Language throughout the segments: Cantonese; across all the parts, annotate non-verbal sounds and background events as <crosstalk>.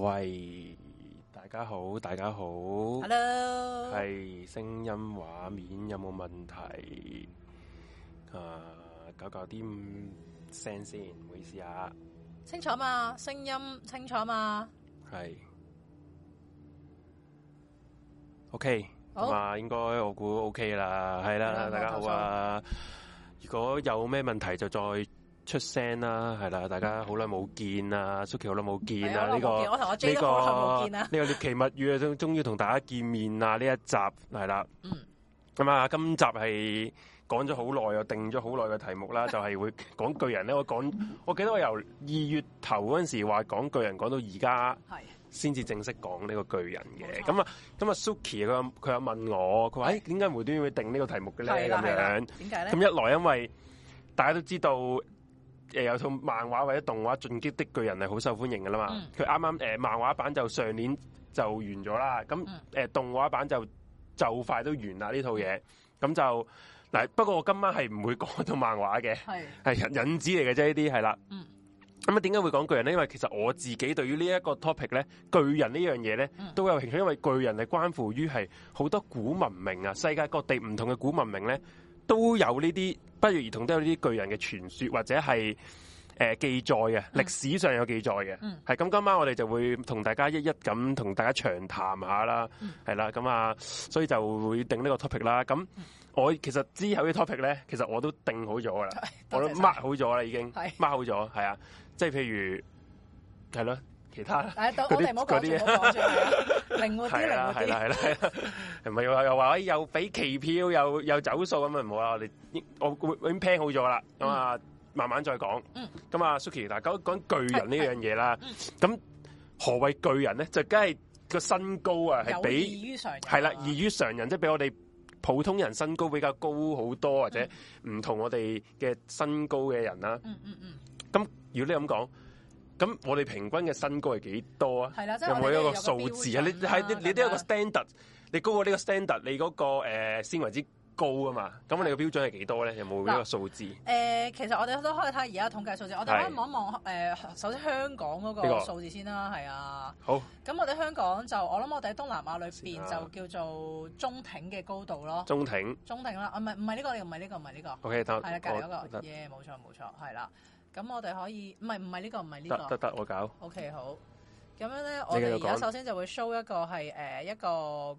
喂，大家好，大家好，Hello，係聲音畫面有冇問題？啊，搞搞啲聲先，唔好意思啊，清楚嘛？聲音清楚嘛？係，OK，好嘛？應該我估 OK 啦，oh，係，嗯，啦，大家好啊。如果有咩問題就再。出聲啦，係啦，大家好耐冇見啊、嗯、，Suki 好耐冇見啊，呢、呢個呢、呢個呢、呢個、 <laughs> 獵奇物語啊，終於同大家見面啊，呢一集係啦，咁啊、嗯，今集係講咗好耐啊，定咗好耐嘅題目啦， <laughs> 就係會講巨人咧，我講，我記得我由二月頭嗰陣時話講巨人，講到而家係先至正式講呢個巨人嘅，咁啊咁啊，Suki 佢佢有問我，佢話誒，點解無端端會定呢個題目嘅咧？咁樣點解咧？咁一來因為大家都知道。誒，有套漫畫或者動畫《進擊的巨人》係好受歡迎噶啦嘛、嗯剛剛，佢啱啱、誒，漫畫版就上年就完咗啦，咁誒、嗯呃、動畫版就就快都完啦呢、嗯、套嘢，咁就嗱。不過我今晚係唔會講到漫畫嘅，係引引子嚟嘅啫。呢啲係啦。咁啊，點、嗯、解會講巨人咧？因為其實我自己對於呢一個 topic 咧，巨人這件事呢樣嘢咧都有興趣，因為巨人係關乎於係好多古文明啊，世界各地唔同嘅古文明咧都有呢啲。不約而同都有啲巨人嘅傳說，或者係誒、呃、記載嘅，歷史上有記載嘅，係、嗯、咁今晚我哋就會同大家一一咁同大家長談下啦，係、嗯、啦，咁啊，所以就會定呢個 topic 啦。咁我其實之後嘅 topic 咧，其實我都定好咗噶啦，我都 mark 好咗啦，已經 mark 好咗，係啊，即係譬如係啦其他，嗰啲嘢，靈活啲、啊，靈活啲。係啦、啊，係啦、啊，係啦、啊，唔係又又話又俾期票，又又，又，又走數咁啊，唔好啊！我哋我已經 plan 好咗啦。咁啊，慢慢再講。咁、嗯、啊，Suki，大家講巨人呢樣嘢啦。咁何謂巨人咧？就梗係個身高啊，係比，係啦，異於常人，即、就、係、是、比我哋普通人身高比較高好多，或者唔同我哋嘅身高嘅人啦。嗯嗯嗯。咁如果你咁講。咁我哋平均嘅身高係幾多啊？即有冇一個數字個啊？你你是是你你都有個 standard，你高過呢個 standard，你嗰個誒先為之高啊嘛。咁我哋個標準係幾多咧？有冇一個數字？誒、呃，其實我哋都可以睇而家統計數字。我哋可以望一望誒，首先香港嗰個數字先啦，係、這個、啊。好。咁我哋香港就我諗我哋喺東南亞裏邊就叫做中挺嘅高度咯。中挺？中挺啦，唔係唔係呢個，唔係呢個，唔係呢個。O、okay, K，、啊那個 yeah, 得。係啦，隔籬嗰個。耶、啊，冇錯冇錯，係啦。咁我哋可以，唔係唔係呢個唔係呢個得得得，我搞。OK，好。咁樣咧，我哋而家首先就會 show 一個係誒一個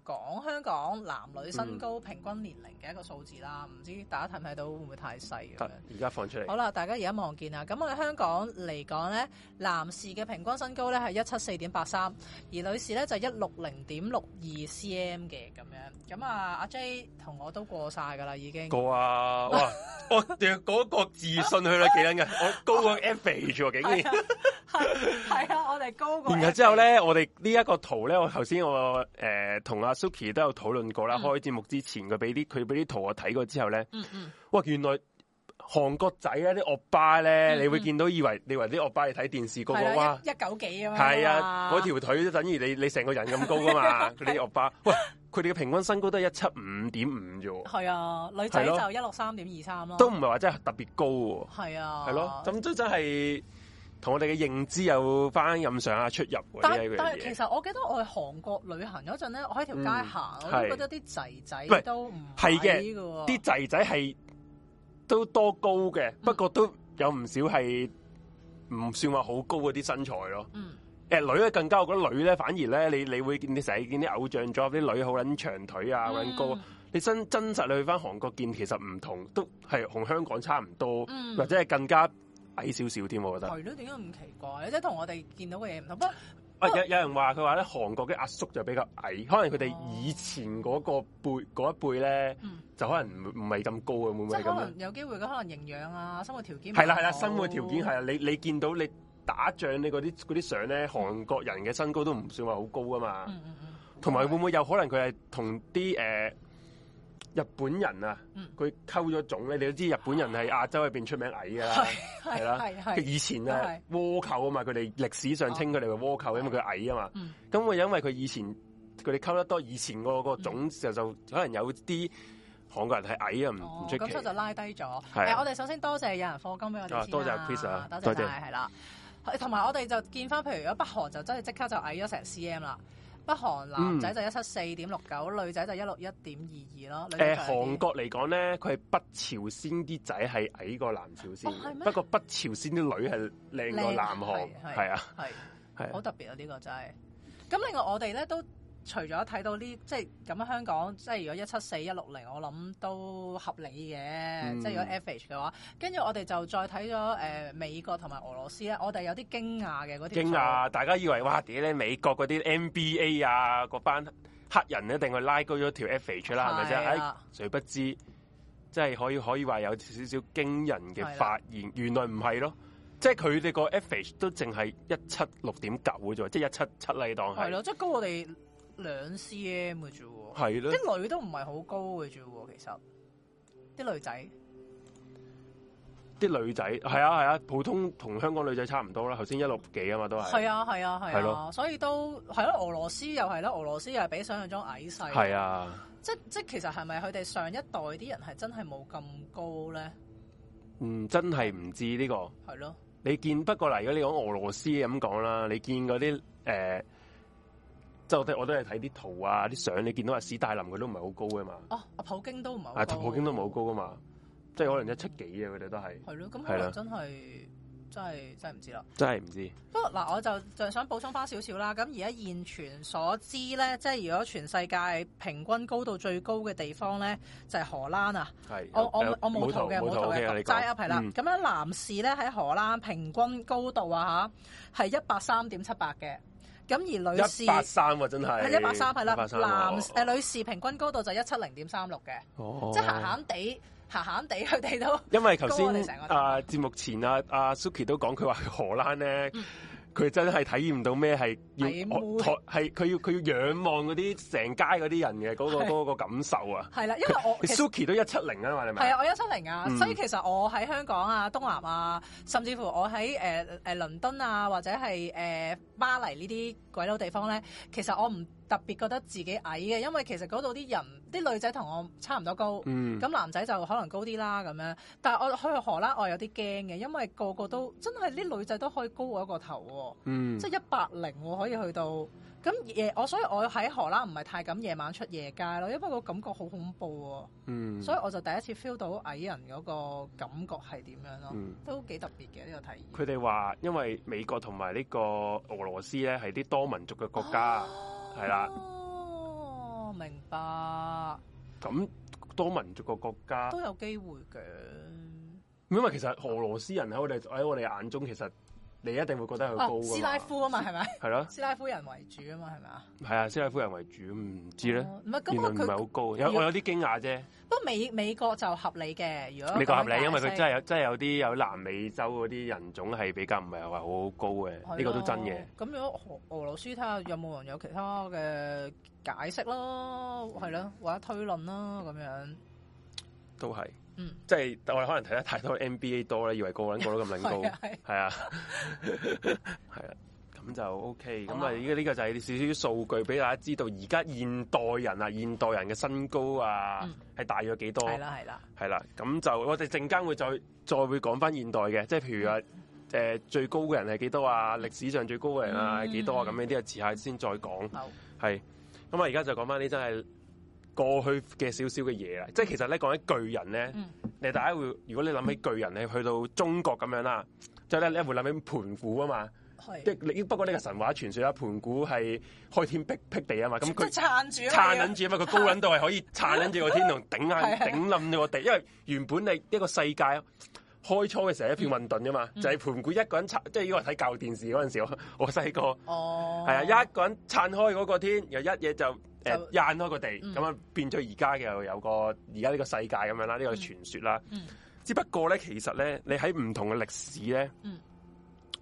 講香港男女身高平均年齡嘅一個數字啦。唔知大家睇唔睇到會唔會太細啊？而家放出嚟。好啦，大家而家望見啦。咁我哋香港嚟講咧，男士嘅平均身高咧，係一七四點八三，而女士咧，就一六零點六二 cm 嘅咁樣。咁啊，阿 J 同我都過晒㗎啦，已經。過啊！哇！我啲嗰個自信去到幾撚㗎？我高過 average 喎，竟然。係係啊！我哋高過。之後咧、嗯，我哋呢一個圖咧，我頭先我誒同阿 Suki 都有討論過啦。嗯、開節目之前佢俾啲佢俾啲圖我睇過之後咧，嗯嗯哇，原來韓國仔咧啲惡霸咧，呢嗯嗯你會見到以為你話啲惡霸嚟睇電視個個、嗯嗯、哇、啊一，一九幾啊嘛，係啊，嗰條腿都等於你你成個人咁高噶嘛，啲惡霸，喂，佢哋嘅平均身高都係一七五點五啫，係啊，女仔就一六三點二三咯，都唔係話真係特別高，係啊，啊，係咯、就是，咁真真係。同我哋嘅認知有翻印象啊出入，但係其實我記得我去韓國旅行嗰陣咧，我喺條街行，我覺得啲仔仔都唔矮嘅。啲仔仔係都多高嘅、嗯，不過都有唔少係唔算話好高嗰啲身材咯。誒、嗯呃、女咧更加，我覺得女咧反而咧，你你會見你成日見啲偶像咗，啲女好撚長腿啊，好撚、嗯、高。你真真實你去翻韓國見，其實唔同，都係同香港差唔多、嗯，或者係更加。矮少少添，我覺得。係囉。點解咁奇怪？即係同我哋見到嘅嘢唔同。不、啊，有有人話佢話咧，韓國嘅阿叔就比較矮，可能佢哋以前嗰個輩嗰、哦、一輩咧、嗯，就可能唔唔係咁高嘅、嗯，會唔會咁樣？有機會嘅，可能營養啊，生活條件。係啦係啦，生活條件係啊！你你見到你打仗你嗰啲啲相咧，韓國人嘅身高都唔算話好高㗎嘛。同、嗯、埋會唔會有可能佢係同啲誒、呃日本人啊，佢溝咗種咧，你都知日本人係亞洲入邊出名矮嘅 <laughs> 啦，係啦。佢以前啊倭寇啊嘛，佢哋歷史上稱佢哋為倭寇，哦、因為佢矮啊嘛。咁、嗯、佢因為佢以前佢哋溝得多，以前個個種就就可能有啲韓國人係矮啊，唔唔出奇。咁所以就拉低咗。誒、啊，我哋首先多謝，謝有人課金俾我哋、啊啊，多謝 Priscilla 多謝，謝，謝。係啦，同埋我哋就見翻，譬如如果北韓就真係即刻就矮咗成 cm 啦。北韓男仔就一七四點六九，女仔就一六一點二二咯。誒，韓國嚟講咧，佢係北朝鮮啲仔係矮過南朝鮮，哦，不過北朝鮮啲女係靚過南韓，係啊，係，好特別啊！呢、呢個真係。咁另外我哋咧都。除咗睇到呢，即係咁香港即係如果一七四一六零，我諗都合理嘅、嗯。即係如果 F H 嘅話，跟住我哋就再睇咗、呃、美國同埋俄羅斯咧。我哋有啲驚訝嘅嗰啲。驚訝！大家以為哇，點解美國嗰啲 N B A 啊，嗰班黑人一定會拉高咗條 F H 啦，係咪先？哎，誰不知，即係可以可以話有少少驚人嘅發現。啊、原來唔係咯，即係佢哋個 F H 都淨係一七六點九嘅啫，即係一七七啦，你當係。咯、啊，即係高我哋，兩 cm 嘅啫喎。啲女都唔係好高嘅啫喎。其實啲女仔，啲女仔，係啊係啊，普通同香港女仔差唔多啦。頭先一六幾啊嘛，都係，係啊係啊係啊，所以都係咯。俄羅斯又係咯，俄羅斯又係比想象中矮細。係啊，即即其實係咪佢哋上一代啲人係真係冇咁高咧？嗯，真係唔知呢個係咯。你見不過嚟，如果你講俄羅斯咁講啦，你見嗰啲誒。我都係睇啲圖啊、啲相，你見到阿史大林佢都唔係好高嘅嘛。哦、啊，阿普京都唔係。阿、啊、普京都唔係好高噶嘛，嗯、即係可能一七幾啊，佢哋都係。係咯，咁可能真係真係真係唔知啦。真係唔知。真係唔知。不過嗱，我就就想補充返少少啦。咁而家現存所知咧，即係如果全世界平均高度最高嘅地方咧，就係、是、荷蘭啊。係。我有我有我冇圖嘅，冇圖嘅。冇圖嘅。齋 Up 係啦。咁樣、okay, 嗯、男士咧喺荷蘭平均高度啊吓，係一百三點七八嘅。咁而女士一八三喎，真係一八三係啦，男誒、呃、女士平均高度就一七零點三六嘅，oh oh. 即係閒閒地閒閒地佢哋都地，因為頭先我哋成個啊節目前啊啊 Suki 都講佢話去荷蘭咧。嗯佢真係體驗到咩係要係佢要佢要，要仰望嗰啲成街嗰啲人嘅嗰、嗰個嗰個感受啊！係啦，因為我 Suki 都一七零啊嘛，你明？係啊，我一七零啊，嗯、所以其實我喺香港啊、東南啊，甚至乎我喺誒誒倫敦啊，或者係誒、呃、巴黎呢啲鬼佬地方咧，其實我唔特別覺得自己矮嘅，因為其實嗰度啲人啲女仔同我差唔多高，咁、嗯、男仔就可能高啲啦。咁樣，但係我去荷蘭我有啲驚嘅，因為個個都真係啲女仔都可以高我一個頭、哦，即係一百零可以去到咁我所以，我喺荷蘭唔係太敢夜晚出夜街咯，因為個感覺好恐怖、哦嗯。所以我就第一次 feel 到矮人嗰個感覺係點樣咯、嗯，都幾特別嘅呢、呢個體驗。佢哋話，因為美國同埋呢個俄羅斯咧係啲多民族嘅國家。啊。係啦，哦，明白。咁多民族個國家都有機會嘅，因為其實俄羅斯人喺我哋喺我哋眼中其實。你一定會覺得佢高啊！斯拉夫啊嘛，係咪？係 <laughs> 咯是、啊， <laughs> 斯拉夫人為主啊嘛，係咪啊？係 <laughs> 啊，斯拉夫人為主，唔知咧。唔係，根本佢唔係好高，有我有啲驚訝啫。不過美美國就合理嘅，如果美國合理，因為佢真係有真係有啲有，有南美洲嗰啲人種係比較唔係話好高嘅，呢、啊呢個都真嘅。咁、哦、如果俄羅斯睇下有冇人有其他嘅解釋咯，係啦、啊，或者推論啦咁樣。都係。嗯，即係我哋可能睇得太多 NBA 多咧，以為個個都咁高，係啊，啊，啊，係啊，咁就 OK。咁啊，呢個就係少少數據俾大家知道，而家現代人啊，現代人嘅身高啊，係、嗯、大約幾多？係啦，係啦、啊，係啦。咁就我哋陣間會再再會講翻現代嘅，即係譬如啊，誒、呃、最高嘅人係幾多啊？歷史上最高嘅人啊係幾多啊？咁呢啲啊遲下先再講。係，咁啊而家就講翻啲真係。過去嘅少少嘅嘢啦，即係其實咧講起巨人咧，嗯，你大家會如果你諗起巨人咧，去到中國咁樣啦，即係咧你會諗起盤古啊嘛，即係不過呢個神話傳説啦，盤古係開天辟辟地啊嘛，咁佢撐住，啊、撐撚住啊嘛，佢高撚到係可以撐撚住個天同 <laughs> 頂下頂冧咗個地，因為原本係一個世界啊。開初嘅時候一片混沌噶嘛、嗯嗯，就係、是、盤古一個人撐，即係呢個睇舊電視嗰陣時候，我我細個，係、哦、啊，一個人撐開嗰個天，又一嘢就誒掀、呃、開個地，咁、嗯、啊變咗而家嘅，又有個而家呢個世界咁樣啦，呢、呢個傳說啦、嗯，只不過咧其實咧你喺唔同嘅歷史咧、嗯，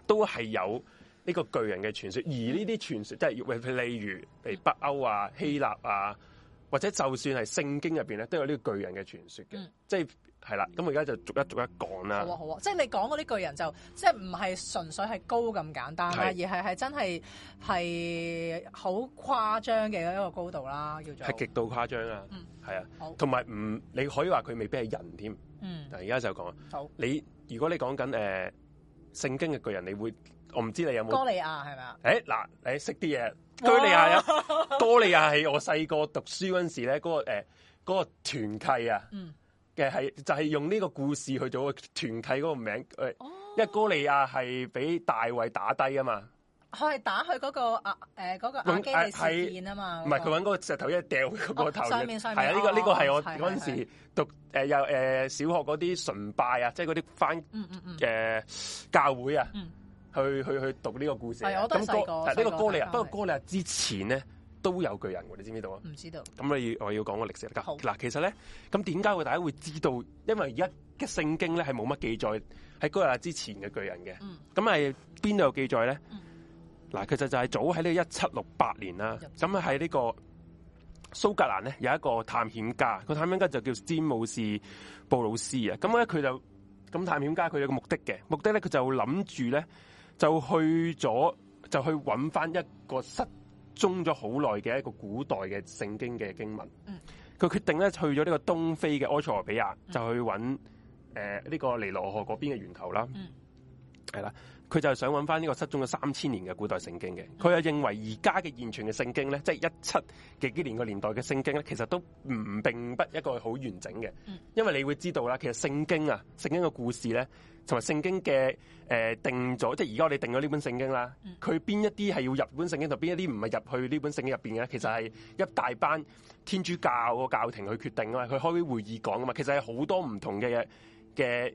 都係有呢個巨人嘅傳說，而呢啲傳說即係例如譬如北歐啊、希臘啊、嗯，或者就算係聖經入邊咧，都有呢個巨人嘅傳說嘅、嗯，即係。係啦，咁我而家就逐一逐一講啦。好啊，好啊，即係你講嗰啲巨人就即係唔係純粹係高咁簡單啦，而係係真係係好誇張嘅一個高度啦，叫做係極度誇張啊。嗯，係啊，好。同埋唔，你可以話佢未必係人添。嗯，嗱，而家就講好。你如果你講緊誒聖經嘅巨人，你會我唔知你有冇哥利亞係咪啊？誒，嗱，你識啲嘢，哥利亞啊，哥、欸、利亞係 <laughs> 我細個讀書嗰陣時咧，嗰、嗰個誒嗰、呃嗰個團契啊。嗯。嘅係就係、是、用呢個故事去做個團體嗰個名，oh. 因為哥利亞係俾大衛打低啊嘛。佢係打去嗰、那個啊誒、呃那個阿基里斯腱啊嘛，唔係佢搵嗰個石頭一掉、那個頭。哦、oh，上面上面係啊，呢、這個呢、oh. 這個係、這個、我嗰陣時讀誒又誒小學嗰啲崇拜啊，即係嗰啲返嘅教會啊，嗯、去去去讀呢個故事、啊。係我都細個呢個哥利亞，不過哥利亞之前咧。都有巨人喎，你知唔知道啊？唔知道。咁我要我要講個歷史啦。好。嗱，其實咧，咁點解會大家會知道？因為而家嘅聖經咧係冇乜記載喺歌利亞之前嘅巨人嘅。咁係邊度有記載咧？嗱、嗯，其實就係早喺呢個一七六八年啦。咁喺呢個蘇格蘭咧，有一個探險家，個探險家就叫詹姆士布魯斯啊。咁咧佢就咁探險家，佢有個目的嘅。目的咧佢就諗住咧，就去咗就去搵翻一個失。中咗好耐嘅一個古代嘅聖經嘅經文，佢決定咧去咗呢個東非嘅埃塞俄比亞，就去揾誒呢個尼羅河嗰邊嘅源頭啦，嗯，係啦。佢就係想搵返呢個失蹤咗三千年嘅古代聖經嘅，佢又認為而家嘅現存嘅聖經咧，即係一七幾幾年個年代嘅聖經咧，其實都唔並不一個好完整嘅，因為你會知道啦，其實聖經啊，聖經嘅故事咧，同埋聖經嘅誒、呃、定咗，即係而家我哋定咗呢本聖經啦，佢邊一啲係要入本聖經同邊一啲唔係入去呢本聖經入邊嘅，其實係一大班天主教個教廷去決定啊嘛，佢開會議講啊嘛，其實係好多唔同嘅嘅。的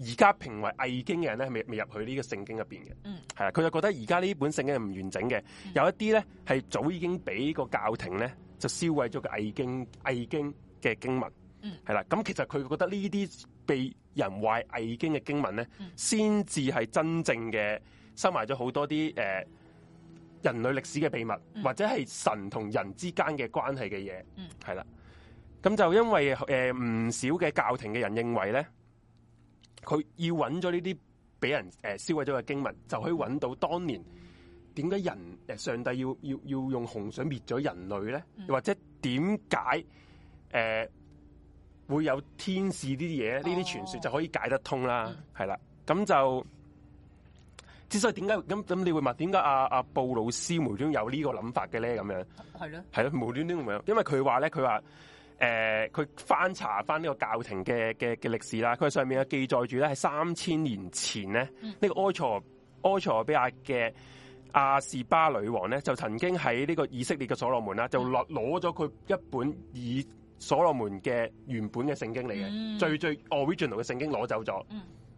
而家評為偽經嘅人咧，未未入去呢個聖經入邊嘅，係、嗯、啦，佢就覺得而家呢本聖經係唔完整嘅、嗯，有一啲咧係早已經俾個教廷咧就燒毀咗個偽經偽經嘅經文，係、嗯、啦，咁其實佢覺得呢啲被人話係偽經嘅經文咧，先至係真正嘅收埋咗好多啲誒、呃、人類歷史嘅秘密，嗯、或者係神同人之間嘅關係嘅嘢，係、嗯、啦，咁就因為誒唔、呃、少嘅教廷嘅人認為咧。佢要揾咗呢啲俾人誒銷毀咗嘅經文，就可以揾到當年點解人誒上帝要要要用洪水滅咗人類咧、嗯？又或者點解誒會有天使呢啲嘢？呢啲傳說就可以解得通啦，係、哦、啦。咁、嗯、就之所以點解咁咁你會問點解阿阿布魯斯無端有這個想法的呢個諗法嘅咧？咁樣係咯，係咯，無端端咁樣，因為佢話咧，佢話。誒、呃，佢翻查翻呢個教廷嘅嘅嘅歷史啦，佢上面啊記載住咧係三千年前咧，呢、嗯，這個埃塞、埃塞俄比亞嘅亞士巴女王咧就曾經喺呢個以色列嘅所羅門啦，就攞攞咗佢一本以所羅門嘅原本嘅聖經嚟嘅，嗯，最最 original 嘅聖經攞走咗，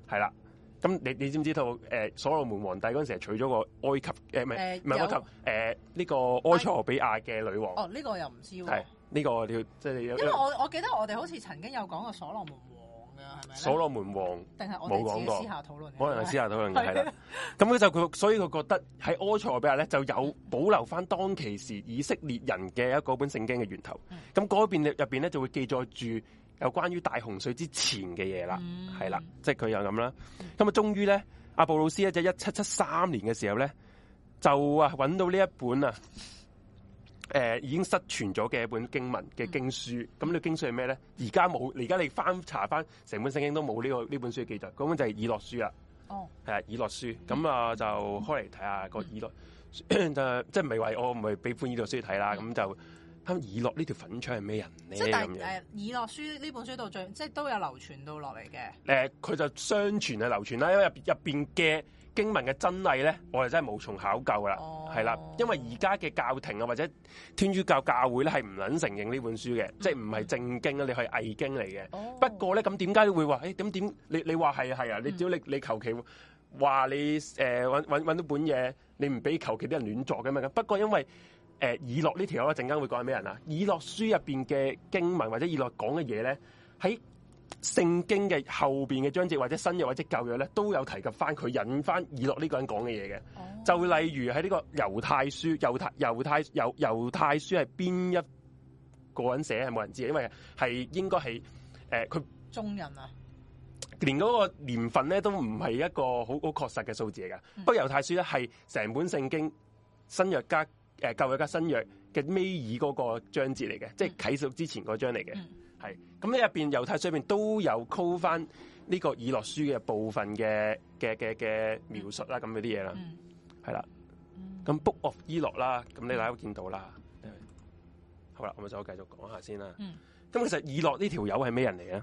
係、嗯、啦。咁你你知唔知道？誒、呃，所羅門皇帝嗰陣時係娶咗個埃及誒，唔係唔係埃及誒，呢、呃、個、呃呃、埃塞俄比亞嘅女王？呃、哦、呢、這個又唔知喎、啊。呢、這個條即係因為我我記得我哋好似曾經有講過所羅門王啊，係咪？所羅門王定係我哋冇講過私下討論？討論的可能私下討論嘅係啦。咁佢 <laughs> 就佢所以佢覺得喺阿塞比亞咧就有保留翻當其時以色列人嘅一本聖經嘅源頭。咁嗰邊入入邊咧就會記載住有關於大洪水之前嘅嘢啦，係、嗯、啦，即係佢又咁啦。咁、就、啊、是，終於咧，阿布魯斯咧就一七七三年嘅時候咧，就啊揾到呢一本啊。誒、呃、已經失傳咗嘅一本經文嘅、嗯、經書，咁呢經書係咩咧？而家冇，而家你翻查翻成本聖經都冇呢、呢個呢本書嘅記載，咁就係《以諾書》啦。哦，係、啊《以諾書》嗯。咁啊，就開嚟睇下個以諾，嗯、 <coughs> 即係是以諾就即係咪話我唔係俾本以諾、呃、書睇啦。咁就睇以諾呢條粉腸係咩人咧？咁樣以諾書呢本書到最即係都有流傳到落嚟嘅。誒、呃，佢就相傳係流傳啦，因為入入邊嘅。經文嘅真偽咧，我哋真係無從考究㗎啦，係、哦、啦，因為而家嘅教廷啊，或者天主教教會咧，係唔撚承認呢本書嘅、嗯，即係唔係正經，是經的、哦哎、是是啊，你係偽經嚟嘅。不過咧，咁點解會話？誒點點你你話係啊啊？你只要你你求其話你誒揾揾到本嘢，你唔俾求其啲人亂作咁樣嘅。不過因為誒、呃《以諾》呢條友一陣間會講係咩人啊，《以諾》書入邊嘅經文或者以諾講嘅嘢咧喺。聖經嘅後邊嘅章節或者新約，或者舊約咧，都有提及返佢引返以諾呢個人講嘅嘢嘅。Oh. 就例如喺呢個猶太書猶太猶太猶猶太書係邊一個人寫係冇人知道，因為係應該係誒佢。中人啊，連嗰個年份咧都唔係一個好好確實嘅數字嚟㗎。Mm. 不過猶太書咧係成本聖經新約加誒舊、呃、約加新約嘅尾二嗰個章節嚟嘅，即係啟示之前嗰章嚟嘅。Mm. 係咁呢入邊猶太上面都有 call 翻呢個以諾書嘅部分嘅嘅嘅嘅描述啦，咁嗰啲嘢啦，係啦。咁、嗯嗯、Book of 以諾啦，咁你大家都見到啦、嗯。好啦，我咪繼續講下先啦。咁、嗯、其實以諾呢條友係咩人嚟嘅？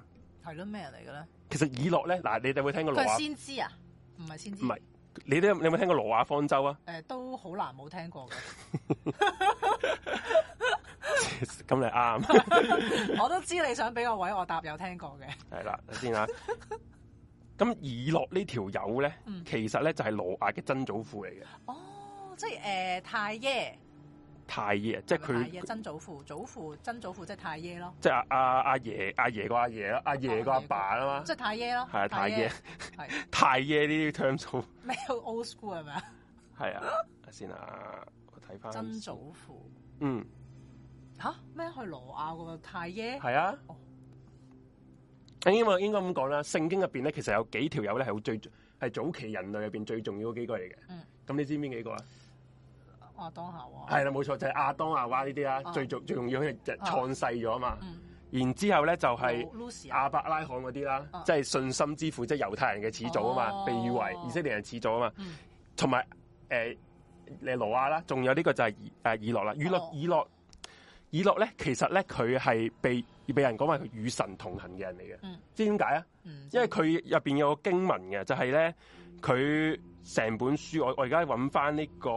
係咯，咩人嚟嘅咧？其實以諾咧，嗱，你哋會聽過羅？佢係先知啊？唔係先知。唔係，你哋有冇聽過挪亞方舟啊？誒、欸，都好難冇聽過嘅。 <laughs> <laughs> 咁 <laughs> 那你啱對笑， <laughs> <laughs> 我都知你想俾個位我答，有聽過嘅。係啦，先啊。咁以諾呢條友咧，嗯、其實咧就係羅亞嘅曾祖父嚟嘅。哦，即係誒太爺，太爺，即係佢。爺曾祖父、祖父、曾祖父，即係太爺咯。即係阿阿阿爺、阿爺個阿爺咯，阿爺個阿爸啊嘛。即係太爺咯。係啊，太爺，係太爺呢啲 terms 做咩 old school 係咪啊？係 <laughs> 啊，先啊，我睇翻曾祖父，嗯。嚇咩？去羅亞個太耶？係啊，應、哦、應應該咁講啦。聖經入邊咧，其實有幾條友咧係最係早期人類入邊最重要嗰幾個嚟嘅。嗯，咁你知邊幾個啊？亞當夏娃係啦，冇錯就係、是、亞當夏娃呢啲啦，最重最重要係創世咗啊嘛。嗯、然之後咧就係亞伯拉罕嗰啲啦，即、啊、係、就是、信心之父，即、啊、係、就是、猶太人嘅始祖啊嘛，哦、被譽為、哦、以色列人始祖啊嘛。同埋誒嚟羅亞啦，仲有呢個就係誒以諾啦、呃，以諾、哦、以諾。以諾以諾咧，其實咧佢係被被人講為佢與神同行嘅人嚟嘅。嗯，知點解啊？因為佢入邊有個經文嘅，就係咧佢。成本書我我而家揾翻呢個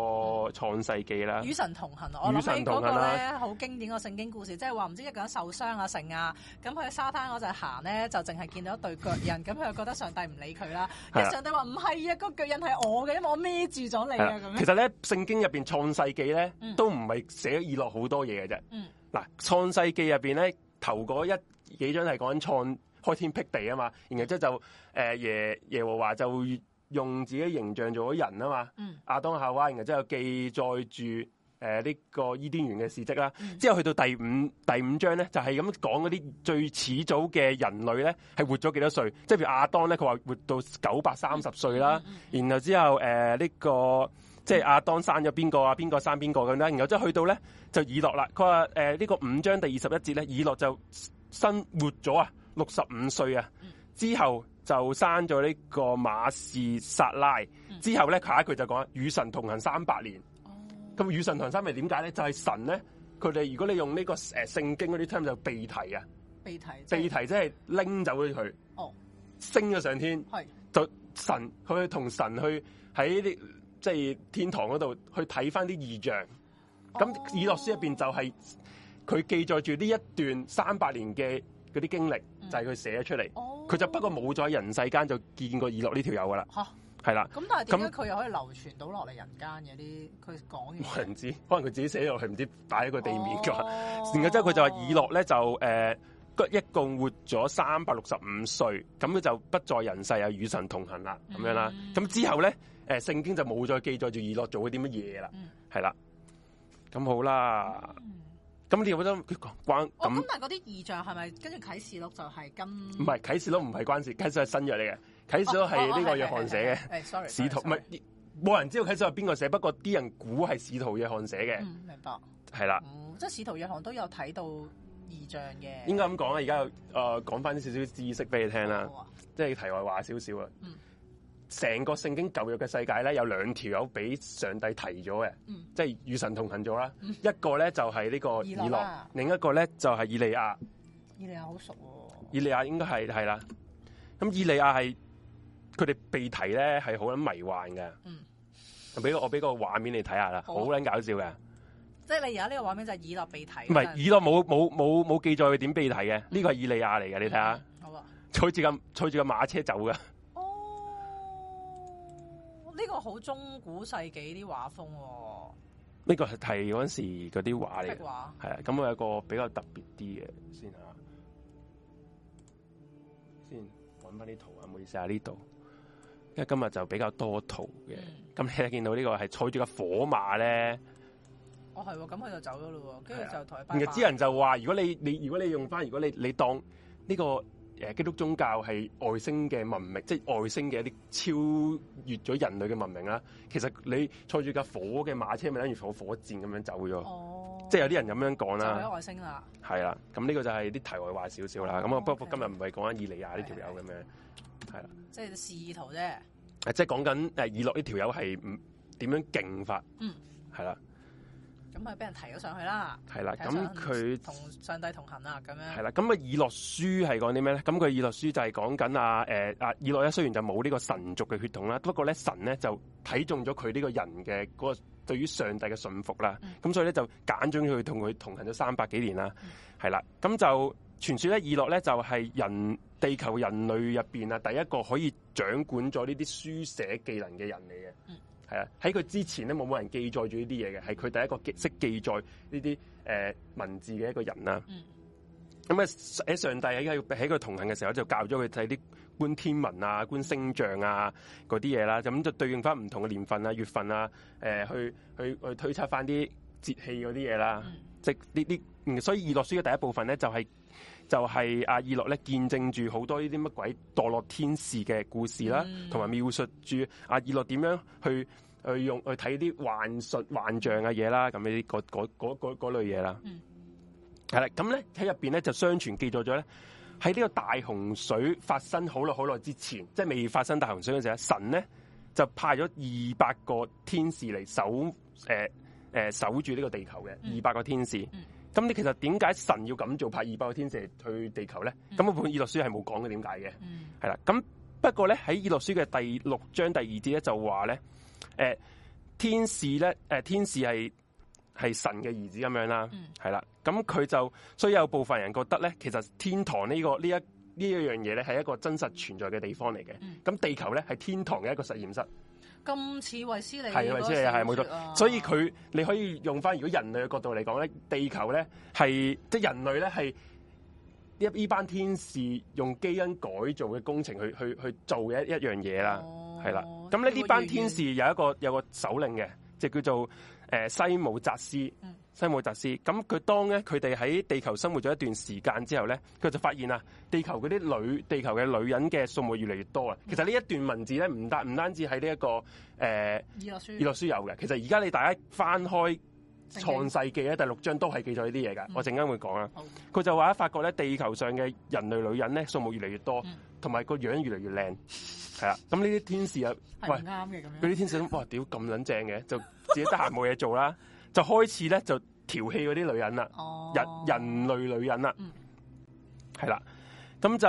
創世記啦，與神同行，我諗嗰個咧好、嗯、經典嘅聖經故事，即係話唔知一個人受傷啊剩啊，咁佢喺沙灘嗰陣行咧，就淨係見到一對腳印，咁 <laughs> 佢就覺得上帝唔理佢啦。其實上帝話唔係啊，個腳印係我嘅，因為我孭住咗你啊。咁其實咧聖經入邊創世記咧、嗯、都唔係寫咗意落很而落好多嘢嘅啫。嗱、嗯、創世記入邊咧頭嗰一幾章係講緊創開天闢地啊嘛，然後即就誒、呃、耶耶和華就。用自己形象做咗人啊嘛，亞當夏娃，然之後記載住誒呢個伊甸園嘅事蹟啦、嗯。之後去到第五第五章咧，就係咁講嗰啲最始早嘅人類咧，係活咗幾多歲？即係譬如亞當咧，佢話活到九百三十歲啦、嗯。然後之後誒呢、呃這個即係亞當生咗邊個啊？邊個生邊個咁咧？然後即係去到咧就以諾啦。佢話誒呢個五章第二十一節咧，以諾就生活咗啊六十五歲啊。之後、嗯就生咗呢個馬士撒拉、嗯、之後咧，下一句就講與神同行三百年。咁、哦、與神同行係點解咧？就係、是、神咧，佢哋如果你用呢個誒聖經嗰啲 term 就被提啊，被提被提即係拎走咗佢、哦，升咗上天，就神去同神去喺呢啲即係天堂嗰度去睇翻啲異象。咁、哦、以諾書入邊就係、是、佢記載住呢一段三百年嘅嗰啲經歷。佢寫咗出嚟，佢、哦、就不過冇在人世間就見過以諾呢條友噶啦，係、啊、啦。咁但係點解佢又可以流傳到落嚟人間嘅啲佢講嘢？冇人知，可能佢自己寫落去唔知擺喺個地面㗎。然之後佢就話以諾咧就誒、呃，一共活咗三百六十五歲，咁咧就不在人世啊，又與神同行啦咁樣啦。咁、嗯、之後咧誒，聖經就冇再記載住以諾做過啲乜嘢啦，係、嗯、啦。咁好啦。嗯咁你好多關咁、哦，但係嗰啲異象係咪跟住啟示錄就係今？唔係啟示錄唔係關事，啟示錄係新約嚟嘅。啟示錄係呢、哦、個約翰寫嘅、哦。係 sorry，使徒唔係，冇人知道啟示錄係邊個寫，不過啲人估係使徒約翰寫嘅、嗯。明白，係啦、嗯，即係使徒約翰都有睇到異象嘅。應該咁講啦，而家誒，講翻少少知識俾你聽啦、哦，即係題外話少少啊。嗯成個聖經舊約嘅世界咧，有兩條友俾上帝提咗嘅、嗯，即係與神同行咗啦、嗯。一個咧就係呢個以諾、啊、另一個咧就係以利亞。以利亞好熟喎、哦。以利亞應該係係啦。咁以利亞係佢哋被提咧，係好捻迷幻嘅。嗯，俾我俾個畫面你睇下啦，好捻搞笑嘅。即係你而家呢個畫面就係以諾被提，唔係以諾冇冇冇冇記載佢點被提嘅。呢、嗯，這個係以利亞嚟嘅，你睇下。好啊。坐住個坐住個馬車走噶。呢、這個好中古世紀啲畫風、哦，呢、這個係提嗰陣時嗰啲畫嚟，係啊，咁我有一個比較特別啲嘅先啊，先揾翻啲圖啊，唔好意思啊，呢度，因為今日就比較多圖嘅，咁、嗯、你睇見到呢個係坐住個火馬咧，我、哦、係，咁佢就走咗咯，跟住就台班。其實啲人就話，如果你你如果你用翻，如果你你，你當呢、這個。誒，基督宗教係外星嘅文明，即係外星嘅一啲超越咗人類嘅文明啦。其實你坐住架火嘅馬車，咪等於坐火箭咁，oh, 樣走咗。哦，即係有啲人咁樣講啦。就係外星啦。係啦，咁呢個就係啲題外話少少啦。咁啊，不過今日唔係講緊以利亞呢條友咁樣，係啦。即係示意圖啫。誒，即係講緊誒，以諾呢條友係唔點樣勁法？嗯，係啦。咁佢俾人提咗上去啦，係啦，咁佢同上帝同行啦，咁樣係啦，咁啊以諾書係講啲咩咧？咁佢以諾書就係講緊啊誒啊以諾咧，雖然就冇呢個神族嘅血統啦，不過咧神咧就睇中咗佢呢個人嘅嗰個對於上帝嘅信服啦，咁、嗯、所以咧就揀咗佢同佢同行咗三百幾年啦，係、嗯、啦，咁就傳說咧以諾咧就係人地球人類入邊啊第一個可以掌管咗呢啲書寫技能嘅人嚟嘅。嗯係喺佢之前咧冇冇人記載住呢啲嘢嘅，係佢第一個記識記載呢啲誒文字嘅、嗯、一個人啦。咁啊喺上帝而喺佢同行嘅時候，就教咗佢睇啲觀天文啊、觀星象啊嗰啲嘢啦。咁就對應翻唔同嘅年份啊、月份啊，誒去去去推測翻啲節氣嗰啲嘢啦。即呢啲，所以《以諾書》嘅第一部分咧就係、是。就係阿以諾咧，見證住好多呢啲乜鬼墮落天使嘅故事啦，同、嗯、埋描述住阿以諾點樣去用去用去睇啲幻術幻象嘅嘢啦，咁、嗯、呢啲嗰類嘢啦。係啦，咁咧喺入邊咧就相傳記載咗咧，喺呢個大洪水發生好耐好耐之前，即、就、係、是、未發生大洪水嘅時候，神咧就派咗二百個天使嚟守誒誒、呃、守住呢個地球嘅二百個天使。嗯咁你其實點解神要咁做，派二百個天使去地球咧？咁《本以諾書》係冇講嘅，點解嘅？係啦，咁不過咧喺《以諾書》嘅第六章第二節咧就話咧，誒、呃，天使咧，誒、呃，天使係係神嘅兒子咁樣啦，係、嗯、啦，咁佢就所以有部分人覺得咧，其實天堂呢、這個呢一呢一樣嘢咧係一個真實存在嘅地方嚟嘅，咁、嗯、地球咧係天堂嘅一個實驗室。咁似衛斯理係啊，衛斯理係冇錯，所以佢你可以用翻，如果人類嘅角度嚟講咧，地球咧係即係人類咧係呢呢班天使用基因改造嘅工程去去去做嘅一一樣嘢啦，係啦。咁咧呢班天使有一個有個首領嘅，就叫做誒、呃、西姆扎斯。嗯西穆特斯，咁佢當咧，佢哋喺地球生活咗一段時間之後咧，佢就發現啊，地球嗰啲女，地球嘅女人嘅數目越嚟越多啊。其實呢一段文字咧，唔單唔單止喺呢一個誒《以、呃、諾書》，《以諾書》有嘅。其實而家你大家翻開創《創世記》咧，第六章都係記咗呢啲嘢噶。我陣間會講啦。佢就話咧，發覺咧，地球上嘅人類女人咧，數目越嚟越多，同埋個樣子越嚟越靚。係 <laughs> 啦，咁呢啲天使啊，喂，啱嘅咁樣。嗰啲天使諗，哇，屌咁撚正嘅，就自己得閒冇嘢做啦。 <laughs> 就開始咧，就調戲嗰啲女人啦、哦，人人類女人啦，係、嗯、啦，咁就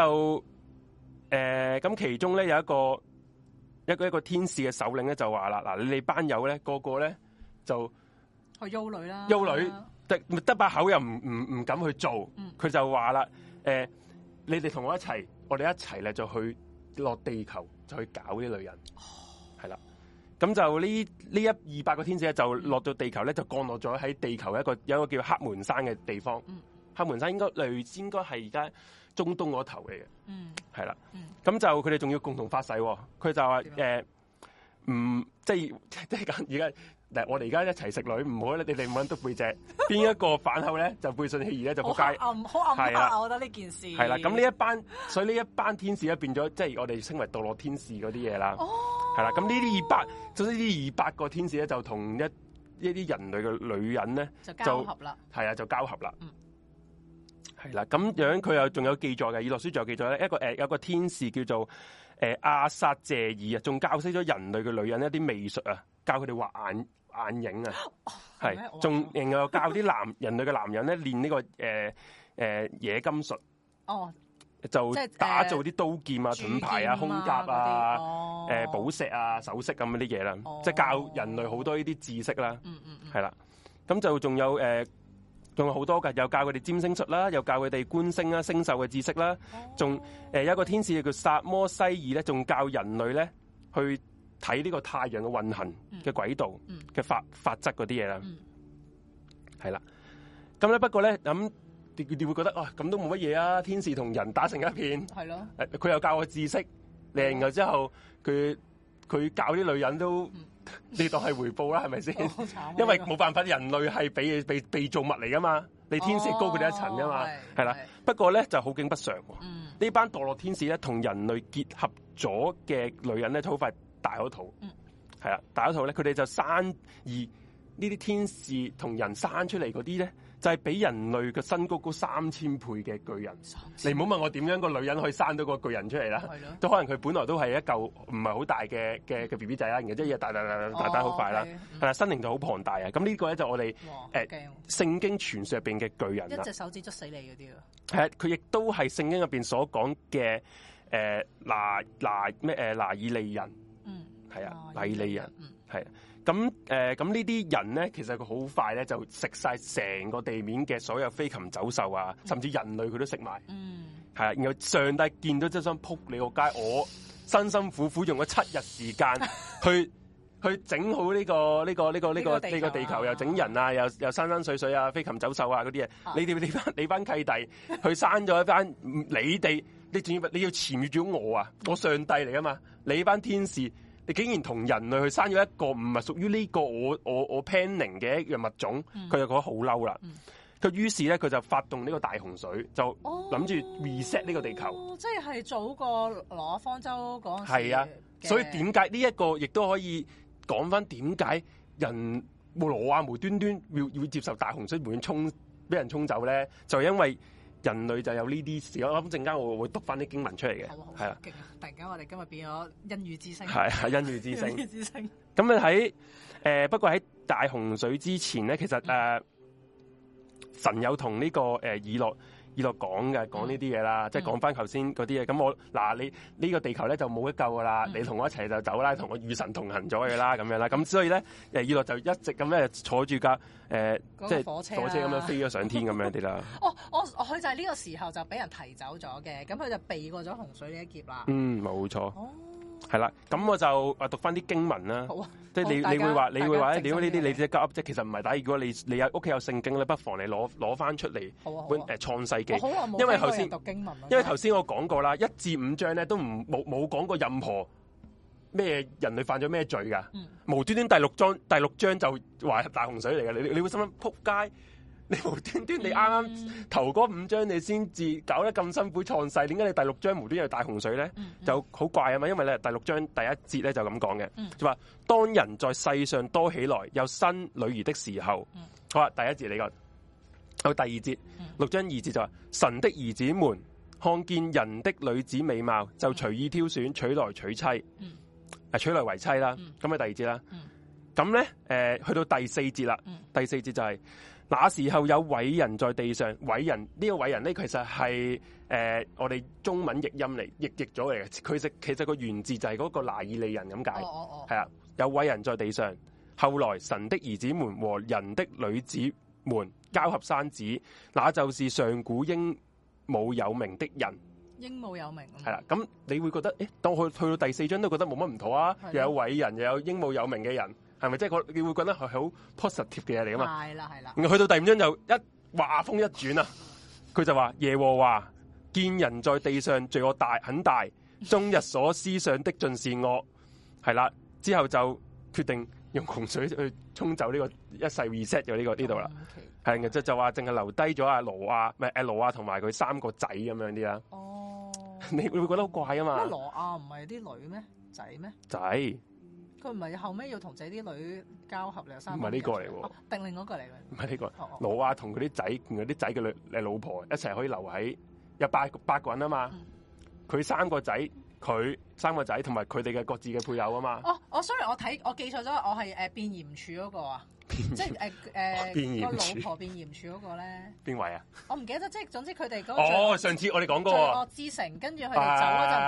誒，咁、呃、其中咧有一個一個一個天使嘅首領咧，就話啦，嗱，你哋班友咧，個個咧就去幽女啦，幽女，得、啊、得把口又唔唔唔敢去做，佢、嗯、就話啦、呃，你哋同我一齊，我哋一齊咧就去落地球，就去搞啲女人，係、哦、啦。咁就呢呢一二百個天使咧，就落到地球咧，嗯、就降落咗喺地球一個有一個叫黑門山嘅地方。嗯、黑門山應該類似，應該係而家中東嗰頭嚟嘅。係、嗯、啦，咁、嗯、就佢哋仲要共同發誓、哦，佢就話誒，唔、呃嗯、即係即係而家，我哋而家一齊食女，唔好你哋搵都背脊，邊 <laughs> 一個反口咧就背信棄義咧就撲街。好暗，暗我覺得呢件事係啦。咁呢一班，所以呢一班天使咧變咗，即係我哋稱為墮落天使嗰啲嘢啦。 <laughs> 係、哦、啦，咁呢啲二百，總之呢二百個天使咧，就同一一啲人類嘅女人咧，就交合啦。係啊，就交合啦。嗯，係啦，咁樣佢又仲有記載嘅，《以諾書》仲有記載咧，一個誒、呃、有個天使叫做誒亞撒謝爾啊，仲教識咗人類嘅女人一啲美術啊，教佢哋畫眼眼影啊，係、哦，仲然後教啲男， <laughs> 男人類嘅男人咧練呢、這個誒誒冶金術。哦。就打造啲刀劍啊、啊、盾牌啊、胸甲啊、誒、呃、寶石啊、首飾咁啲嘢啦，即係教人類好多呢啲知識啦、啊。嗯嗯嗯，係啦。咁就仲有誒，仲、呃、有好多嘅，又教佢哋占星術啦、啊，又教佢哋觀星啊、星宿嘅知識啦、啊。哦。仲有一個天使叫薩摩西爾咧，仲教人類咧去睇呢個太陽嘅運行嘅軌道嘅法法則嗰啲嘢啦。嗯。係啦。咁、嗯、咧、啊嗯、不過咧咁。嗯你會會覺得啊咁都冇乜嘢啊！天使同人打成一片，係咯，佢又教我知識，靚咗之後，佢佢教啲女人都，嗯、你當係回報啦，係咪先？因為冇辦法，人類係被被被造物嚟噶嘛，你天使高佢哋一層噶嘛，係、哦、啦。不過咧就好景不常，呢、嗯、班墮落天使咧同人類結合咗嘅女人咧，都好快大咗肚，係、嗯、啦，大咗肚咧，佢哋就生而呢啲天使同人生出嚟嗰啲咧。就係、是、俾人類個身高高三千倍嘅巨人，3，你唔好問我點樣個女人可以生到個巨人出嚟啦，都可能佢本來都係一嚿唔係好大嘅嘅嘅 B B 仔啦，然後一日大大大大好快啦，係、okay，啦，身型就好龐大、哦、okay，啊！咁呢個咧就我哋誒聖經傳説入邊嘅巨人一隻手指捉死你嗰啲啊，係啊，佢亦都係聖經入邊所講嘅誒拿拿咩誒拿以利人，嗯，係、哦、啊，利利人，係。咁誒咁呢啲人咧，其實佢好快咧就食晒成個地面嘅所有飛禽走獸啊、嗯，甚至人類佢都食埋。嗯，係啊。然後上帝見到真想撲你個街、嗯，我辛辛苦苦用咗七日時間去哈哈去整好呢、這個呢、這個呢、這個呢、這個呢地球，這個地球啊、又整人啊，又又山山水水啊，飛禽走獸啊嗰啲嘢。你哋你翻你班契弟，去生咗一班 <laughs> 你哋，你仲要你要僭越咗我啊？我上帝嚟啊嘛，你班天使。你竟然同人類去生咗一個唔係屬於呢個我我我 planning 嘅一樣物種，佢、嗯、就覺得好嬲啦。佢、嗯、於是咧，佢就發動呢個大洪水，就諗住 reset 呢、哦呢個地球，即係係早過挪亞方舟講係啊，所以點解呢一個亦都可以講翻點解人無啊無端端要要接受大洪水，永遠沖俾人沖走咧？就因為。人類就有呢啲事，我諗陣間我會讀翻啲經文出嚟嘅，係啊，啊，啊！突然間我哋今日變咗恩雨之聲，係啊，恩雨之聲。咁咧喺誒，不過喺大洪水之前咧，其實誒、呃、神有同呢、這個誒、呃、以諾。伊洛講嘅講呢啲嘢啦，即係講翻頭先嗰啲嘢。咁、就是、我嗱你呢、這個地球咧就冇得救噶啦、嗯，你同我一齊就走啦，同我與神同行咗嘅啦，咁樣啦。咁所以咧，誒伊洛就一直咁誒坐住架誒即係火車咁、啊、樣飛咗上天咁 <laughs> 樣啲啦。哦，我、哦、佢就係呢個時候就俾人提走咗嘅，咁佢就避過咗洪水呢一劫啦。嗯，冇錯。哦。係啦，咁我就讀翻啲經文啦，即係你你會話你會話點解呢啲你只即其實唔係打，如果你你家有屋企有聖經咧，不妨你攞攞翻出嚟本誒創、啊啊、世紀、哦啊，因為頭先因為頭先我講過啦，一至五章咧都唔冇冇講過任何咩人類犯咗咩罪噶、嗯，無端端第六章第六章就話大洪水嚟噶，你你會心諗扑街。你無端端，你啱啱頭嗰五章你先至搞得咁辛苦創世，點解你第六章無端有大洪水咧，嗯嗯？就好怪啊嘛，因為咧第六章第一節咧就咁講嘅，就話、嗯、當人在世上多起來，有新女兒的時候，嗯、好啦，第一節你個好第二節、嗯、六章二節就話神的兒子們看見人的女子美貌，就隨意挑選娶來娶妻，嗯啊、取娶來為妻啦。咁、嗯、係第二節啦。咁、嗯、咧，誒、呃，去到第四節啦。第四節就係、是。那時候有偉人在地上，偉人呢、這個偉人呢、呃，其實係誒我哋中文譯音嚟，譯譯咗嚟嘅。佢其實個原字就係嗰個拿意利人咁解，係、哦、啊、哦。有偉人在地上，後來神的兒子們和人的女子們交合生子，那就是上古英武有名的人。英武有名係啦，咁你會覺得誒，當、欸，去去到第四章都覺得冇乜唔妥啊，又有偉人，又有英武有名嘅人。係咪即係個你會覺得係好 positive 嘅嘢嚟啊嘛？係啦係啦。去到第五章就一話風一轉啊，佢 <laughs> 就話夜話耶和華見人在地上罪惡大很大，終日所思想的盡是惡，係啦。之後就決定用洪水去沖走呢、這個一世的 reset 咗呢、這個呢度啦。係，即、嗯、就話淨係留低咗阿羅亞，唔係阿羅啊同埋佢三個仔咁樣啲啦。哦，你會會覺得好怪啊嘛？羅、嗯、啊，唔係啲女咩仔咩仔？佢唔係後尾要同自己啲女交合，兩三個唔係呢個嚟定，哦、另外一個嚟嘅。唔係呢個哦哦、老啊，同佢啲仔同佢啲仔嘅女、誒老婆一齊可以留喺，有八個八個人啊嘛。佢、嗯、三個仔，佢三個仔同埋佢哋嘅各自嘅配偶啊嘛。哦，我、哦、sorry，我睇我記錯咗，我係誒、呃、變鹽柱嗰個啊。 <laughs> 即係誒誒個老婆變鹽柱嗰個咧，邊位啊？我唔記得，即係總之佢哋嗰個，哦，上次我哋講過啊，罪惡之城，跟住佢哋走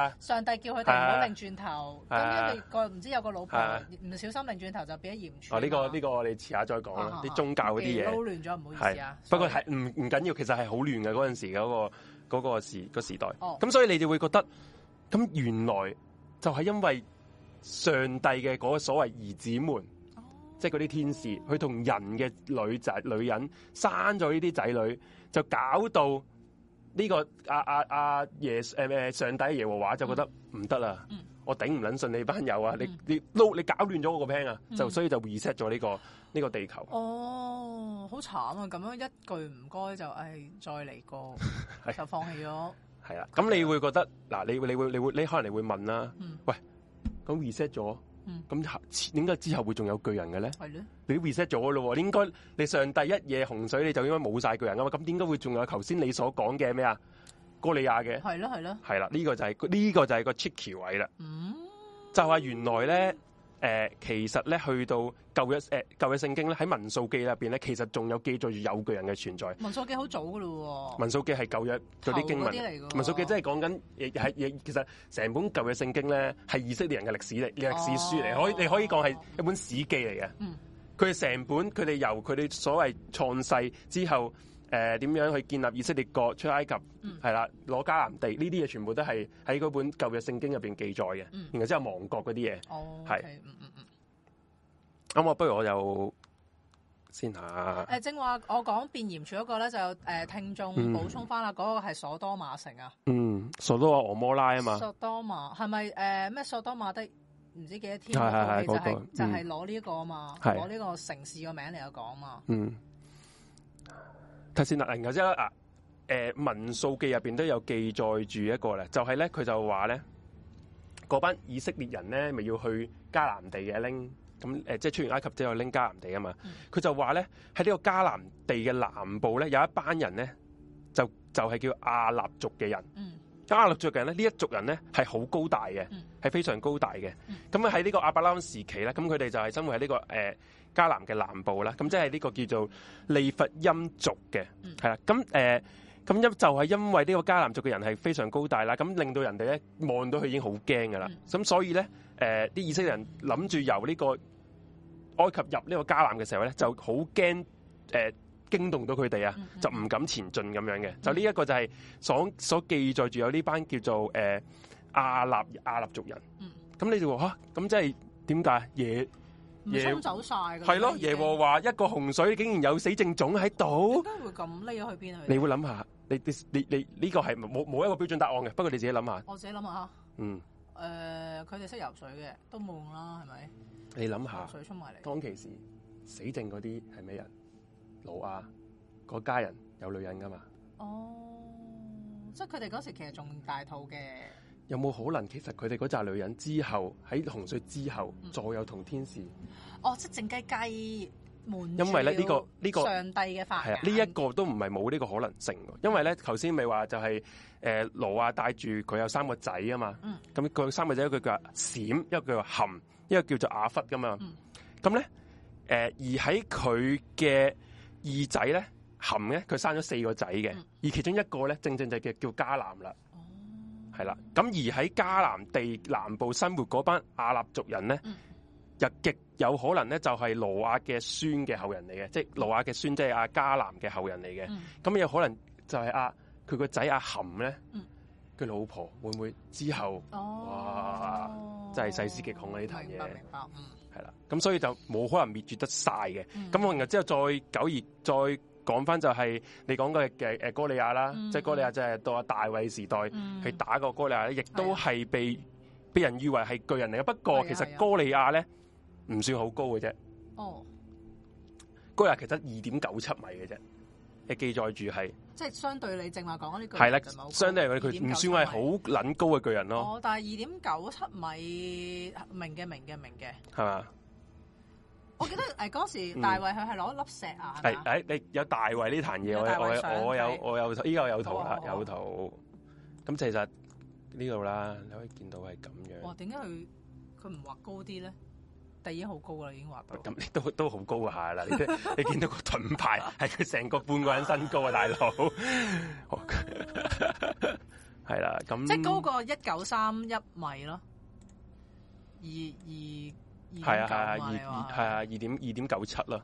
咧，就上帝叫佢哋唔好擰轉頭，咁、啊、樣佢個唔知有個老婆唔小心擰轉頭就變咗鹽柱。哦、這個，呢個呢個我哋遲下再講啦，啲、啊啊啊、宗教嗰啲嘢。亂咗，唔好意思啊。不過係唔唔緊要，其實係好亂嘅嗰陣時嗰、嗰個、嗰、嗰個時、嗰個時代。咁、哦、所以你就會覺得，咁原來就係因為上帝嘅嗰個所謂兒子們。即係嗰啲天使，佢同人嘅女仔女人生咗呢啲仔女，就搞到呢、呢個阿阿阿耶誒上帝耶和華就覺得唔得啦，我頂唔撚順你班友啊！嗯、你你撈你搞亂咗我個 plan 啊！嗯、就所以就 reset 咗呢、呢個呢、呢個地球。哦，好慘啊！咁樣一句唔該就誒、哎、再嚟過， <laughs> 就放棄咗。係 <laughs> 啦，咁你會覺得嗱，你你會你會你，你，你可能你會問啦、啊嗯，喂，咁 reset 咗？嗯，咁點解之後會仲有巨人嘅咧？係咧，你 reset 咗咯喎，你應該你上帝一夜洪水，你就應該冇晒巨人噶嘛，咁點解會仲有頭先你所講嘅咩啊？哥利亞嘅，係咯係咯，係啦，呢、這個就係、是、呢、這個就係個 tricky 位啦。嗯，就話原來咧。誒、呃，其實咧去到舊約誒舊約聖經咧，喺民數記入邊咧，其實仲有記載住有巨人嘅存在。民數記好早噶啦。民數記係舊約啲經文。民數記真係講緊，係其實成本舊約聖經咧，係以色列人嘅歷史歷史書嚟，可、啊、以你可以講係一本史記嚟嘅。嗯。佢哋成本佢哋由佢哋所謂創世之後。誒、呃，點樣去建立以色列國，出埃及係啦，攞、嗯、迦南地呢啲嘢全部都係喺嗰本舊約聖經入邊記載嘅、嗯，然後之後亡國嗰啲嘢，係、哦、咁、okay，我、嗯嗯、不如我就先下。誒、呃，正話我講變鹽柱嗰個咧，就誒、呃、聽眾補充翻啦，嗰個係所多瑪城啊，嗯，那個、所多瑪俄、嗯、摩拉啊嘛，所多瑪係咪誒咩？所多瑪的唔知幾多天，是那個、就係攞呢個嘛，攞呢個城市個名嚟講嘛，嗯。頭先啦，然後之啊，誒《民數記》入邊都有記載住一個咧，就係咧佢就話咧，嗰班以色列人咧，咪要去迦南地嘅拎，咁誒即係出完埃及之後拎迦南地啊嘛。佢、嗯、就話咧喺呢個迦南地嘅南部咧，有一班人咧，就就是、係叫亞納族嘅人。咁亞納族嘅人咧，呢一族人咧係好高大嘅，係、嗯、非常高大嘅。咁啊喺呢個亞伯拉罕時期啦，咁佢哋就係生活喺呢、這個誒。呃迦南嘅南部啦，咁即係呢個叫做利佛音族嘅，係、嗯、啦，咁誒，咁因、呃、就係因為呢個迦南族嘅人係非常高大啦，咁令到人哋咧望到佢已經好驚噶啦，咁、嗯、所以咧誒啲以色列人諗住由呢個埃及入呢個迦南嘅時候咧，就好驚誒驚動到佢哋啊，就唔敢前進咁樣嘅，就呢一個就係所所記載住有呢班叫做誒亞、呃、納亞納族人，咁、嗯、你就話嚇，咁即係點解耶？沖走晒噶，係咯？耶和華一個洪水，竟然有死剩種喺度，點解會咁匿咗去邊啊？你會諗下，你你你呢個係冇冇一個標準答案嘅，不過你自己諗下。我自己諗下吓。嗯。誒、呃，佢哋識游水嘅，都冇啦，係咪？你諗下。游水出埋嚟。當其時，死剩嗰啲係咩人？挪亞個家人有女人噶嘛？哦，即係佢哋嗰時其實仲大肚嘅。有冇可能，其實佢哋嗰扎女人之後喺洪水之後，再有同天使？嗯、哦，即係靜雞雞滿。因為咧、這、呢個呢、這個、這個、上帝嘅法系啊，呢一、這個都唔係冇呢個可能性。因為咧頭先咪話就係、是、誒，挪亞帶住佢有三個仔啊嘛。咁、嗯、佢三個仔，一個叫閃，一個叫含，一含，一含、嗯，一個叫做雅弗噶嘛。咁、嗯、咧，誒、呃、而喺佢嘅二仔咧含咧，佢生咗四個仔嘅、嗯，而其中一個咧正正就叫叫迦南啦。係啦，咁而喺迦南地南部生活嗰班阿納族人咧，又、嗯、極有可能咧就係羅亞嘅孫嘅後人嚟嘅，即、就、係、是、羅亞嘅孫即係阿迦南嘅後人嚟嘅，咁、嗯、有可能就係、啊、阿佢個仔阿含咧，佢、嗯、老婆會唔會之後，哦、哇，真係細思極恐呢啲嘢，係啦，咁所以就冇可能滅絕得晒嘅，咁我認為之後再九二再。講翻就係、是、你講嘅嘅誒，哥利亞啦，即係哥利亞，即係到阿大衛時代係、嗯、打過哥利亞，亦都係被、啊、被人譽為係巨人嚟嘅。不過其實哥利亞咧唔算好高嘅啫、啊。哦，哥利亞其實二點九七米嘅啫，係記載住係，即係相對你正話講呢句係啦，相對佢唔算係好撚高嘅巨人咯。哦，但係二點九七米明嘅明嘅明嘅係嘛？我記得誒嗰時大衛佢係攞一粒石啊、嗯這個、啊，係誒你有大衛呢壇嘢，我我有我有依家有圖啦，有圖。咁其實呢度啦，你可以見到係咁樣。哇、哦！點解佢佢唔畫高啲咧？第二好高啦，已經畫到。咁都都好高下、啊、啦， <laughs> 你你見到個盾牌係佢成個半個人身高啊，大佬。係 <laughs> <laughs> <laughs> 啦，咁即係高過一九三一米咯，二二。係啊，係啊，啊，二二係啊，二,二點二點九七啦。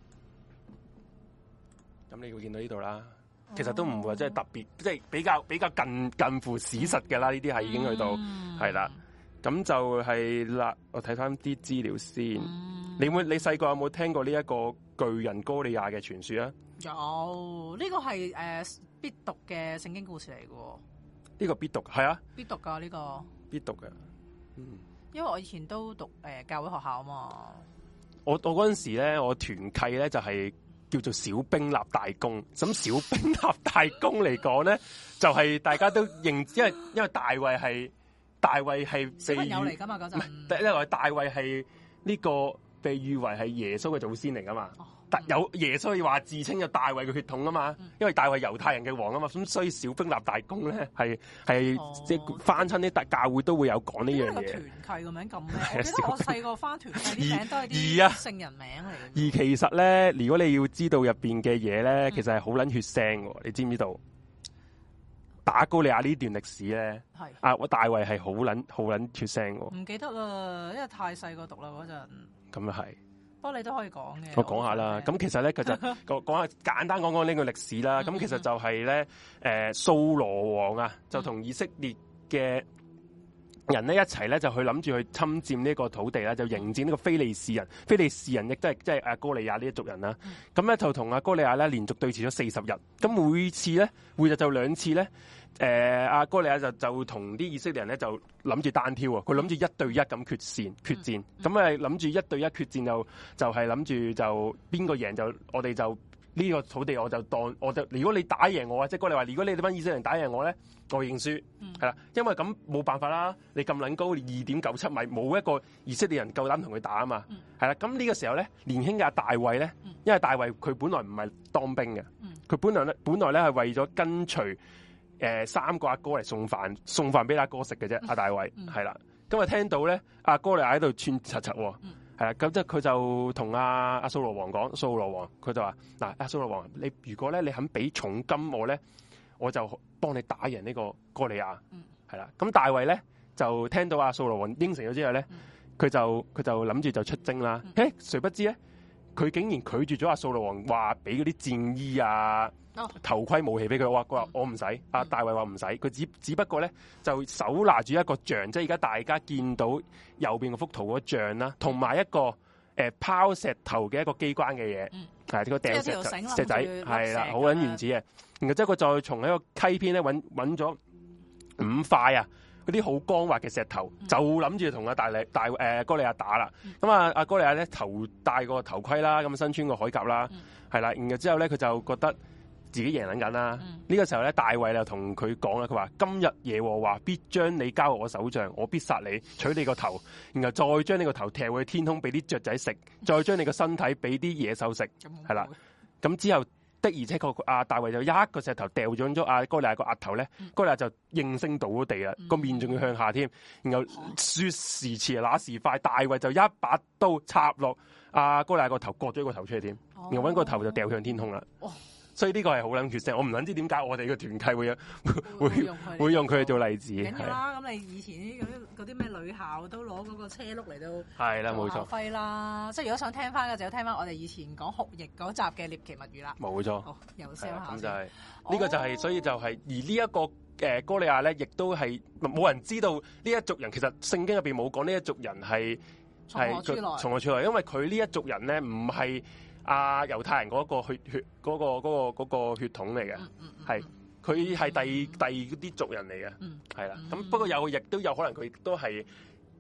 咁你會見到呢度啦，哦。其實都唔會話即係特別，即係比較比較近近乎史實嘅啦。呢啲係已經去到係啦。咁、嗯啊、就係啦。我睇翻啲資料先。嗯、你會你細個有冇聽過呢一個巨人哥利亞嘅傳說啊？有呢、這個係誒、呃、必讀嘅聖經故事嚟嘅。呢、這個必讀係啊。必讀噶呢、這個。必讀嘅，嗯。因為我以前都讀誒、呃、教會學校啊嘛，我我嗰陣時咧，我,呢我團契咧就係叫做小兵立大功。咁小兵立大功嚟講咧， <laughs> 就係大家都認，因為因為大衛係大衛係四，友嚟噶嘛嗰陣，因為大衛係呢個被譽為係耶穌嘅祖先嚟噶嘛。哦嗯、有耶，所以話自稱有大衛嘅血統啊嘛、嗯，因為大衛猶太人嘅王啊嘛，咁所以小兵立大功咧，係係、哦、即係翻親啲特教會都會有講呢樣嘢。團契咁樣，咁我細個翻團契啲名都係啲聖人名嚟，嗯。而其實咧，如果你要知道入邊嘅嘢咧，其實係好捻血腥，你知唔知道？打高利亞呢段歷史咧，係啊，我大衛係好捻好捻血腥。唔記得啦，因為太細個讀啦嗰陣。咁又係。不過你都可以講嘅，我講下啦。咁其實咧， <laughs> 其實講下簡單講講呢個歷史啦。咁 <laughs> 其實就係咧，誒、呃、掃羅王啊，就同以色列嘅人呢一齊咧，就去諗住去侵佔呢個土地啦，就迎戰呢個非利士人。非利士人亦都係即係阿哥利亞呢一族人啦。咁咧就同阿哥利亞咧連續對峙咗四十日。咁每次咧，每日就兩次咧。誒、呃，阿哥利亞就就同啲以色列人咧就諗住單挑啊，佢諗住一對一咁決戰決戰，咁啊諗住一對一決戰就就係諗住就邊個贏就我哋就呢、這個土地我就當我就如果你打贏我啊，即係哥利亞話，如果你啲班以色列人打贏我咧，我認輸係啦，因為咁冇辦法啦，你咁撚高二點九七米，冇一個以色列人夠膽同佢打啊嘛，係、嗯、啦，咁呢個時候咧，年輕嘅大衛咧，因為大衛佢本來唔係當兵嘅，佢、嗯、本來咧本來咧係為咗跟隨。誒，三個阿哥嚟送飯，送飯俾阿哥食嘅啫。阿、嗯啊、大衛，係啦，咁、嗯嗯嗯嗯、啊，聽到咧，阿哥利亞喺度串柒柒喎，係啦，咁即係佢就同阿阿掃羅王講，掃羅王佢就話嗱，阿、啊、掃羅王，你如果咧你肯俾重金我咧，我就幫你打贏呢個哥利亞，係、嗯、啦。咁大衛咧就聽到阿掃羅王應承咗之後咧，佢、嗯嗯、就佢就諗住就出征啦。嘿，誰不知咧？佢竟然拒絕咗阿掃羅王話俾嗰啲戰衣啊、哦、頭盔武器俾佢，話佢話我唔使。阿、嗯啊、大衛話唔使，佢只只不過咧就手拿住一個像，即係而家大家見到右邊幅圖個像啦，同、嗯、埋一個誒、呃、拋石頭嘅一個機關嘅嘢，係、嗯、呢個掟石，石，石仔，係啦，好揾原子嘅。然後即係佢再從喺個溪邊咧揾揾咗五塊啊。嗰啲好光滑嘅石頭，嗯、就諗住同阿大利大誒、呃、哥利亞打啦。咁、嗯、啊，阿哥利亞咧頭戴個頭盔啦，咁身穿個鎧甲啦，係、嗯、啦。然後之後咧，佢就覺得自己贏撚緊啦。呢、嗯這個時候咧，大衛就同佢講啦，佢話今日耶和華必將你交我手上，我必殺你，取你個頭，然後再將你個頭踢去天空俾啲雀仔食、嗯，再將你個身體俾啲野獸食，係、嗯、啦。咁、嗯、之後。的而且確，阿大衛就一個石頭掉咗咗阿哥利亞個額頭咧，嗯、哥利亞就應聲倒咗地啦，個、嗯、面仲要向下添。然後説時遲那時快，大衛就一把刀插落阿哥利亞個頭，割咗個頭出去添，然後揾個頭就掉向天空啦。哦哦。所以呢個係好冷血性，我唔捻知點解我哋個團契會有會會用佢做，做例子。梗嘅啦，咁你以前啲嗰啲咩女校都攞嗰個車轆嚟都係啦，冇錯。揮啦，即係如果想聽翻嘅，就要聽翻我哋以前講學譯嗰集嘅獵奇物語啦。冇錯，又笑下。咁就係呢個就係，哦，所以就係而呢一個誒，哥利亞咧，亦都係冇人知道呢一族人其實聖經入邊冇講呢一族人係從何出來，從何出來，因為佢呢一族人咧唔係。阿、啊、猶太人嗰個血血嗰、嗰個嗰、嗰個嗰個、血統嚟嘅，佢、嗯、係、嗯嗯、第第嗰啲族人嚟嘅，啦、嗯。咁、嗯、不過有亦都有可能佢都係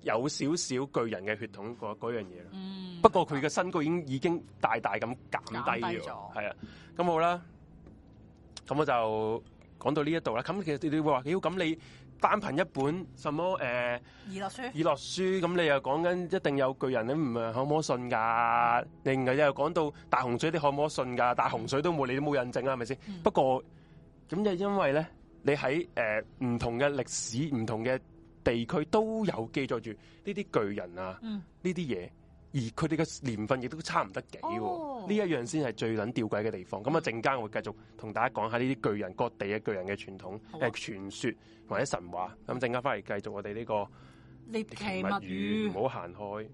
有少少巨人嘅血統嗰樣嘢啦、嗯。不過佢嘅身高已經、嗯、已經大大咁減低咗，係啊。咁好啦，咁我就講到呢一度啦。咁其實你你會話咁、欸、你？單憑一本什麼誒、以、呃、諾書，以諾書咁你又講緊一定有巨人，你唔係可唔可信㗎？唔、嗯、係又講到大洪水，你可唔可信㗎？大洪水都冇，你都冇印證啦，係咪先？不過咁就因為咧，你喺唔、呃、同嘅歷史，唔同嘅地區都有記載住呢啲巨人啊，呢啲嘢。而佢哋嘅年份亦都差唔得幾喎，呢、oh. 一樣先係最撚吊詭嘅地方。咁啊，陣間我會繼續同大家講下呢啲巨人各地嘅巨人嘅傳統、誒、啊呃、傳說或者神話。咁陣間翻嚟繼續我哋呢、呢個獵奇物語，唔好行開。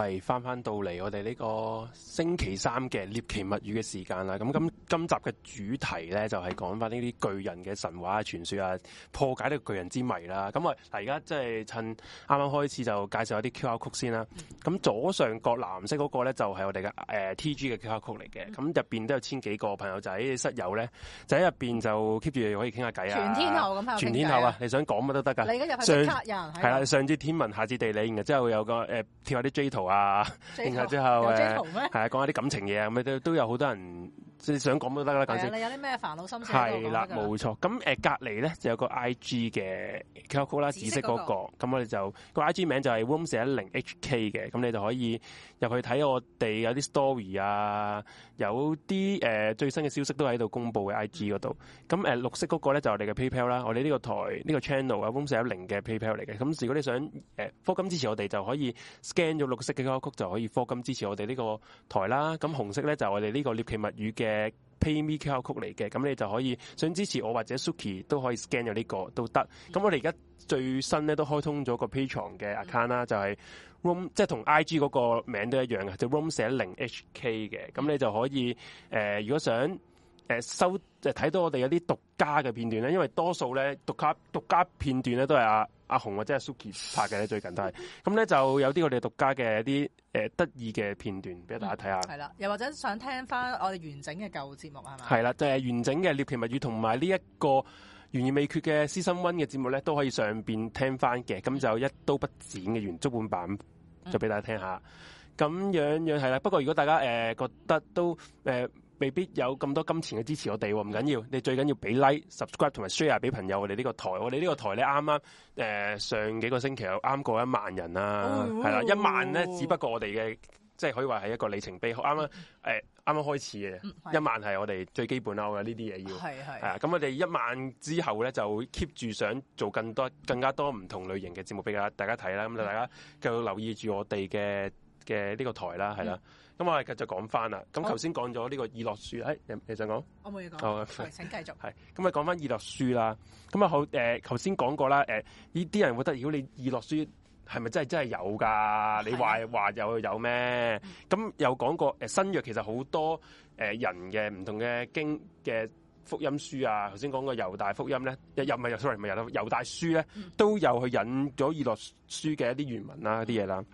係翻翻到嚟我哋呢個星期三嘅獵奇物語嘅時間啦，咁咁。今集嘅主題咧，就係講翻呢啲巨人嘅神話傳說啊，破解呢個巨人之謎啦。咁啊，嗱而家即係趁啱啱開始就介紹一啲 QR 曲先啦。咁、嗯、左上角藍色嗰個咧，就係我哋嘅 TG 嘅 QR 曲嚟嘅。咁、嗯、入面都有千幾個朋友仔、室友咧，就喺入面就 keep 住可以傾下偈啊。全天候咁、啊、全天候啊！你想講乜都得噶。你而家入去人係啦，上至天文，下至地理，然後之後有個、呃、跳下啲 J 圖啊， <laughs> <laughs> 然後之後咩？係啊，講下啲感情嘢啊，咪都有好多人。即你想講都得啦，簡直。你有啲咩煩惱心聲？係啦，冇錯。咁誒隔離咧就有個 I G 嘅 c o 歌曲啦，紫色嗰、那個。咁、那個、我哋就、那個 I G 名就係 Wong Siu H K 嘅。咁你就可以入去睇我哋有啲 story 啊，有啲誒、呃、最新嘅消息都喺度公布嘅 I G 嗰度。咁誒、呃、綠色嗰個咧就是、我哋嘅 PayPal 啦，我哋呢個台呢、這個 channel 啊，Wong Siu 嘅 PayPal 嚟嘅。咁如果你想誒基金支持我哋，就可以 scan 咗綠色嘅 c o 歌曲就可以基金支持我哋呢個台啦。咁紅色咧就是、我哋呢個獵奇物語嘅。誒，PayMe QR code 嚟嘅，咁你就可以想支持我或者 Suki 都可以 scan 咗，這，呢個都得。咁我哋而家最新咧都開通咗個 Patreon 嘅 account 啦，就係，是，Room，即係同 IG 嗰個名都一樣嘅，就是，Room 410 HK 嘅。咁你就可以誒、呃，如果想誒、呃、收，就睇到我哋有啲獨家嘅片段咧，因為多數咧獨家獨家片段咧都係啊。阿紅或者係 Suki 拍嘅咧最近都係，咁咧就有啲我哋獨家嘅一啲誒得意嘅片段俾大家睇下。係啦，又或者想聽翻我哋完整嘅舊節目係嘛？係啦，就係完整嘅《獵奇物語》同埋呢一個懸疑未決嘅《Season 1》嘅節目咧，都可以上邊聽翻嘅，咁就一刀不剪嘅原足本版，就俾大家聽下。咁樣樣係啦，不過如果大家誒覺得都誒，未必有咁多金錢嘅支持我哋，唔緊要，你最緊要俾 like、subscribe 同埋 share 俾朋友我哋呢個台，我哋呢個台，你啱啱上幾個星期，啱過一萬人啦，係、哦、啦，一萬咧、哦，只不過我哋嘅即係可以話係一個里程碑，啱啱啱啱開始嘅，一、嗯、萬係我哋最基本啦，我呢啲嘢要係係，咁我哋一萬之後咧就會 keep 住想做更多更加多唔同類型嘅節目俾大家睇啦，咁就大家繼續留意住我哋嘅嘅呢個台啦，係啦。嗯咁我哋繼續講翻啦，咁頭先講咗呢個《以諾書》哦，誒、哎，你想講？我冇嘢講。哦、我繼好，請繼續。係，咁啊講翻《以諾書是是》啦，咁啊好誒，頭先講過啦，誒，呢啲人會覺得，如果你《以諾書》係咪真係真係有噶？你話話有有咩？咁、嗯、又講過誒，新約其實好多誒人嘅唔同嘅經嘅福音書啊，頭先講過猶大福音咧，又唔係又 sorry，唔係猶大書咧、嗯，都有去引咗《以諾書》嘅一啲原文啦，啲嘢啦，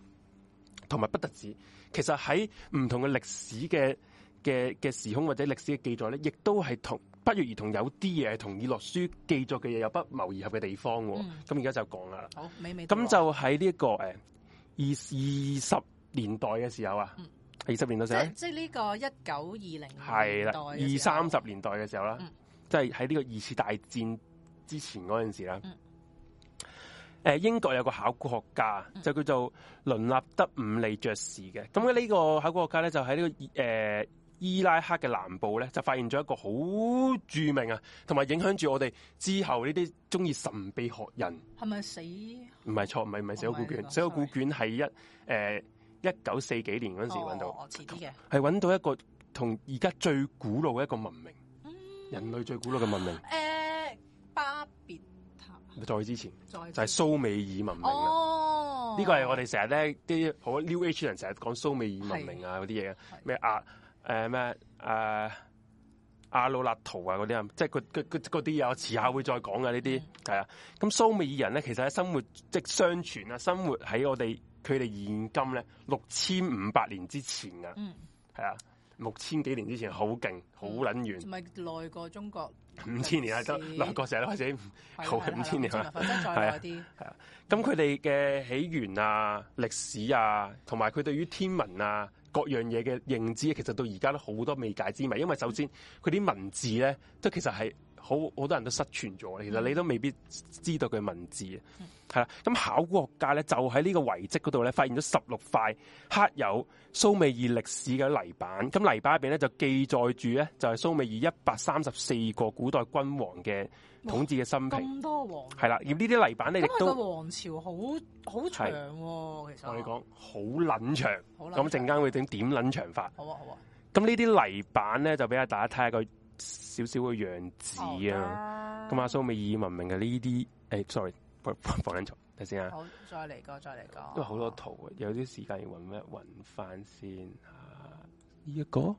同埋不特止。其實喺唔同嘅歷史嘅嘅嘅時空或者歷史嘅記載咧，亦都係同不約而同有啲嘢同《以諾書》記載嘅嘢有不謀而合嘅地方喎。咁而家就講啦。好，美美。咁就喺呢個誒二二十年代嘅時候啊，二十年代的時候，即即呢個一九二零年代，年代，二三十年代嘅時候啦，即係喺呢個二次大戰之前嗰陣時啦。嗯誒英國有個考古學家，就叫做倫納德伍利爵士嘅。咁嘅呢個考古學家咧，就喺呢、呢個誒、呃、伊拉克嘅南部咧，就發現咗一個好著名啊，同埋影響住我哋之後呢啲鍾意神秘學人。係咪死？唔係錯，唔係唔係死海古卷。那個、死海古卷係一誒一九四幾年嗰陣時揾到。遲啲、哦、嘅。係揾到一個同而家最古老嘅一個文明、嗯，人類最古老嘅文明。誒、啊、巴別。再之前，就係、是、蘇美爾文明啦。呢個係我哋成日咧啲好 New Age 人成日講蘇美爾文明啊嗰啲嘢，咩亞誒咩誒阿魯納圖啊嗰啲、嗯、啊，即係嗰啲嘢，我遲下會再講嘅呢啲係啊。咁蘇美爾人咧，其實喺生活即相傳啊，生活喺我哋佢哋現今咧六千五百年之前噶，係、嗯、啊。六千幾年之前好勁，好撚遠，咪內國中國五千年係都內國成日都開始，好是、啊、五千年啦，係啊。咁佢哋嘅起源啊、歷史啊，同埋佢對於天文啊各樣嘢嘅認知，其實到而家都好多未解之謎。因為首先佢啲文字咧，都其實係。好好多人都失傳咗，其實你都未必知道佢文字，係啦、嗯。咁考古學家咧就喺呢個遺跡嗰度咧發現咗十六塊刻有蘇美爾歷史嘅泥板。咁泥板入邊咧就記載住咧就係、是、蘇美爾一百三十四個古代君王嘅統治嘅生平。咁多王係啦。而呢啲泥板咧亦都王朝好好長喎、啊，其實我哋講好撚長，咁陣間會整點撚長法。好啊好啊。咁呢啲泥板咧就俾下大家睇下佢。少少嘅樣子啊，咁、oh, yeah. 阿蘇美爾文明嘅呢啲誒，sorry，放緊錯，睇先啊。一下 oh, 再嚟個，再嚟個，因為都好多圖、oh. 點啊？有啲時間要搵一搵翻先啊。呢一個係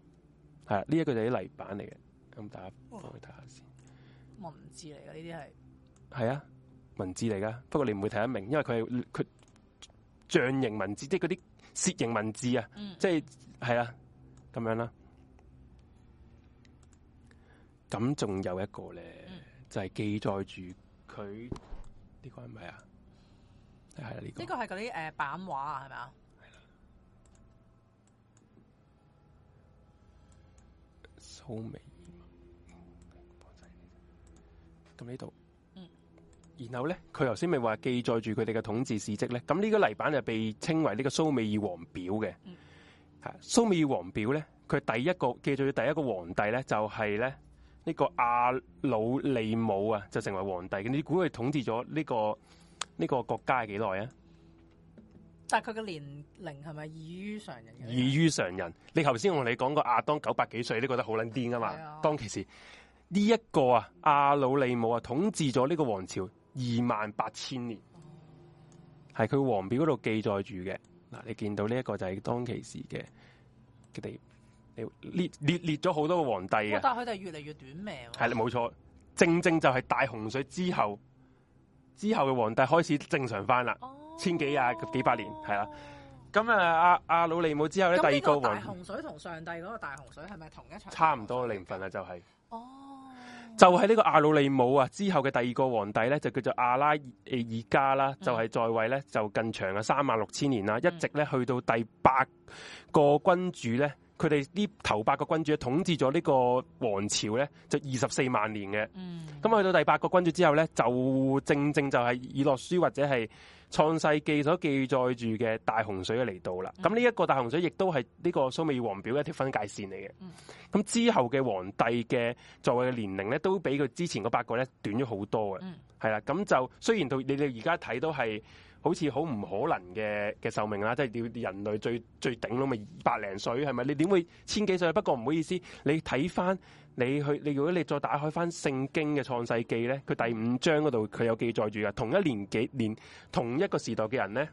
啊，呢、呢、一個就啲泥板嚟嘅，咁大家幫佢睇下先。文字嚟嘅呢啲係係啊，文字嚟噶，不過你唔會睇得明，因為佢係佢象形文字，即係嗰啲楔形文字啊，mm. 即係係啊咁樣啦。咁仲有一個咧、嗯，就係、是、記載住佢呢個係咪啊？係、這、啦、個，呢個呢個係嗰啲誒版畫啊，係咪啊？係、嗯、啦。蘇美，咁呢度，然後咧，佢頭先咪話記載住佢哋嘅統治史跡咧。咁呢個泥板就被稱為呢個蘇美爾王表嘅。嗯。係蘇美爾王表咧，佢第一個記載住第一個皇帝咧，就係、是、咧。呢、這個阿魯利姆啊，就成為皇帝嘅。你估佢統治咗呢、這個呢、這個國家係幾耐啊？但係佢嘅年齡係咪異於常人？異於常人。你頭先我同你講過亞當九百幾歲，都覺得好撚癲噶嘛？當其時呢一、這個啊，阿魯利姆啊，統治咗呢個王朝二萬八千年，係佢皇表嗰度記載住嘅。嗱，你見到呢一個就係當其時嘅嘅地步。列列列咗好多個皇帝嘅、哦，但係佢哋越嚟越短命。係啦，冇錯，正正就係大洪水之後，之後嘅皇帝開始正常翻啦、哦。千幾啊幾百年係啦。咁啊，阿阿魯利姆之後咧，第二個大洪水同上帝嗰個大洪水係咪同一場？差唔多嘅年份啦，就係、是。哦，就係呢個阿魯利姆啊之後嘅第二個皇帝咧，就叫做阿拉爾加啦，嗯、就係在位咧就近長啊三萬六千年啦，嗯、一直咧去到第八個君主咧。佢哋呢頭八個君主咧統治咗呢個王朝咧，就二十四萬年嘅。咁、嗯、去到第八個君主之後咧，就正正就係《以諾書》或者係《創世記》所記載住嘅大洪水嘅嚟到啦。咁呢一個大洪水亦都係呢個《蘇美爾王表》一條分界線嚟嘅。咁、嗯、之後嘅皇帝嘅在位嘅年齡咧，都比佢之前嗰八個咧短咗好多嘅。係、嗯、啦，咁就雖然到你哋而家睇都係。好似好唔可能嘅嘅壽命啦，即係要人類最最頂咯，咪二百零歲，係咪？你點會千幾歲？不過唔好意思，你睇翻你去你如果你再打開翻聖經嘅創世記咧，佢第五章度佢有記載住啊，同一年幾年同一個時代嘅人咧，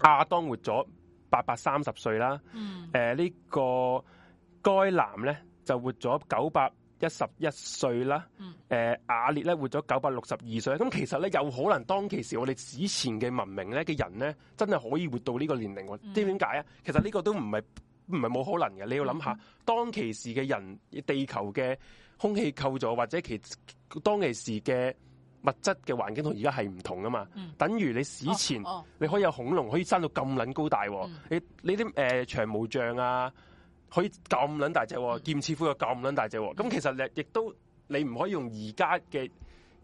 亞當活咗八百三十歲啦。嗯。誒、呃這個、呢個該男咧就活咗九百。一十一歲啦，誒雅列咧活咗九百六十二歲，咁其實咧有可能當其時我哋史前嘅文明咧嘅人咧，真係可以活到呢個年齡喎？點解啊？其實呢個都唔係唔係冇可能嘅。你要諗下，當其時嘅人，地球嘅空氣構造或者其當其時嘅物質嘅環境同而家係唔同噶嘛？等於你史前你可以有恐龍，可以生到咁撚高大，你你啲誒、呃、長毛象啊～可以咁撚大隻，劍齒虎又咁撚大隻。咁、嗯、其實亦都你唔、嗯、可以用而家嘅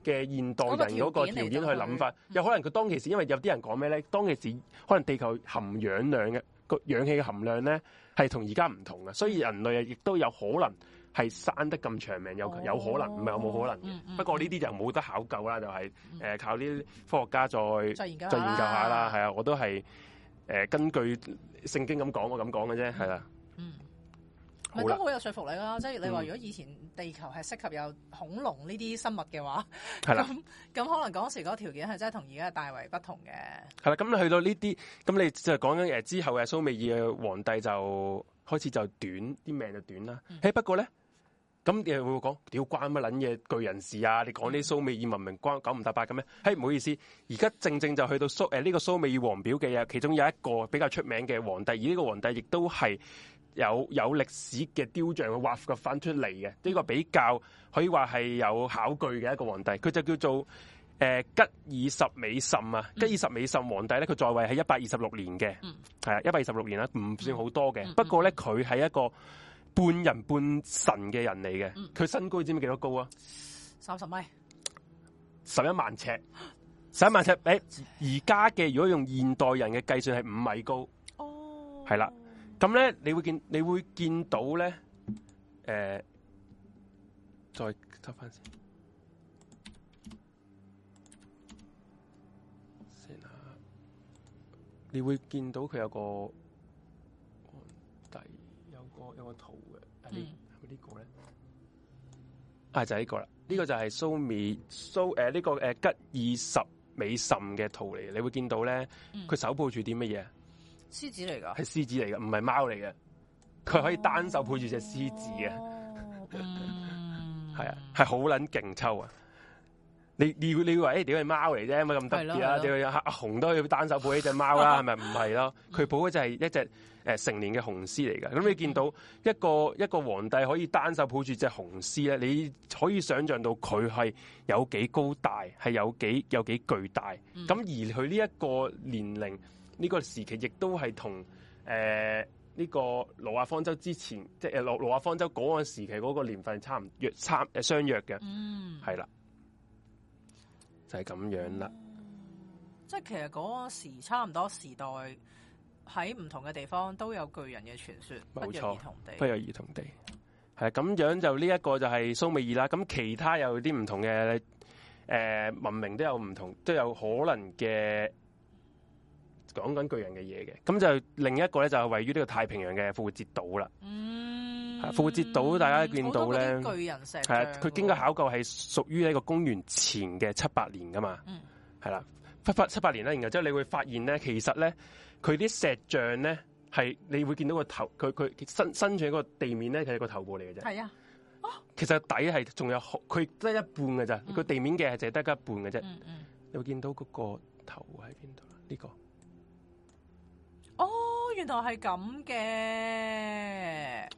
嘅現代人嗰個條件去諗法。有、那個就是、可能佢當其時、嗯，因為有啲人講咩咧？當其時可能地球含氧量嘅個氧氣嘅含量咧係同而家唔同嘅，所以人類啊，亦都有可能係生得咁長命，有、哦、有可能唔係冇可能嘅、嗯嗯。不過呢啲就冇得考究啦，就係、是、誒、嗯、靠啲科學家再再研究下啦。係啊，啊，我都係、呃、根據聖經咁講，我咁講嘅啫，係啦、啊。咁好有說服力啦！即係你話，如果以前地球係適合有恐龍呢啲生物嘅話，係啦、嗯、咁、嗯、咁可能嗰時嗰個條件係真係同而家大為不同嘅。係啦，咁你去到呢啲，咁你就講緊誒之後嘅蘇美爾嘅皇帝就開始就短啲命就短啦。嘿、嗯，不過咧，咁你會會講，屌關乜撚嘢巨人事啊？你講啲蘇美爾文明關九唔搭八嘅咩？嘿，唔、哎、好意思，而家正正就去到蘇誒呢個蘇美爾王表嘅啊，其中有一個比較出名嘅皇帝，而呢個皇帝亦都係。有有歷史嘅雕像，去畫佢翻出嚟嘅呢個比較可以話係有考據嘅一個皇帝，佢就叫做誒吉爾什美什啊，吉爾什美什、啊嗯、皇帝咧，佢在位係一百二十六年嘅，係、嗯、啊，一百二十六年啦，唔算好多嘅、嗯。不過咧，佢係一個半人半神嘅人嚟嘅。佢、嗯、身高知唔知幾多高啊？三十米，十一萬尺，十一萬尺。誒、欸，而家嘅如果用現代人嘅計算係五米高，哦，係啦。咁咧，你會見你會見到咧，誒，再執翻先，先你會見到佢有個底，有個有個圖嘅，係咪呢個咧？係就係呢個啦，呢個就係蘇美蘇誒呢個誒吉爾伽美什嘅圖嚟。你會見到咧，佢手抱住啲乜嘢？嗯啊獅子嚟噶，係獅子嚟噶，唔係貓嚟嘅。佢可以單手抱住隻獅子嘅，係、哦、啊，係好捻勁抽啊！你你你會以為誒，屌係貓嚟啫，咪咁得意啊？屌阿熊都可以單手隻貓 <laughs> 抱起隻貓啦，係咪唔係咯？佢抱嘅就係一隻誒成年嘅雄獅嚟嘅。咁、嗯、你見到一個一個皇帝可以單手抱住隻雄獅咧，你可以想象到佢係有幾高大，係有幾有幾巨大。咁、嗯、而佢呢一個年齡。呢、這個時期亦都係同誒呢個諾亞方舟之前，即誒諾諾亞方舟嗰個時期嗰個年份差唔多差相約嘅，係啦、嗯，就係、是、咁樣啦、嗯。即係其實嗰時差唔多時代喺唔同嘅地方都有巨人嘅傳說，冇錯，不約而同地，不約而同地係啊！咁樣就呢一、這個就係蘇美爾啦。咁其他有啲唔同嘅誒、呃、文明都有唔同，都有可能嘅。講緊巨人嘅嘢嘅，咁就另一個咧就係、是，位於呢個太平洋嘅復活節島啦。嗯，復活節島大家見到咧，巨人石。係啊，佢經過考究係屬於呢個公元前嘅七八年噶嘛。係、嗯、啦、啊，七七年咧，然之後你會發現咧，其實咧，佢啲石像咧係你會見到個頭，佢佢伸伸長喺個地面咧係個頭部嚟嘅啫。係啊、哦，其實底係仲有佢得一半噶咋，個、嗯、地面嘅係淨係得一半嘅啫、嗯嗯。你嗯，會見到個頭喺邊度？呢、這個？原來係咁嘅，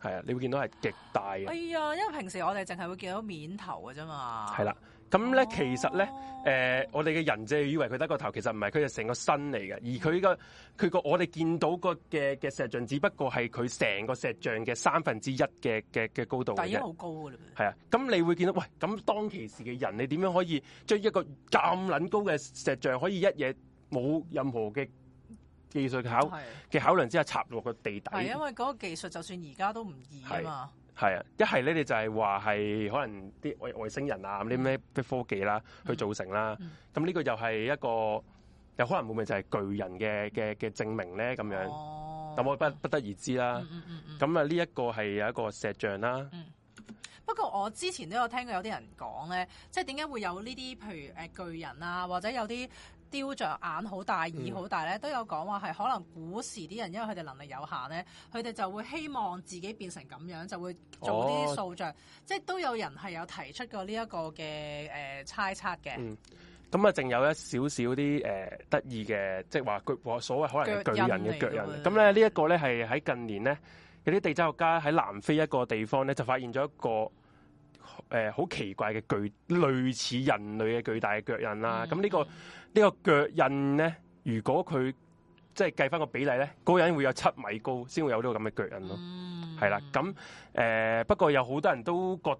係啊！你會見到係極大嘅。哎呀，因為平時我哋淨係會見到面頭㗎啫嘛。係啦、啊，咁咧、哦、其實咧，誒、呃，我哋嘅人就以為佢得個頭，其實唔係，佢係成個身嚟嘅。而佢個佢個我哋見到個嘅嘅石像，只不過係佢成個石像嘅三分之一嘅嘅嘅高度已。但已經好高噶啦，係啊。咁你會見到，喂，咁當其時嘅人，你點樣可以將一個咁撚高嘅石像，可以一嘢冇任何嘅？技術考嘅考量之下，插落個地底。係因為嗰個技術，就算而家都唔易啊嘛。係啊，一係呢，你就係話係可能啲外外星人啊，啲、嗯、咩科技啦、啊嗯，去造成啦、啊。咁、嗯、呢個又係一個，有可能會唔會就係巨人嘅嘅嘅證明咧？咁樣，咁、哦、我不不得而知啦。咁啊，呢、嗯、一、嗯嗯、個係有一個石像啦、啊嗯。不過我之前都有聽過有啲人講咧，即係點解會有呢啲，譬如誒、呃、巨人啊，或者有啲，雕像眼好大耳好大咧，都有講話係可能古時啲人，因為佢哋能力有限咧，佢哋就會希望自己變成咁樣，就會做啲塑像，哦、即係都有人係有提出過呢、這、一個嘅、呃、猜測嘅。咁、嗯、啊，仲有一少少啲得意嘅，即係話所謂可能巨人嘅腳，腳印。咁咧呢一個咧係喺近年呢，有啲地質學家喺南非一個地方咧就發現咗一個好、呃、奇怪嘅巨類似人類嘅巨大嘅腳印啦。咁、嗯、呢、這個呢、這個腳印咧，如果佢即係計翻個比例咧，嗰、那個人會有七米高，先會有呢個咁嘅腳印咯。係、嗯、啦，咁誒、呃，不過有好多人都覺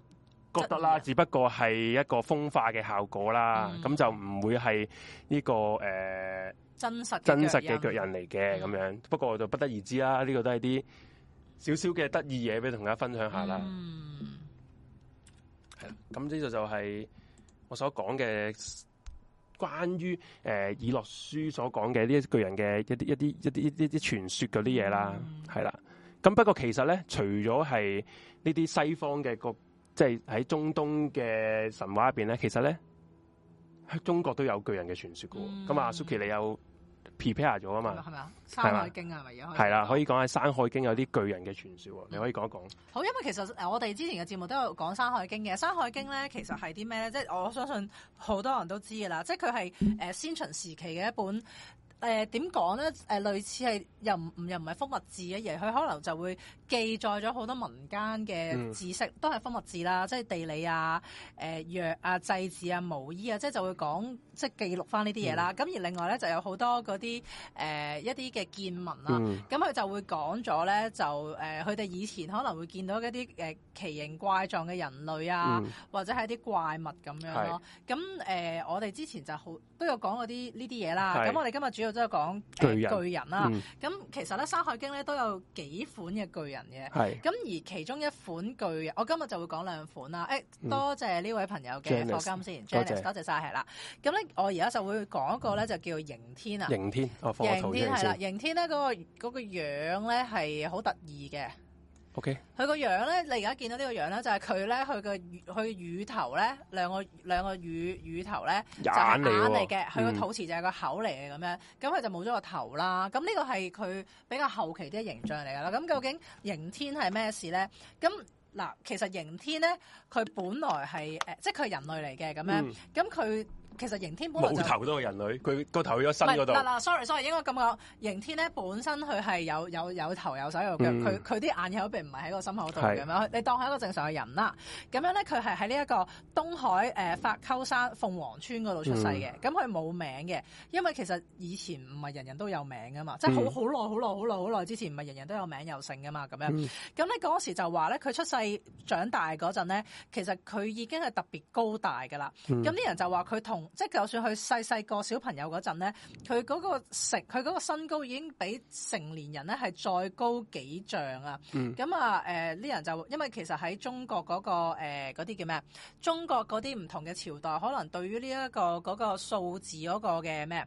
覺得啦，只不過係一個風化嘅效果啦、咁、嗯、就唔會係呢、這個誒、呃、真實的真實嘅腳印嚟嘅咁樣。不過我就不得而知啦。呢、這個都係啲少少嘅得意嘢，俾同大家分享一下啦。係、嗯、啦，咁呢度就係我所講嘅。關於、呃、《以諾書》所講嘅呢啲巨人嘅一啲一啲一啲一啲啲傳說嗰啲嘢啦，係、嗯、啦。咁不過其實咧，除咗係呢啲西方嘅個，即係喺中東嘅神話入邊咧，其實咧，中國都有巨人嘅傳說嘅。咁、嗯、啊、嗯、Suki 你有？prepare 咗啊嘛，係咪啊？山海經啊，係咪而家？係啦，可以講下山海經有啲巨人嘅傳説喎，你可以講一講？嗯。好，因為其實我哋之前嘅節目都有講山海經嘅。山海經咧，其實係啲咩咧？即係我相信好多人都知噶啦，即係佢係誒先秦時期嘅一本。誒點講咧？誒、呃、類似係又唔又唔係風物志嘅嘢，佢可能就會記載咗好多民間嘅知識、嗯、都係風物志啦，即係地理啊、誒、呃、藥啊、祭祀啊、巫醫啊，即係就會講即係記錄返呢啲嘢啦。咁、嗯、而另外咧就有好多嗰啲誒一啲嘅見聞啦、啊。咁、嗯、佢就會講咗咧就誒佢哋以前可能會見到一啲誒奇形怪狀嘅人類啊，嗯、或者係一啲怪物咁樣咯。咁誒、呃、我哋之前就好都有講過啲呢啲嘢啦。咁我哋今日主要。即係講巨人啦，咁、嗯、其實咧《山海經》咧都有幾款嘅巨人嘅，咁而其中一款巨人，我今日就會講兩款啦。誒、哎，多謝呢位朋友嘅課金、嗯、先 Jenny 多謝晒。係啦。咁咧，我而家就會講一個咧，就叫刑天啊。刑天，刑天係啦，刑天咧嗰、那個嗰、那個、樣咧係好得意嘅。OK，佢個樣咧，你而家見到呢個樣咧，就係佢咧，佢個佢乳頭咧，兩個兩個乳乳頭咧，就是、眼嚟嘅，佢、嗯、個肚臍就係個口嚟嘅咁樣，咁佢就冇咗個頭啦。咁呢個係佢比較後期啲形象嚟噶啦。咁究竟刑天係咩事咧？咁嗱，其實刑天咧，佢本來係誒，即係佢係人類嚟嘅咁樣，咁佢。其實刑天，就是、天本身冇頭都係人類，佢個頭喺咗身嗰度。嗱嗱，sorry sorry，應該咁講，刑天咧本身佢係有有有頭有手有腳，佢佢啲眼口並唔係喺個心口度咁樣，你當係一個正常嘅人啦。咁樣咧，佢係喺呢一個東海誒、呃、法溝山鳳凰村嗰度出世嘅。咁佢冇名嘅，因為其實以前唔係人人都有名㗎嘛，即係好好耐好耐好耐好耐之前唔係人人都有名有姓㗎嘛。咁樣，咁咧嗰時就話咧，佢出世長大嗰陣咧，其實佢已經係特別高大㗎啦。咁、嗯、啲人就話佢同即係就算佢細細個小朋友嗰陣咧，佢嗰個食佢嗰個身高已經比成年人咧係再高幾丈啊！咁啊誒，啲、呃、人就因為其實喺中國嗰、那個嗰啲、呃、叫咩中國嗰啲唔同嘅朝代，可能對於呢、這、一個嗰、那個數字嗰個嘅咩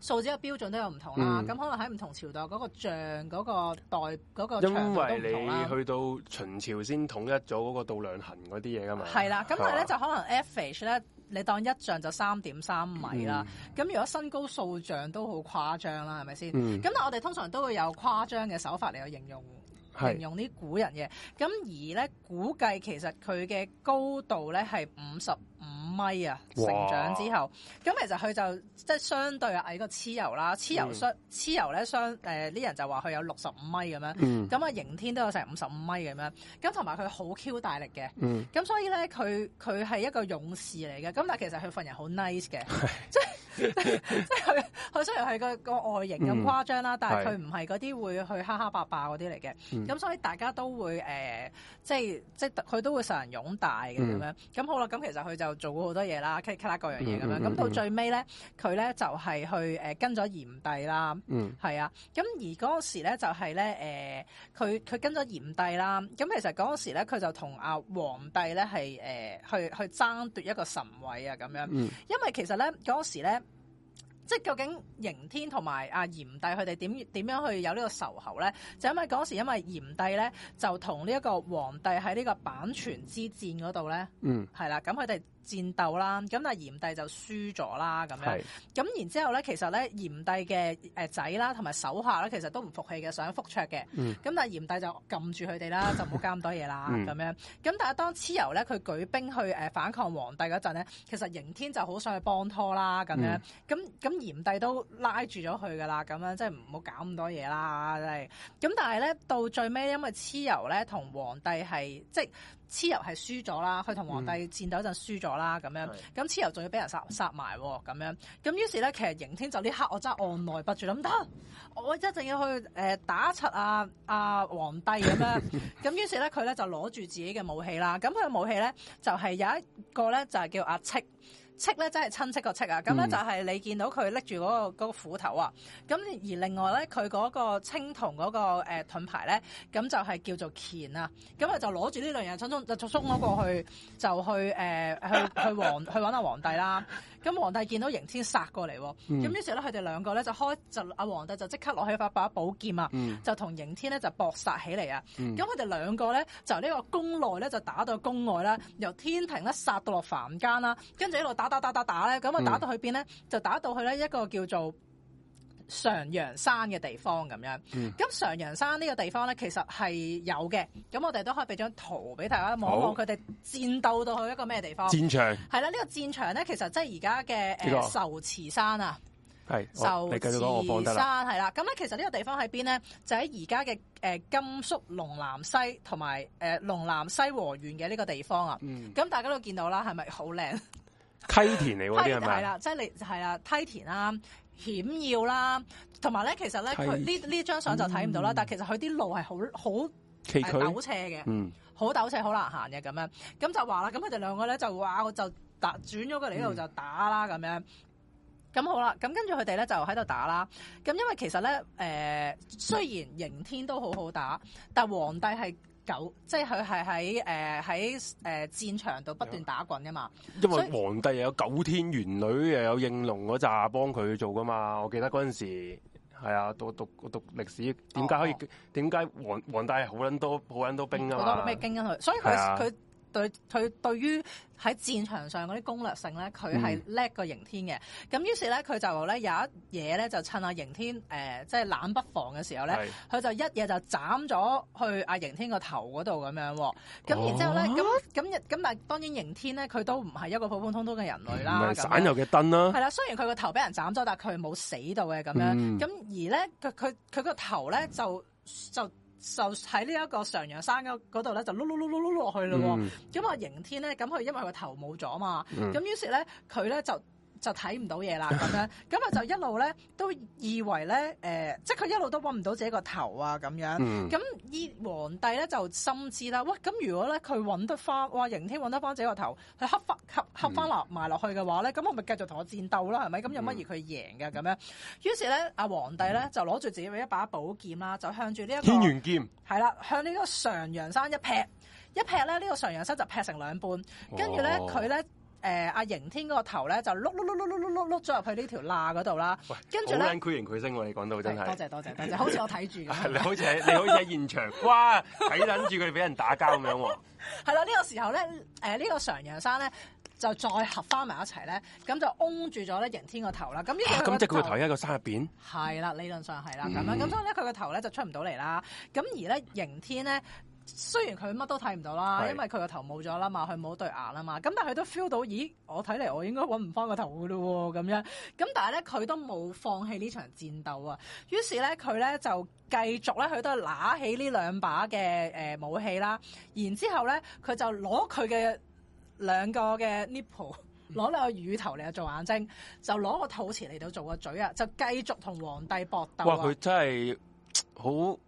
數字嘅標準都有唔同啦。咁、嗯、可能喺唔同朝代嗰、那個丈嗰、那個代嗰、那個長度都唔同啦。因為你去到秦朝先統一咗嗰個度量衡嗰啲嘢㗎嘛。係啦，咁但係咧、啊、就可能 fish 咧。你當一丈就三點三米啦，咁、嗯、如果身高數丈都好誇張啦，係咪先？咁、嗯、但我哋通常都會有誇張嘅手法嚟去形容，形容啲古人嘅。咁而咧估計其實佢嘅高度咧係五十五米啊，成長之後，咁其實佢就即係相對矮過個蚩尤啦，蚩尤相蚩尤咧相誒啲、呃、人就話佢有六十五米咁樣，咁、嗯、啊刑天都有成五十五米嘅咁樣，咁同埋佢好 Q 大力嘅，咁、嗯、所以咧佢佢係一個勇士嚟嘅，咁但係其實佢份人好 nice 嘅，即係 <laughs> 即係佢佢雖然係個個外形咁誇張啦、嗯，但係佢唔係嗰啲會去哈哈霸霸嗰啲嚟嘅，咁、嗯、所以大家都會誒、呃、即係即係佢都會受人擁戴嘅咁樣，咁、嗯、好啦，咁其實佢就做，好多嘢啦，卡卡啦各樣嘢咁樣，咁、嗯嗯嗯、到最尾咧，佢咧就係、是、去誒、呃、跟咗炎帝啦，係、嗯、啊，咁而嗰時咧就係咧誒，佢、呃、佢跟咗炎帝啦，咁其實嗰時咧佢就同阿黃帝咧係誒去去爭奪一個神位啊咁樣、嗯，因為其實咧嗰時咧，即係究竟刑天同埋阿炎帝佢哋點點樣去有呢個仇口咧？就是、因為嗰時因為炎帝咧就同呢一個黃帝喺呢個阪泉之戰嗰度咧，嗯，係啦、啊，咁佢哋。戰鬥啦，咁但係炎帝就輸咗啦，咁樣。咁然之後咧，其實咧炎帝嘅、呃、仔啦，同埋手下咧，其實都唔服氣嘅，想復卓嘅。咁、嗯、但係炎帝就撳住佢哋啦， <laughs> 嗯、就冇搞咁多嘢啦，咁樣。咁但係當蚩尤咧，佢舉兵去反抗黃帝嗰陣咧，其實刑天就好想去幫拖啦，咁樣。咁咁炎帝都拉住咗佢㗎啦，咁樣即係唔好搞咁多嘢啦，係。咁但係咧，到最尾因為蚩尤咧同黃帝係即係。蚩尤係輸咗啦，去同皇帝戰鬥嗰陣輸咗啦，咁、嗯、樣，咁蚩尤仲要俾人殺殺埋喎，咁樣，咁於是咧，其實刑天就呢刻我真係按捺不住，諗得、啊，我真係要去誒、呃、打柒阿阿皇帝咁樣，咁於是咧佢咧就攞住自己嘅武器啦，咁佢嘅武器咧就係、是、有一個咧就係、是、叫阿戚。戚咧真係親戚個戚啊！咁咧就係你見到佢拎住嗰個嗰、嗰個、斧頭啊！咁而另外咧，佢嗰個青銅嗰個盾牌咧，咁就係叫做鉗啊！咁啊就攞住呢兩樣匆匆就速速嗰個去就去誒、呃、去去皇去揾下皇帝啦！咁皇帝見到刑天殺過嚟、啊，咁於是咧佢哋兩個咧就開就阿皇帝就即刻攞起一把寶劍啊，嗯、就同刑天咧就搏殺起嚟啊！咁佢哋兩個咧就呢個宮內咧就打到宮外啦，由天庭咧殺到落凡間啦、啊，跟住一路打打打打打咧，咁啊打到去邊咧，就打到去咧一個叫做常陽山嘅地方咁樣。咁、嗯、常陽山呢個地方咧，其實係有嘅。咁我哋都可以俾張圖俾大家望，望，佢哋戰鬥到去一個咩地方？戰場係啦，呢、這個戰場咧，其實即係而家嘅誒仇池山啊，係仇池山係啦。咁咧，其實呢個地方喺邊咧，就喺而家嘅誒甘肅隴南西同埋誒隴南西和縣嘅呢個地方啊。咁、嗯、大家都見到啦，係咪好靚？梯田嚟嗰啲係啦，即係你係啦，梯田啦，險、啊、要啦、啊，同埋咧，其實咧佢呢呢張相就睇唔到啦，但係其實佢啲路係好好陡斜嘅，嗯，好陡,、嗯、陡斜，好難行嘅咁樣。咁就話啦，咁佢哋兩個咧就話我就,就打轉咗佢嚟呢度就打啦咁樣。咁好啦，咁跟住佢哋咧就喺度打啦。咁因為其實咧，誒、呃、雖然刑天都好好打，但黃帝係。九即係佢係喺誒喺誒戰場度不斷打滾噶嘛，因，因為皇帝又有九天玄女，又有應龍嗰紮幫佢做噶嘛，我記得嗰陣時係啊，讀讀讀歷史點解可以點解、哦哦、皇皇帝好撚多好撚多兵啊？好多咩兵去，所以佢佢。對佢對於喺戰場上嗰啲攻略性咧，佢係叻過刑天嘅。咁、嗯、於是咧，佢就咧有一嘢咧，就趁阿刑天誒、呃、即係冷不防嘅時候咧，佢就一嘢就斬咗去阿、啊、刑天個頭嗰度咁樣。咁然之後咧，咁咁咁但當然刑天咧，佢都唔係一個普普通通嘅人類啦。省油嘅燈啦。係啦，雖然佢個頭俾人斬咗，但係佢冇死到嘅咁樣。咁、嗯、而咧，佢佢佢個頭咧就就。就就喺呢一個常陽山嗰度咧，就碌碌碌碌碌落去嘞喎。咁啊，刑天咧，咁佢因為佢個頭冇咗啊嘛，咁於是咧，佢咧就。就睇唔到嘢啦咁樣，咁啊就一路咧都以為咧，誒、呃，即係佢一路都搵唔到自己個頭啊咁樣。咁、嗯、依皇帝咧就深知啦，喂，咁如果咧佢搵得翻，哇，刑天搵得翻自己個頭，佢黑翻黑黑翻落埋落去嘅話咧，咁我咪繼續同我戰鬥啦，係咪？咁有乜如佢贏嘅咁樣。於是咧，阿皇帝咧就攞住自己嘅一把寶劍啦，就向住呢一個天元劍，係啦，向呢個常陽山一劈一劈咧，呢、呢個常陽山就劈成兩半，跟住咧佢咧。誒阿刑天嗰個頭咧就碌碌碌碌碌碌碌碌咗入去呢條罅嗰度啦，跟住咧，好撚繪形繪聲我哋講到真係，多謝多謝，多謝，好似我睇住 <laughs> 你好似你好似喺現場， <laughs> 哇，睇撚住佢哋俾人打交咁樣喎，係啦，呢個時候咧，誒、這、呢個常羊山咧就再合返埋一齊咧，咁就擁住咗咧刑天個頭啦，咁 adorian 樣、嗯、呢個咁即係佢個頭喺個山入邊，係啦，理論上係啦，咁樣咁所以咧佢個頭咧就出唔到嚟啦，咁而咧刑天咧。雖然佢乜都睇唔到啦，因為佢個頭冇咗啦嘛，佢冇對眼啦嘛，咁但係佢都 feel 到，咦，我睇嚟我應該搵唔翻個頭噶啦，咁樣，咁但係咧佢都冇放棄呢場戰鬥啊，於是咧佢咧就繼續咧，佢都係拿起呢兩把嘅誒武器啦，然之後咧佢就攞佢嘅兩個嘅 nipple，攞兩個乳頭嚟做眼睛，就攞個肚臍嚟到做個嘴啊，就繼續同皇帝搏鬥啊！佢真係好。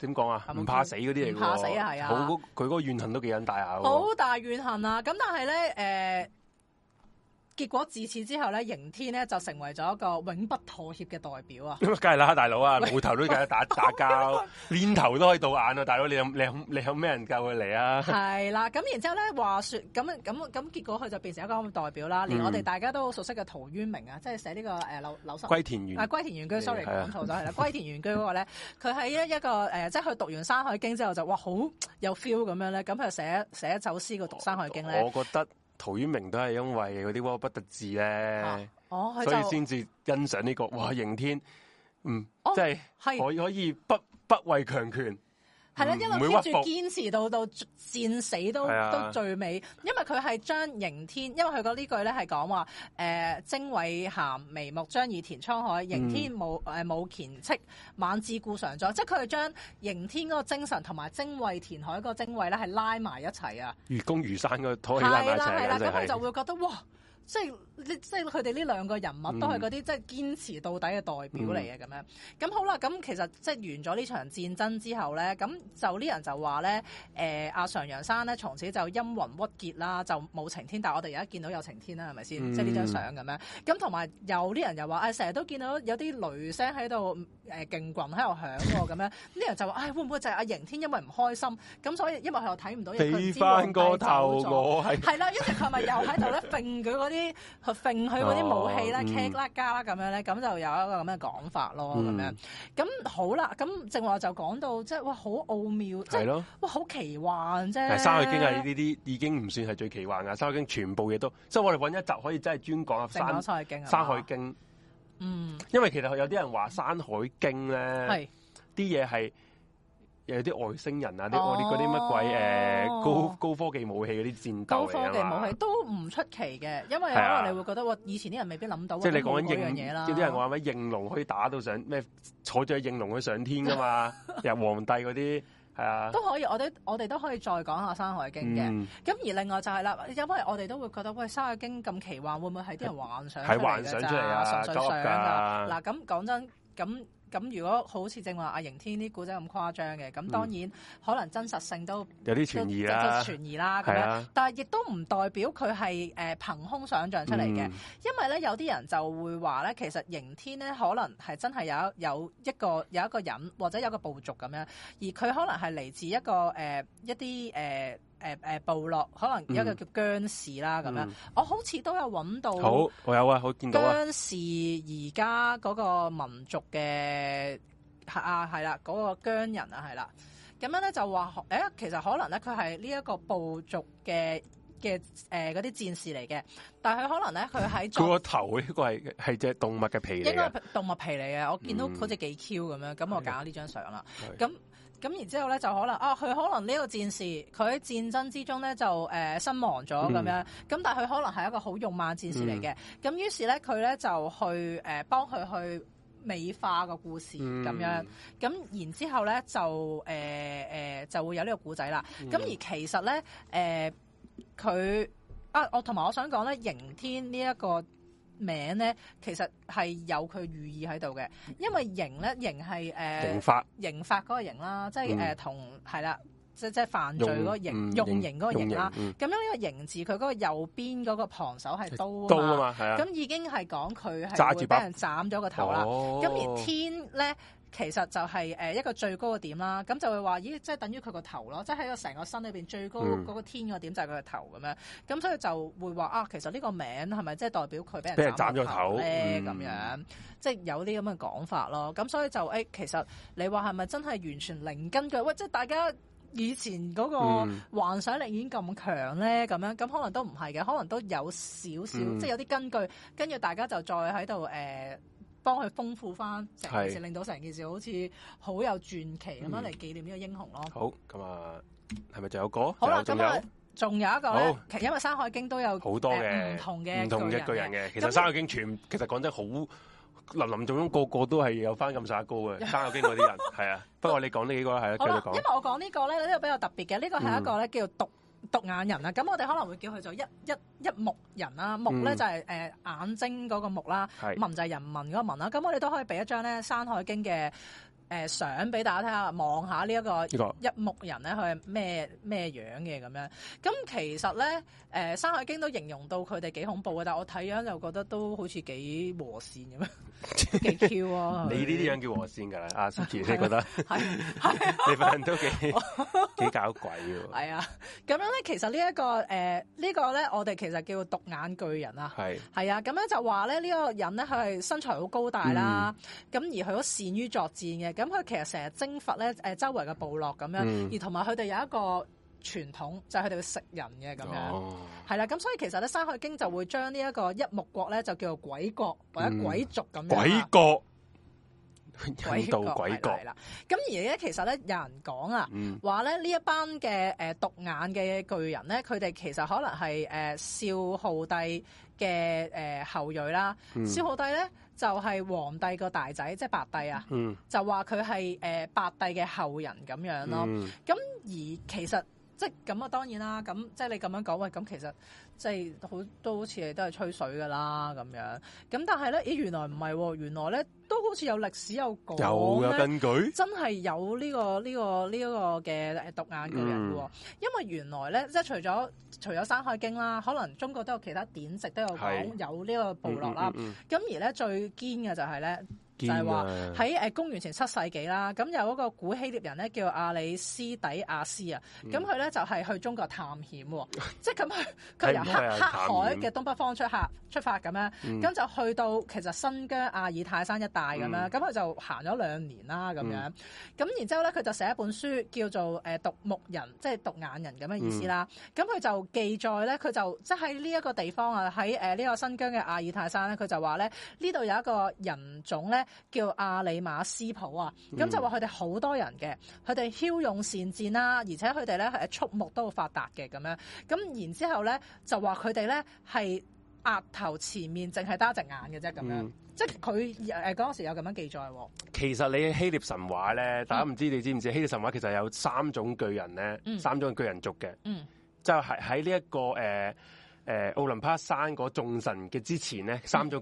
點講啊？唔怕死嗰啲嚟，唔怕死啊，係啊！好，佢個怨恨都幾咁大啊！好大怨恨啊！咁但係咧，誒、呃。結果自此之後咧，刑天咧就成為咗一個永不妥協嘅代表啊！梗係啦，大佬啊，冇 <laughs> 頭都記得打 <laughs> 打交架，連 <laughs> 頭都可以到眼啊！大佬，你有你有你有咩人救佢嚟啊？係啦，咁然之後咧，話說咁咁咁，結果佢就變成一個咁嘅代表啦。連我哋大家都熟悉嘅陶淵明啊、嗯，即係寫呢、這個誒、呃《柳柳歸田園》啊，《歸田園居》sorry 講錯咗係啦，《歸 <laughs> 田園居那呢》嗰個咧，佢喺一一個誒，即係佢讀完《山海經》之後就哇好有 feel 咁樣咧，咁佢寫寫，寫走詩個《讀山海經》咧，我覺得。陶淵明都係因為嗰啲屈不得志咧、啊哦，所以先至欣賞呢、這個哇！刑天，嗯，即、哦、係可以可以不不畏強權。係、嗯、啦，一路跟住堅持到到戰死都、嗯、都最尾，因為佢係將刑天，因為佢講呢句咧係講話誒精衛銜微木將以填滄海，刑天舞誒舞干戚，猛志固常在、嗯。即係佢係將刑天嗰個精神同埋精衛填海嗰個精衛咧係拉埋一齊啊！愚公移山個土氣拉埋一齊啦，咁我、啊啊就是啊、就會覺得哇！即係即係佢哋呢兩個人物都係嗰啲即係堅持到底嘅代表嚟嘅。咁樣咁好啦，咁其實即係完咗呢場戰爭之後咧，咁就啲人就話咧，誒、呃、阿常陽山咧，從此就陰魂鬱結啦，就冇晴天。但係我哋而家見到有晴天啦，係咪先？嗯、即係呢張相咁樣。咁同埋有啲人又話，誒成日都見到有啲雷聲喺度，誒、呃、勁滾喺度響喎、喔，咁樣啲人就話，誒、哎、會唔會就係阿刑天因為唔開心，咁所以因為佢又睇唔到日。睇翻個頭，我係。係啦，因為佢咪又喺度咧揈佢啲。啲去揈佢嗰啲武器啦，劈甩加啦咁樣咧，咁、嗯、就有一個咁嘅講法咯，咁樣咁好啦。咁正話就講到即係哇，好奧妙，即係咯，哇，好奇幻啫！山海經啊呢啲已經唔算係最奇幻噶，山海經全部嘢都即係我哋揾一集可以真係專講山，山海經是是山海經。嗯，因為其實有啲人話山海經咧，啲嘢係。有啲外星人啊，啲嗰啲嗰啲乜鬼誒高、哦、高科技武器嗰啲戰鬥高科技武器都唔出奇嘅，因為可能、啊、你會覺得，以前啲人未必諗到。即係你講緊應龍啦。啲人話咩？應龍可以打到上咩？坐住應龍去上天㗎嘛？ <laughs> 又係皇帝嗰啲係啊，都可以。我哋我哋都可以再講下《山海經》嘅、嗯。咁而另外就係、係、啦，因為我哋都會覺得，喂、哎，《山海經》咁奇幻，會唔會係啲人幻想？係幻想出嚟啊！純粹想嗱，咁、啊、講真咁。咁咁如果好似正話阿、啊、迎天啲古仔咁誇張嘅，咁當然、嗯、可能真實性都有啲存疑啦，存疑啦咁、啊、樣。但係亦都唔代表佢係誒憑空想像出嚟嘅、嗯，因為咧有啲人就會話咧，其實迎天咧可能係真係有有一個有一個人或者有個部族咁樣，而佢可能係嚟自一個誒、呃、一啲誒。呃誒、呃、誒、呃、部落可能有一個叫殭士啦咁樣、嗯，我好似都有揾到。好，我有啊，好見到啊。殭士。而家嗰個民族嘅啊係啦，嗰、嗰個殭人啊係啦，咁樣咧就話誒，其實可能咧佢係呢一個部族嘅嘅嗰啲戰士嚟嘅，但係佢可能咧佢喺佢個頭呢個係係隻動物嘅皮嚟嘅，應該係動物皮嚟嘅、嗯，我見到好似幾 Q 咁樣，咁我揀咗呢張相啦，咁。嗯咁然之後咧就可能啊，佢可能呢個戰士佢喺戰爭之中咧就誒、呃、身亡咗咁、嗯、樣，咁但係佢可能係一個好勇猛戰士嚟嘅，咁、嗯、於是咧佢咧就去誒幫佢去美化個故事咁、嗯、樣，咁然之後咧就誒、呃呃、就會有呢個故仔啦，咁、嗯、而其實咧誒佢啊我同埋我想講咧，刑天呢一個。名咧，其實係有佢寓意喺度嘅，因為刑咧，刑係誒、呃、刑法，刑法嗰個刑啦，即係誒、嗯、同係啦，即即犯罪嗰個，、嗯、個刑，用刑嗰、嗯、個刑啦。咁呢個刑字佢嗰個右邊嗰個旁手係刀啊嘛，咁已經係講佢係會俾人斬咗個頭啦。咁、哦、而天咧。其實就係誒一個最高嘅點啦，咁就會話咦，即係等於佢個頭咯，即係喺成個身裏面最高嗰個、嗯、天個點就係佢個頭咁樣，咁所以就會話啊，其實呢個名係咪即係代表佢俾人斬咗頭咧？嗯、咁樣即係有啲咁嘅講法咯。咁所以就誒、哎，其實你話係咪真係完全零根據？喂，即係大家以前嗰個幻想力已經咁強咧，咁樣咁可能都唔係嘅，可能都有少少，嗯、即係有啲根據，跟住大家就再喺度誒。呃幫佢豐富翻成件事，令到成件事好似好有傳奇咁樣嚟紀念呢個英雄咯。嗯、好咁啊，係咪就有個？好啦，咁啊，仲有，有一個咧、呃，其實因為《山海經》都有好多嘅唔同嘅唔同嘅巨人嘅。其實《山海經》全其實講真好林林總總，個個都係有翻咁上高嘅《山海經》嗰啲人，係 <laughs> 啊。不過你講呢幾個係啦，因為我講呢個咧，呢、呢個比較特別嘅，呢、呢個係一個咧、嗯、叫做毒。獨眼人啦，咁我哋可能會叫佢做一一一目人啦，目咧就係誒眼睛嗰個目啦，文、嗯、就係人文嗰個文啦，咁我哋都可以俾一張咧《山海經》嘅。誒、呃、相俾大家睇下，望下呢一個一目人咧，佢係咩咩樣嘅咁樣？咁其實咧，誒、呃《山海經》都形容到佢哋幾恐怖嘅，但我睇樣就覺得都好似幾和善咁樣，幾 Q 啊！ <laughs> 你呢啲樣叫和善㗎啦，阿 <laughs> Suki、啊、你覺得係、啊、 <laughs> 你份人都幾 <laughs> 幾搞鬼㗎喎？係啊，咁樣咧，其實、呢個呃呢個、呢一個誒呢個咧，我哋其實叫獨眼巨人啊，係啊，咁樣就話咧呢、呢個人咧，佢係身材好高大啦，咁、嗯、而佢好善於作戰嘅。咁佢其實成日征服咧誒周圍嘅部落咁樣，嗯、而同埋佢哋有一個傳統就係佢哋會食人嘅咁樣，係、哦、啦。咁所以其實咧《山海經》就會將呢一個一目國咧就叫做鬼國、嗯、或者鬼族咁鬼國，鬼道鬼國啦。咁而咧其實咧有人講啊，話、嗯、咧呢這一班嘅誒獨眼嘅巨人咧，佢哋其實可能係誒、呃、少昊帝嘅誒、呃、後裔啦。嗯、少昊帝咧。就係、是、皇帝個大仔，即係白帝啊！嗯、就話佢係誒白帝嘅後人咁樣咯。咁、嗯、而其實。即咁啊，當然啦。咁即係你咁樣講，喂，咁其實即係好都好似你都係吹水噶啦咁樣。咁但係咧，咦，原來唔係喎，原來咧都好似有歷史有，有根據咧，真係有呢、呢個呢、呢個呢、呢個嘅獨眼嘅人喎、嗯。因為原來咧，即係除咗除咗《山海經》啦，可能中國都有其他典籍都有講有呢個部落啦。咁、嗯嗯嗯、而咧最堅嘅就係、是、咧。就係話，喺誒公元前七世紀啦，咁有一個古希臘人咧，叫阿里斯底亞斯啊，咁佢咧就係去中國探險，即係咁佢佢由黑黑海嘅東北方出客出發咁樣，咁就去到其實新疆阿爾泰山一帶咁樣，咁佢就行咗兩年啦咁樣，咁然之後咧佢就寫一本書叫做誒獨目人，即係獨眼人咁嘅意思啦，咁、嗯、佢就記載咧，佢就即係呢一個地方啊，喺誒呢個新疆嘅阿爾泰山咧，佢就話咧呢度有一個人種咧。叫阿里馬斯普啊，咁就話佢哋好多人嘅，佢哋驍勇善戰啦、啊，而且佢哋咧係畜牧都發達嘅咁樣。咁然之後咧就話佢哋咧係額頭前面淨係得一隻眼嘅啫，咁樣即係佢誒嗰陣時有咁樣記載、啊。其實你希臘神話咧，大家唔知你知唔知、嗯、希臘神話其實有三種巨人咧，三種巨人族嘅、嗯嗯，就係喺呢一個誒誒奧林匹山嗰眾神嘅之前咧，三種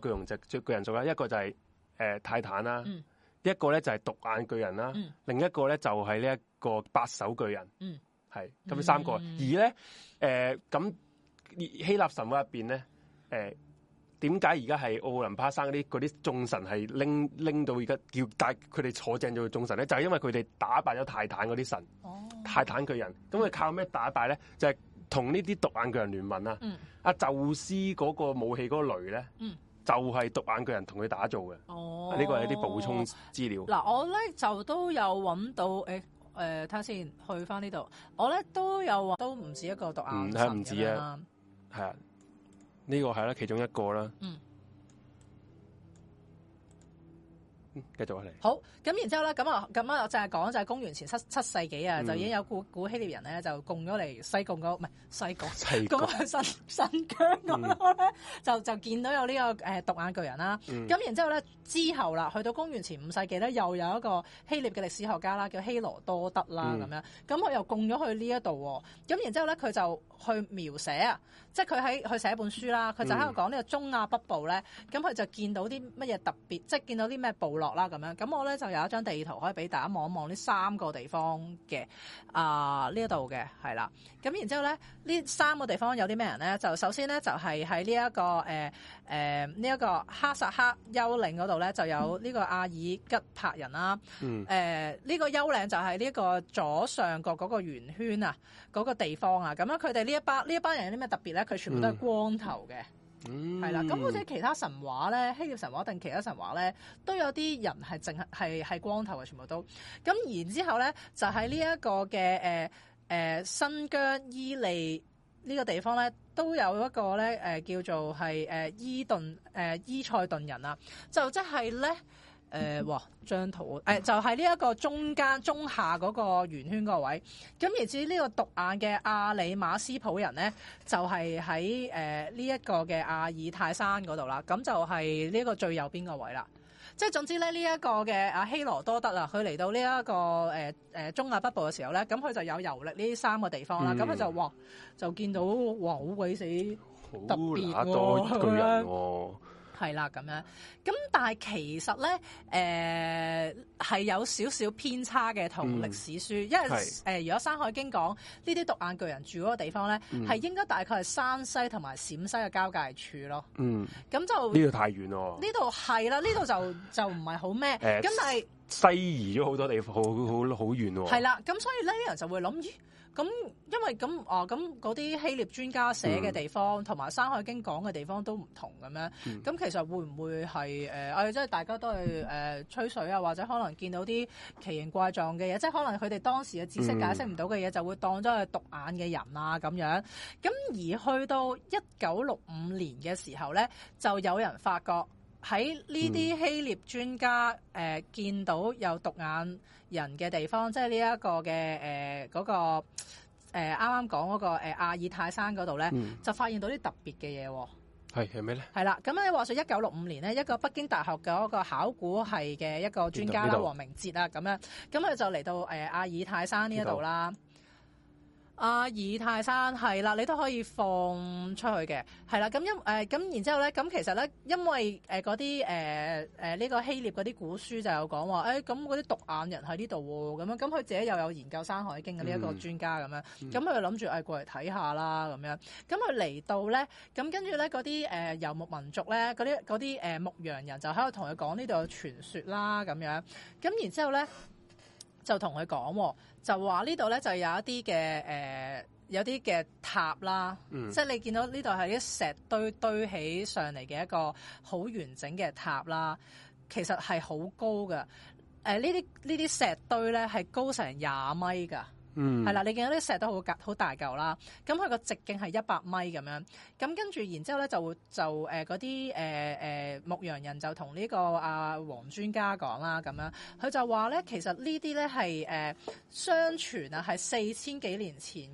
巨巨人族啦、嗯，一個就係、是。誒、呃，泰坦啦、啊嗯，一個咧就係、是、獨眼巨人啦、啊嗯，另一個咧就係呢一個百手巨人，係、嗯、咁三個。嗯、而咧，誒、呃，咁希臘神話入邊咧，誒、呃，點解而家係奧林匹斯嗰啲嗰啲眾神係拎拎到而家叫帶佢哋坐正咗眾神咧？就係、是、因為佢哋打敗咗泰坦嗰啲神、哦，泰坦巨人。咁佢靠咩打敗咧？就係同呢啲獨眼巨人聯盟啊，阿、嗯啊、宙斯嗰個武器嗰個雷咧。嗯就係、是、獨眼巨人同佢打造嘅，呢個係一啲補充資料、哦。嗱，我咧就都有揾到，誒、欸、誒，睇下先，去翻呢度。我咧都有話，都唔止一個獨眼神嘅啦，係唔止啊，係啊，呢、這個係啦，其中一個啦、嗯。繼、嗯、續嚟，好，咁然之後咧，咁啊，咁啊，就係講就係公元前七七世紀啊、嗯，就已經有古古希臘人咧就貢咗嚟西貢嗰，唔係西，西國，西國新新疆嗰度咧，就就見到有呢、這個誒獨眼巨人啦、啊。咁、嗯、然後呢之後咧之後啦，去到公元前五世紀咧，又有一個希臘嘅歷史學家啦，叫希羅多德啦咁、嗯、樣，咁佢又貢咗去、啊、呢一度，咁然之後咧佢就。去描寫啊，即係佢喺去寫一本書啦，佢就喺度講呢個中亞北部咧，咁、嗯、佢就見到啲乜嘢特別，即係見到啲咩部落啦咁樣，咁我咧就有一張地圖可以俾大家望一望呢三個地方嘅啊這裡的的然後呢一度嘅係啦。咁然之後咧，呢三個地方有啲咩人咧？就首先咧就係喺呢一個誒誒呢一個哈薩克丘陵度咧，就有呢個阿爾吉帕人啦、啊。嗯。誒、呃、呢、呢個丘陵就係呢一個左上角個圓圈啊，嗰個地方啊，咁樣佢哋呢？呢一班呢一班人有啲咩特別咧？佢全部都係光頭嘅、嗯，係啦。咁好似其他神話咧，希臘神話定其他神話咧，都有啲人係淨係係係光頭嘅，全部都。咁然之後咧，就喺呢一個嘅誒誒新疆伊犁呢個地方咧，都有一個咧誒、呃、叫做係誒伊頓誒、呃、伊塞頓人啊，就即係咧。誒、呃，哇！張圖、哎、就係呢一個中間中下嗰個圓圈嗰個位置。咁而至於呢個獨眼嘅阿里馬斯普人呢，就係喺誒呢一個嘅阿爾泰山嗰度啦。咁就係呢個最右邊個位啦。即係總之咧，呢、這、一個嘅阿希羅多德啊，佢嚟到呢、這、一個誒誒、呃、中亞北部嘅時候呢，咁佢就有遊歷呢三個地方啦。咁、嗯、佢就哇，就見到哇好鬼死特別㗎、啊，多巨人、啊。係啦，咁樣，咁但係其實咧，誒、呃、係有少少偏差嘅同歷史書，嗯、因為誒、呃、如果山海經講呢啲獨眼巨人住嗰個地方咧，係、嗯、應該大概係山西同埋陝西嘅交界處咯。嗯，咁就呢度太遠咯。呢度係啦，呢度就就唔係好咩。咁、呃、但係西移咗好多地方，好好好遠、哦。係啦，咁所以呢啲人就會諗咦。咁，因為咁啊，咁嗰啲希臘專家寫嘅地方，同、嗯、埋《山海經》講嘅地方都唔同咁樣。咁、嗯、其實會唔會係誒？我、呃、哋即係大家都係誒、呃、吹水啊，或者可能見到啲奇形怪狀嘅嘢，即係可能佢哋當時嘅知識解釋唔到嘅嘢，就會當咗係獨眼嘅人啊咁樣。咁而去到一九六五年嘅時候咧，就有人發覺。喺呢啲希臘專家誒、嗯呃、見到有獨眼人嘅地方，即係呢一個嘅誒嗰個啱啱講嗰個誒阿爾泰山嗰度咧，就發現到啲特別嘅嘢。係係咩咧？係啦，咁咧話說一九六五年咧，一個北京大學嘅一個考古系嘅一個專家啦，黃明哲啦，咁樣咁佢就嚟到誒阿爾泰山呢一度啦。啊，阿爾泰山係啦，你都可以放出去嘅，係啦。咁因咁然之後咧，咁其實咧，因為誒嗰啲誒呢個希臘嗰啲古書就有講話，誒咁嗰啲獨眼人喺呢度喎，咁樣咁佢自己又有研究《山海經》嘅、嗯這個哎、呢一個專家咁樣咁佢就諗住誒過嚟睇下啦，咁樣咁佢嚟到咧，咁跟住咧嗰啲誒游牧民族咧，嗰啲嗰啲牧羊人就喺度同佢講呢度嘅傳說啦，咁樣咁然之後咧。就同佢講，就話呢度咧就有一啲嘅誒，有啲嘅塔啦，嗯、即係你見到呢度係啲石堆堆起上嚟嘅一個好完整嘅塔啦，其實係好高㗎，誒呢啲呢啲石堆咧係高成廿米㗎。嗯，係啦，你見到啲石都好好大嚿啦。咁佢個直徑係一百米咁樣。咁跟住，然之後咧就就誒嗰啲誒牧羊人就同呢個阿黃專家講啦，咁樣佢就話咧，其實呢啲咧係誒相傳啊，係四千幾年前。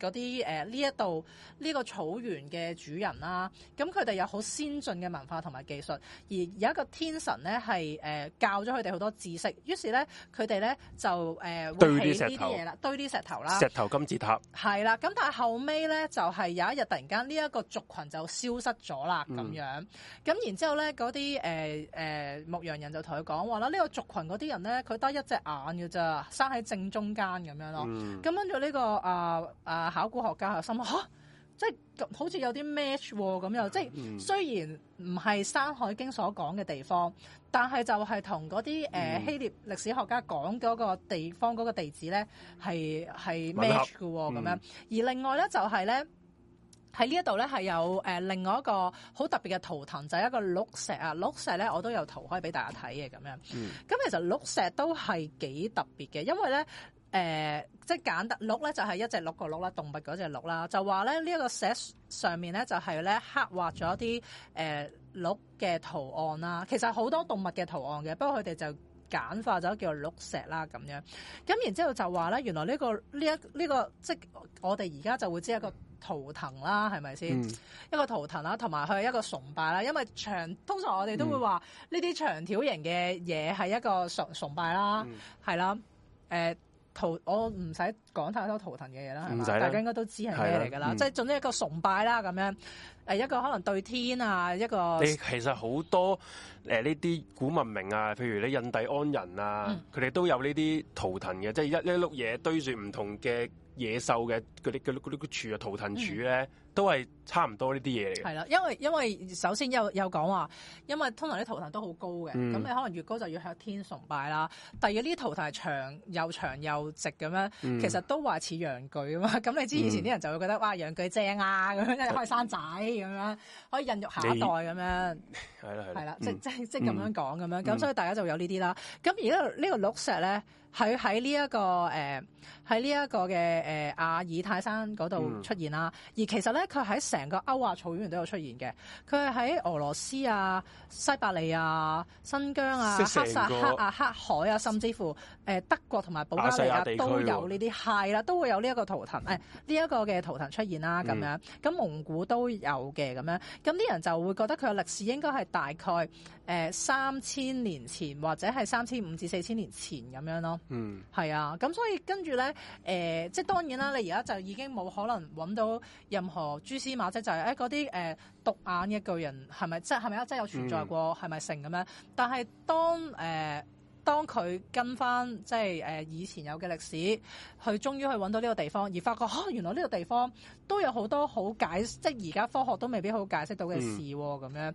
嗰啲誒呢一度呢個草原嘅主人啦，咁佢哋有好先進嘅文化同埋技術，而有一個天神咧係、呃、教咗佢哋好多知識，於是咧佢哋咧就誒呢啲嘢啦，堆啲石頭啦，石頭金字塔係啦，咁但係後尾咧就係、是、有一日突然間呢一個族群就消失咗啦咁樣，咁、嗯、然之後咧嗰啲牧羊人就同佢講話啦，呢、這個族群嗰啲人咧佢得一隻眼嘅咋，生喺正中間咁樣咯，咁跟住呢個啊啊～、呃呃考古學家就心即係好似有啲 match 咁樣，即係、嗯、雖然唔係《山海經》所講嘅地方，但係就係同嗰啲誒希臘歷史學家講嗰個地方嗰個地址咧，係係 match 嘅咁樣。而另外咧就係咧喺呢一度咧係有誒、呃、另外一個好特別嘅圖騰，就係、是、一個綠石啊，綠石咧我都有圖可以俾大家睇嘅咁樣。咁、嗯、其實綠石都係幾特別嘅，因為咧誒。呃即係簡單，鹿咧就係、是、一隻鹿個鹿啦，動物嗰隻鹿啦，就話咧呢一個石上面咧就係咧刻畫咗啲誒鹿嘅圖案啦。其實好多動物嘅圖案嘅，不過佢哋就簡化咗叫鹿石啦咁樣。咁然之後就話咧，原來呢、這個呢一呢個即係、這個就是、我哋而家就會知一個圖騰啦，係咪先？一個圖騰啦，同埋佢係一個崇拜啦。因為長通常我哋都會話呢啲長條形嘅嘢係一個崇崇拜啦，係、嗯、啦，誒。呃圖我唔使講太多圖騰嘅嘢啦，係嘛？大家應該都知係咩嚟㗎啦，即係總之一個崇拜啦咁樣，誒一個可能對天啊，一個你其實好多誒呢啲古文明啊，譬如你印第安人啊，佢、嗯、哋都有呢啲圖騰嘅，即、就、係、是、一一碌嘢堆住唔同嘅。野獸嘅嗰啲嗰啲柱啊，圖騰柱咧、嗯，都係差唔多呢啲嘢嚟嘅。係啦，因為因為首先有有講話，因為通常啲圖騰都好高嘅，咁、嗯、你可能越高就要向天崇拜啦。第二，呢啲圖騰係長又長又直咁樣，其實都話似陽具啊嘛。咁你知道以前啲人就會覺得、嗯、哇，陽具正啊，咁樣可以生仔，咁樣可以孕育下一代咁樣。係啦，係啦、嗯，即、嗯、即即咁樣講咁樣，咁所以大家就有呢啲啦。咁、嗯、而家呢個綠石咧。喺喺呢一個誒喺呢一個嘅誒阿爾泰山嗰度出現啦、嗯，而其實咧佢喺成個歐亞草原都有出現嘅。佢喺俄羅斯啊、西伯利亞、新疆啊、哈薩克啊、黑海啊，甚至乎誒、呃、德國同埋保加利亞都有呢啲，係啦、哦，都會有呢一個圖騰呢一、哎呢個嘅圖騰出現啦。咁樣咁、嗯、蒙古都有嘅咁樣咁啲人就會覺得佢嘅歷史應該係大概。誒、呃、三千年前或者係三千五至四千年前咁樣咯，嗯，係啊，咁所以跟住咧，誒、呃，即係當然啦，你而家就已經冇可能揾到任何蛛絲馬跡、就係呃，就係誒嗰啲誒獨眼嘅巨人係咪真係咪真有存在過，係咪成咁樣？但係當誒，呃當佢跟翻即係誒、呃、以前有嘅歷史，佢終於去揾到呢個地方，而發覺哦、啊、原來呢個地方都有好多好解釋，即係而家科學都未必好解釋到嘅事咁、嗯、樣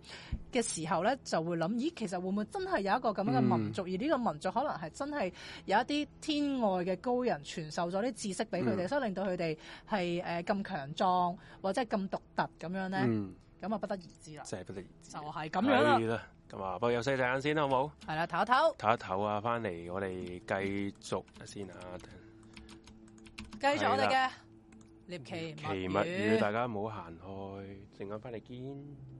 嘅時候咧，就會諗咦，其實會唔會真係有一個咁樣嘅民族，嗯、而呢個民族可能係真係有一啲天外嘅高人傳授咗啲知識俾佢哋，所以令到佢哋係誒咁強壯或者係咁獨特咁樣咧，咁、嗯、啊不得而知啦，就係不得而知，就係咁樣啦。咁啊，不如有細睇眼先，好唔好？係啦，唞一唞，唞一唞啊，翻嚟我哋繼續先啊，繼續我哋嘅獵奇奇物語，大家唔好行開，陣間翻嚟見。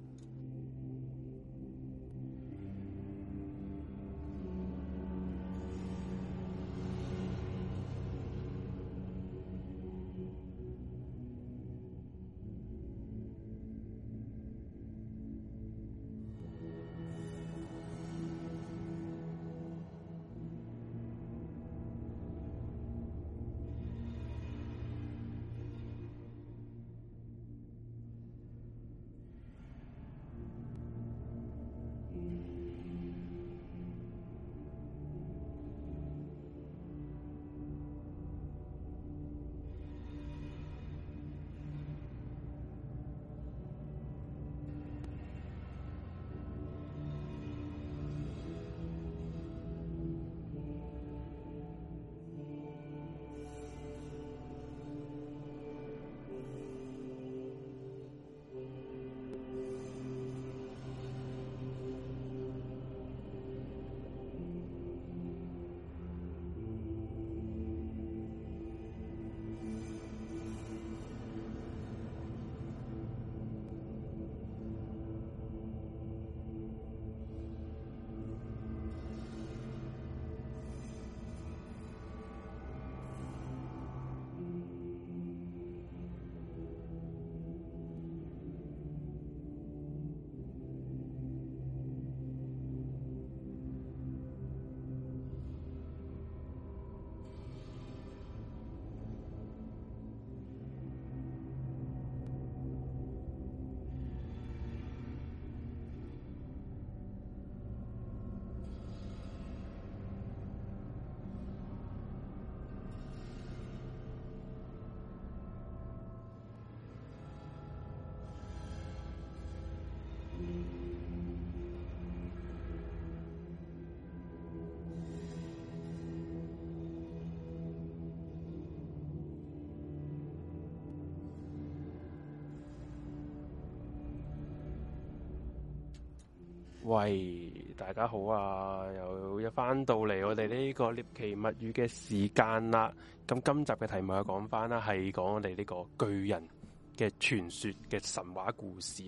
喂，大家好啊！又一翻到嚟我哋呢個獵奇物語嘅時間啦。咁今集嘅題目又講翻啦，係講我哋呢個巨人嘅傳說嘅神話故事。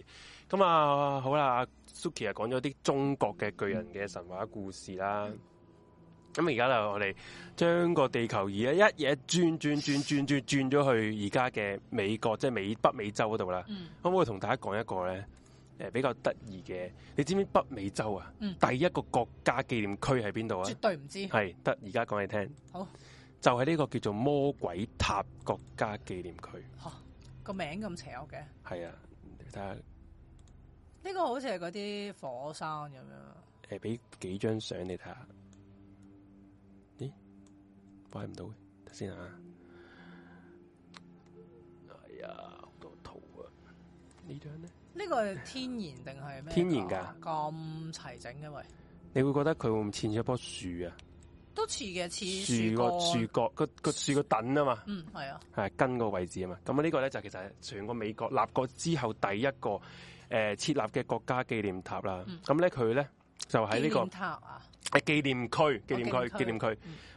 咁啊，好啦，Suki 啊，講咗啲中國嘅巨人嘅神話故事啦。咁而家咧，我哋將個地球儀啊，一嘢轉轉轉轉轉轉咗去而家嘅美國， <laughs> 即係美北美洲嗰度啦。嗯、可唔可以同大家講一個咧？誒，比較得意嘅，你知唔知北美洲啊、嗯？第一個國家紀念區喺邊度啊？絕對唔知。係得而家講你聽。好。就喺、是、呢個叫做魔鬼塔國家紀念區。吓，個名咁邪惡嘅。係啊，睇下呢個好似係嗰啲火山咁樣。誒，俾幾張相你睇下。咦？開唔到嘅，睇先啊。係、哎、啊，好多圖啊。嗯、這張呢張咧？呢個係天然定係咩？天然㗎，咁齊整嘅喂。你會覺得佢會唔似住一棵樹啊？都似嘅，似樹，樹個樹角個個樹個墩啊嘛。嗯，係啊，係根個位置啊嘛。咁呢個咧就其實係全個美國立國之後第一個誒、呃、設立嘅國家紀念塔啦。咁咧佢咧就喺、是、呢、呢個誒紀念塔、啊、紀念區、紀念區、紀念區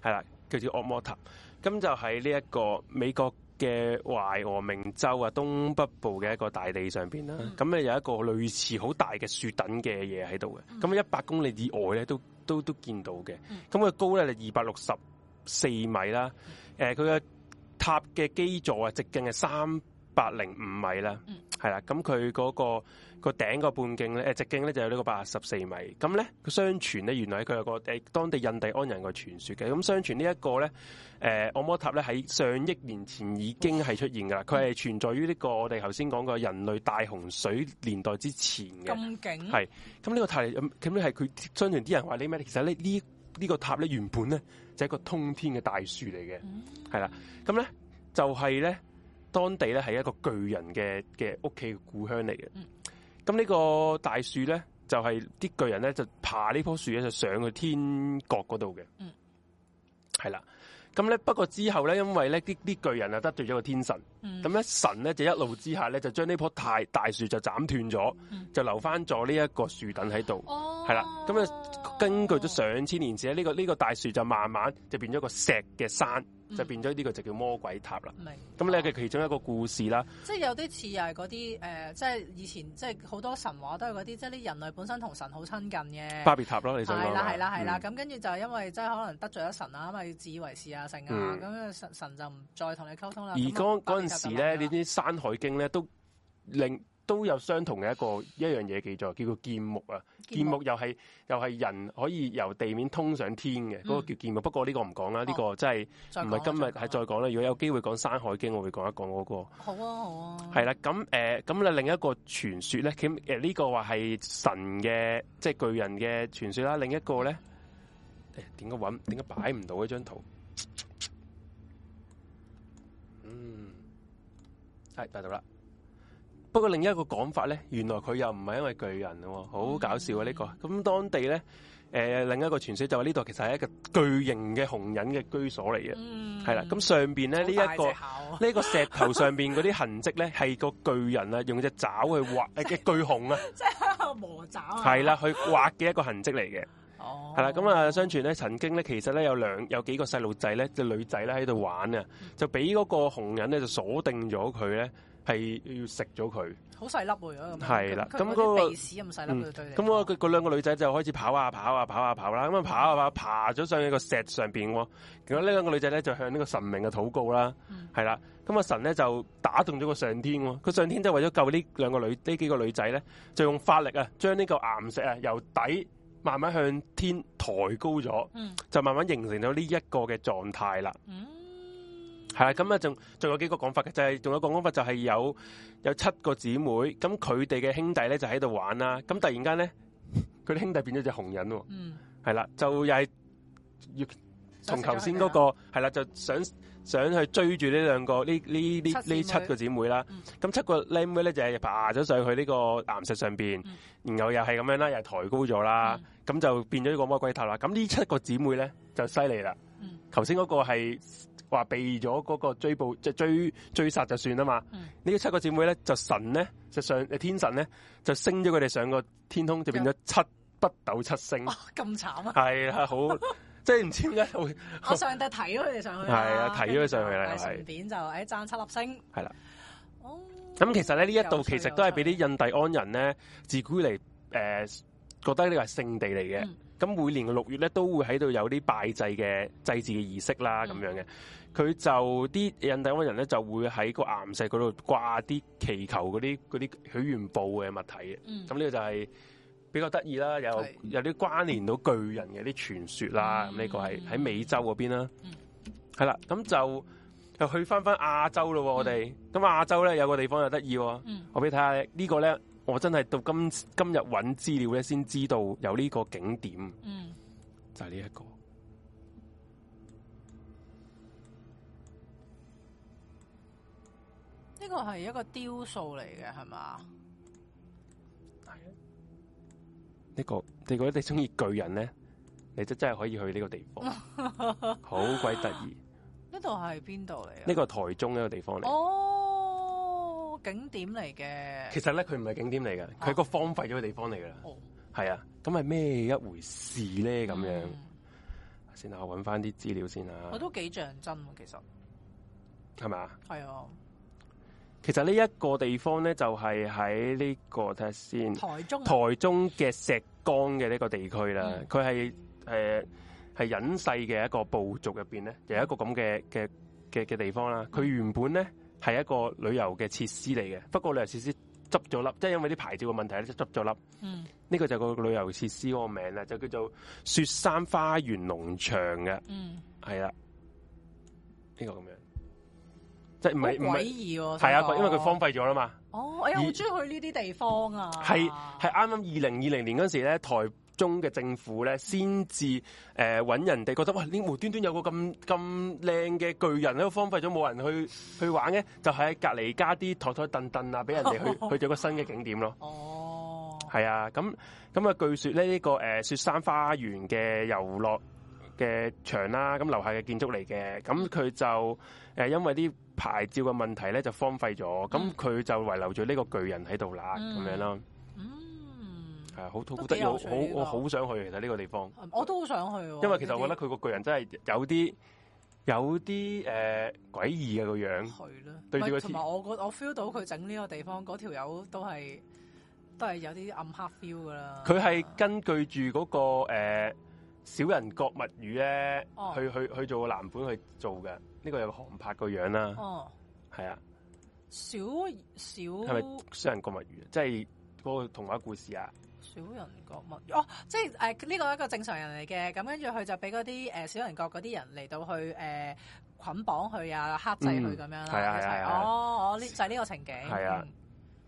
係啦、啊嗯，叫做惡魔塔。咁就喺呢一個美國。嘅懷俄明州啊，東北部嘅一個大地上邊啦，咁、嗯、咧有一個類似好大嘅樹墩嘅嘢喺度嘅，咁一百公里以外咧都都都見到嘅，咁、嗯、佢、那個、高咧就二百六十四米啦，誒佢嘅塔嘅基座啊直徑係三百零五米啦，係、嗯、啦，咁佢嗰個。個頂個半徑咧，直徑咧就有呢個八十四米。咁咧，佢相傳咧，原來佢有個誒當地印第安人嘅傳說嘅。咁相傳呢、這、一個咧，誒、呃、惡魔塔咧喺上億年前已經係出現噶啦。佢係存在於呢個我哋頭先講過人類大洪水年代之前嘅。咁勁係咁呢個塔咁咁咧，係佢相傳啲人話你咩？其實咧呢呢個塔咧原本咧就係一個通天嘅大樹嚟嘅，係啦。咁咧就係、是、咧當地咧係一個巨人嘅嘅屋企嘅故鄉嚟嘅。咁呢個大樹咧，就係、是、啲巨人咧就爬棵樹呢棵樹咧就上去天角嗰度嘅，係、嗯、啦。咁咧，不過之後咧，因為咧啲啲巨人啊得罪咗個天神，咁、嗯、咧神咧就一怒之下咧就將呢棵大大樹就斬斷咗，就留翻咗呢一個樹墩喺度，係、哦、啦。咁啊，根據咗上千年史，呢個呢個大樹就慢慢就變咗個石嘅山。就變咗呢個就叫魔鬼塔啦。咁你嘅其中一個故事啦、啊。即係有啲似係嗰啲誒，即係以前即係好多神話都係嗰啲，即係啲人類本身同神好親近嘅。巴比塔咯，你就係啦，係啦，係啦。咁跟住就因為即係可能得罪咗神啦，因為要自以為是啊成啊，咁神、嗯、神就唔再同你溝通啦。而嗰嗰陣時咧，呢啲山海經咧都令。都有相同嘅一個一樣嘢叫做叫做建木啊，建木又係又係人可以由地面通上天嘅，嗰、嗯，那個叫建木。不過呢個唔講啦，呢、哦這個真係唔係今日係再講啦。如果有機會講《山海經》，我會講一講嗰、那個。好啊，好啊。係啦，咁誒，咁、呃、咧另一個傳說咧，佢誒呢個話係神嘅，即係巨人嘅傳說啦。另一個咧，誒點解揾點解擺唔到嗰張圖？嘖嘖嘖嗯，係大到啦。不過另一個講法咧，原來佢又唔係因為巨人喎，好、嗯這個、搞笑啊！呢個咁當地咧，誒、呃，另一個傳說就話呢度其實係一個巨型嘅紅人嘅居所嚟嘅，係、嗯、啦。咁、嗯、上邊咧呢一個呢、這個這個石頭上邊嗰啲痕跡咧，係 <laughs> 個巨人啊，用隻爪去劃嘅、 <laughs> 欸、巨熊啊，即係磨爪啊。係啦，去劃嘅一個痕跡嚟嘅。哦，係啦，咁、嗯、啊，相傳咧，曾經咧，其實咧有兩有幾個細路仔咧，即女仔咧喺度玩啊，就俾嗰個紅人咧就鎖定咗佢咧。係要食咗佢，細啊，好細粒喎，咁係啦，咁嗰鼻屎咁細粒咁我佢嗰兩個女仔就開始跑啊跑啊跑啊跑啦，咁啊跑啊跑，爬咗上去個石上邊，啊，結果呢兩個女仔咧就向呢個神明嘅禱告啦，啊，係、嗯、啦，咁啊、那個、神咧就打動咗個上天，啊，佢上天就係為咗救呢兩個女呢幾個女仔咧，就用法力啊，將呢個岩石啊由底慢慢向天抬高咗，嗯，就慢慢形成咗呢一個嘅狀態啦。嗯係啦，咁啊，仲仲有幾個講法嘅，就係、是、仲有個講法就係有有七個姊妹，咁佢哋嘅兄弟咧就喺度玩啦，咁突然間咧，佢啲兄弟變咗隻紅人喎，嗯，係啦、啊，就又係要從頭先嗰個，係啦、啊，就想想去追住呢兩個呢呢呢呢七個姊妹啦，咁、嗯、七個靚妹咧就係爬咗上去呢個岩石上面，嗯、然後又係咁樣啦，又抬高咗啦，咁、嗯、就變咗呢個魔鬼頭啦，咁呢七個姊妹咧就犀利啦，頭先嗰個係。話避咗嗰個追捕，即係追追殺就算啦嘛。呢、嗯、個七個姊妹咧，就神咧就上，天神咧就升咗佢哋上個天空，就變咗七北斗七星。咁慘啊！係啊， <laughs> 啊，好即係唔知點解我上帝睇咗佢哋上去。係啊，睇咗佢上去啦。神片就誒，讚七粒星。係啦。咁、oh, 其實咧呢一度其實都係俾啲印第安人咧自古嚟誒、呃、覺得呢個係聖地嚟嘅。嗯咁每年嘅六月咧，都會喺度有啲拜祭嘅祭祀嘅儀式啦，咁、嗯、樣嘅。佢就啲印第安人咧，就會喺個岩石嗰度掛啲祈求嗰啲啲許願布嘅物體嘅。咁、嗯、呢個就係比較得意啦，有有啲關聯到巨人嘅啲傳說啦。咁呢個係喺美洲嗰邊啦。嗯。係、這個嗯、啦，咁、嗯、就又去返返亞洲咯，我哋。咁亞洲咧有個地方就得意喎。嗯。我俾你睇下、這個、呢個咧。我真係到今今日搵資料咧，先知道有呢個景點。嗯，就係呢一個。呢個係一個雕塑嚟嘅，係嘛？係！呢個，你覺得你中意巨人咧，你就真真係可以去呢個地方。好鬼得意！呢度係邊度嚟？呢個台中一個地方嚟。哦、oh！景點嚟嘅，其實咧佢唔係景點嚟嘅，佢係個荒廢咗嘅地方嚟嘅噶。係啊，咁係咩一回事咧？咁、嗯、樣，先下我搵翻啲資料先啊。我都幾象真，其實係咪啊？係啊。其實呢一、嗯、個地方咧，就係喺呢個睇下先，台中，台中嘅石岡嘅呢個地區啦。佢係誒係隱世嘅一個部族入邊咧，有一個咁嘅嘅嘅嘅地方啦。佢原本咧。係一個旅遊嘅設施嚟嘅，不過旅遊設施執咗粒，即係因為啲牌照嘅問題咧，執咗粒。嗯，呢、這個就係個旅遊設施嗰個名啦，就叫做雪山花園農場嘅。嗯，係啦，呢、這個咁樣，即係唔係唔係，係啊，因為佢荒廢咗啦嘛。哦，哎、我呀，好中意去呢啲地方啊！係係啱啱二零二零年嗰陣時咧，台。中嘅政府咧，先至誒揾人哋覺得喂，你無端端有個咁咁靚嘅巨人喺度，荒廢咗冇人去去玩嘅，就喺隔離加啲枱枱凳凳啊，俾人哋去去做個新嘅景點咯。哦，係啊，咁咁啊，據説咧呢、呢個誒、呃、雪山花園嘅遊樂嘅場啦、啊，咁樓下嘅建築嚟嘅，咁佢就誒、呃、因為啲牌照嘅問題咧，就荒廢咗，咁佢就遺留住呢個巨人喺度啦，咁、嗯、樣咯。好，我得好，我好想去其實呢個地方，我都好想去。因為其實我覺得佢個巨人真係有啲有啲、呃、誒詭異嘅個樣。係咯，對住、那個同埋我我 feel 到佢整呢個地方嗰條友都係都係有啲暗黑 feel 噶啦。佢係根據住嗰、那個誒、呃、小人國物語咧、啊、去去去做個藍本去做嘅，呢、這個有個航拍個樣啦。哦、啊，係啊，小小係咪小人國物語即係嗰個童話故事啊？小人國嘛？哦，即係誒呢個一個正常人嚟嘅，咁跟住佢就俾嗰啲誒小人國嗰啲人嚟到去誒、呃、捆綁佢啊，黑制佢咁、嗯、樣。係啊係、就是哦、啊，哦哦，呢就係、是、呢個情景。係啊，嗯、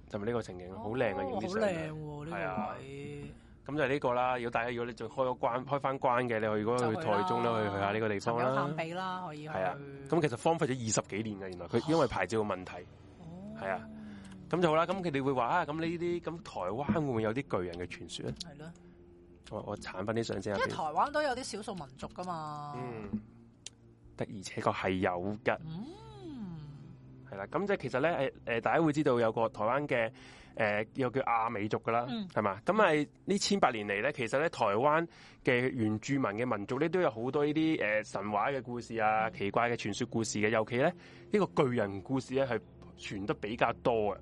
就係、是、呢個情景，好、哦、靚、哦這個、啊，影啲相。好靚喎呢個位。咁就係呢個啦。如果大家如果你仲開個關，開翻關嘅，你可以如果去，去台中咧，去去下呢個地方啦。有攀比啦，可以。係啊。咁其實荒廢咗二十幾年嘅，原來佢因為牌照嘅問題。是啊、哦。係啊。咁就好啦，咁佢哋會話啊，咁呢啲咁台灣會唔會有啲巨人嘅傳說咧？係咯，我我鏟翻啲相先。因為台灣都有啲少數民族噶嘛，嗯，的而且確係有嘅，嗯，係啦，咁即係其實咧，誒誒，大家會知道有個台灣嘅誒又叫阿美族噶啦，係、嗯、嘛，咁係呢千百年嚟咧，其實咧台灣嘅原住民嘅民族咧都有好多呢啲誒神話嘅故事啊，奇怪嘅傳說故事嘅，尤其咧呢、這個巨人故事咧係傳得比較多啊，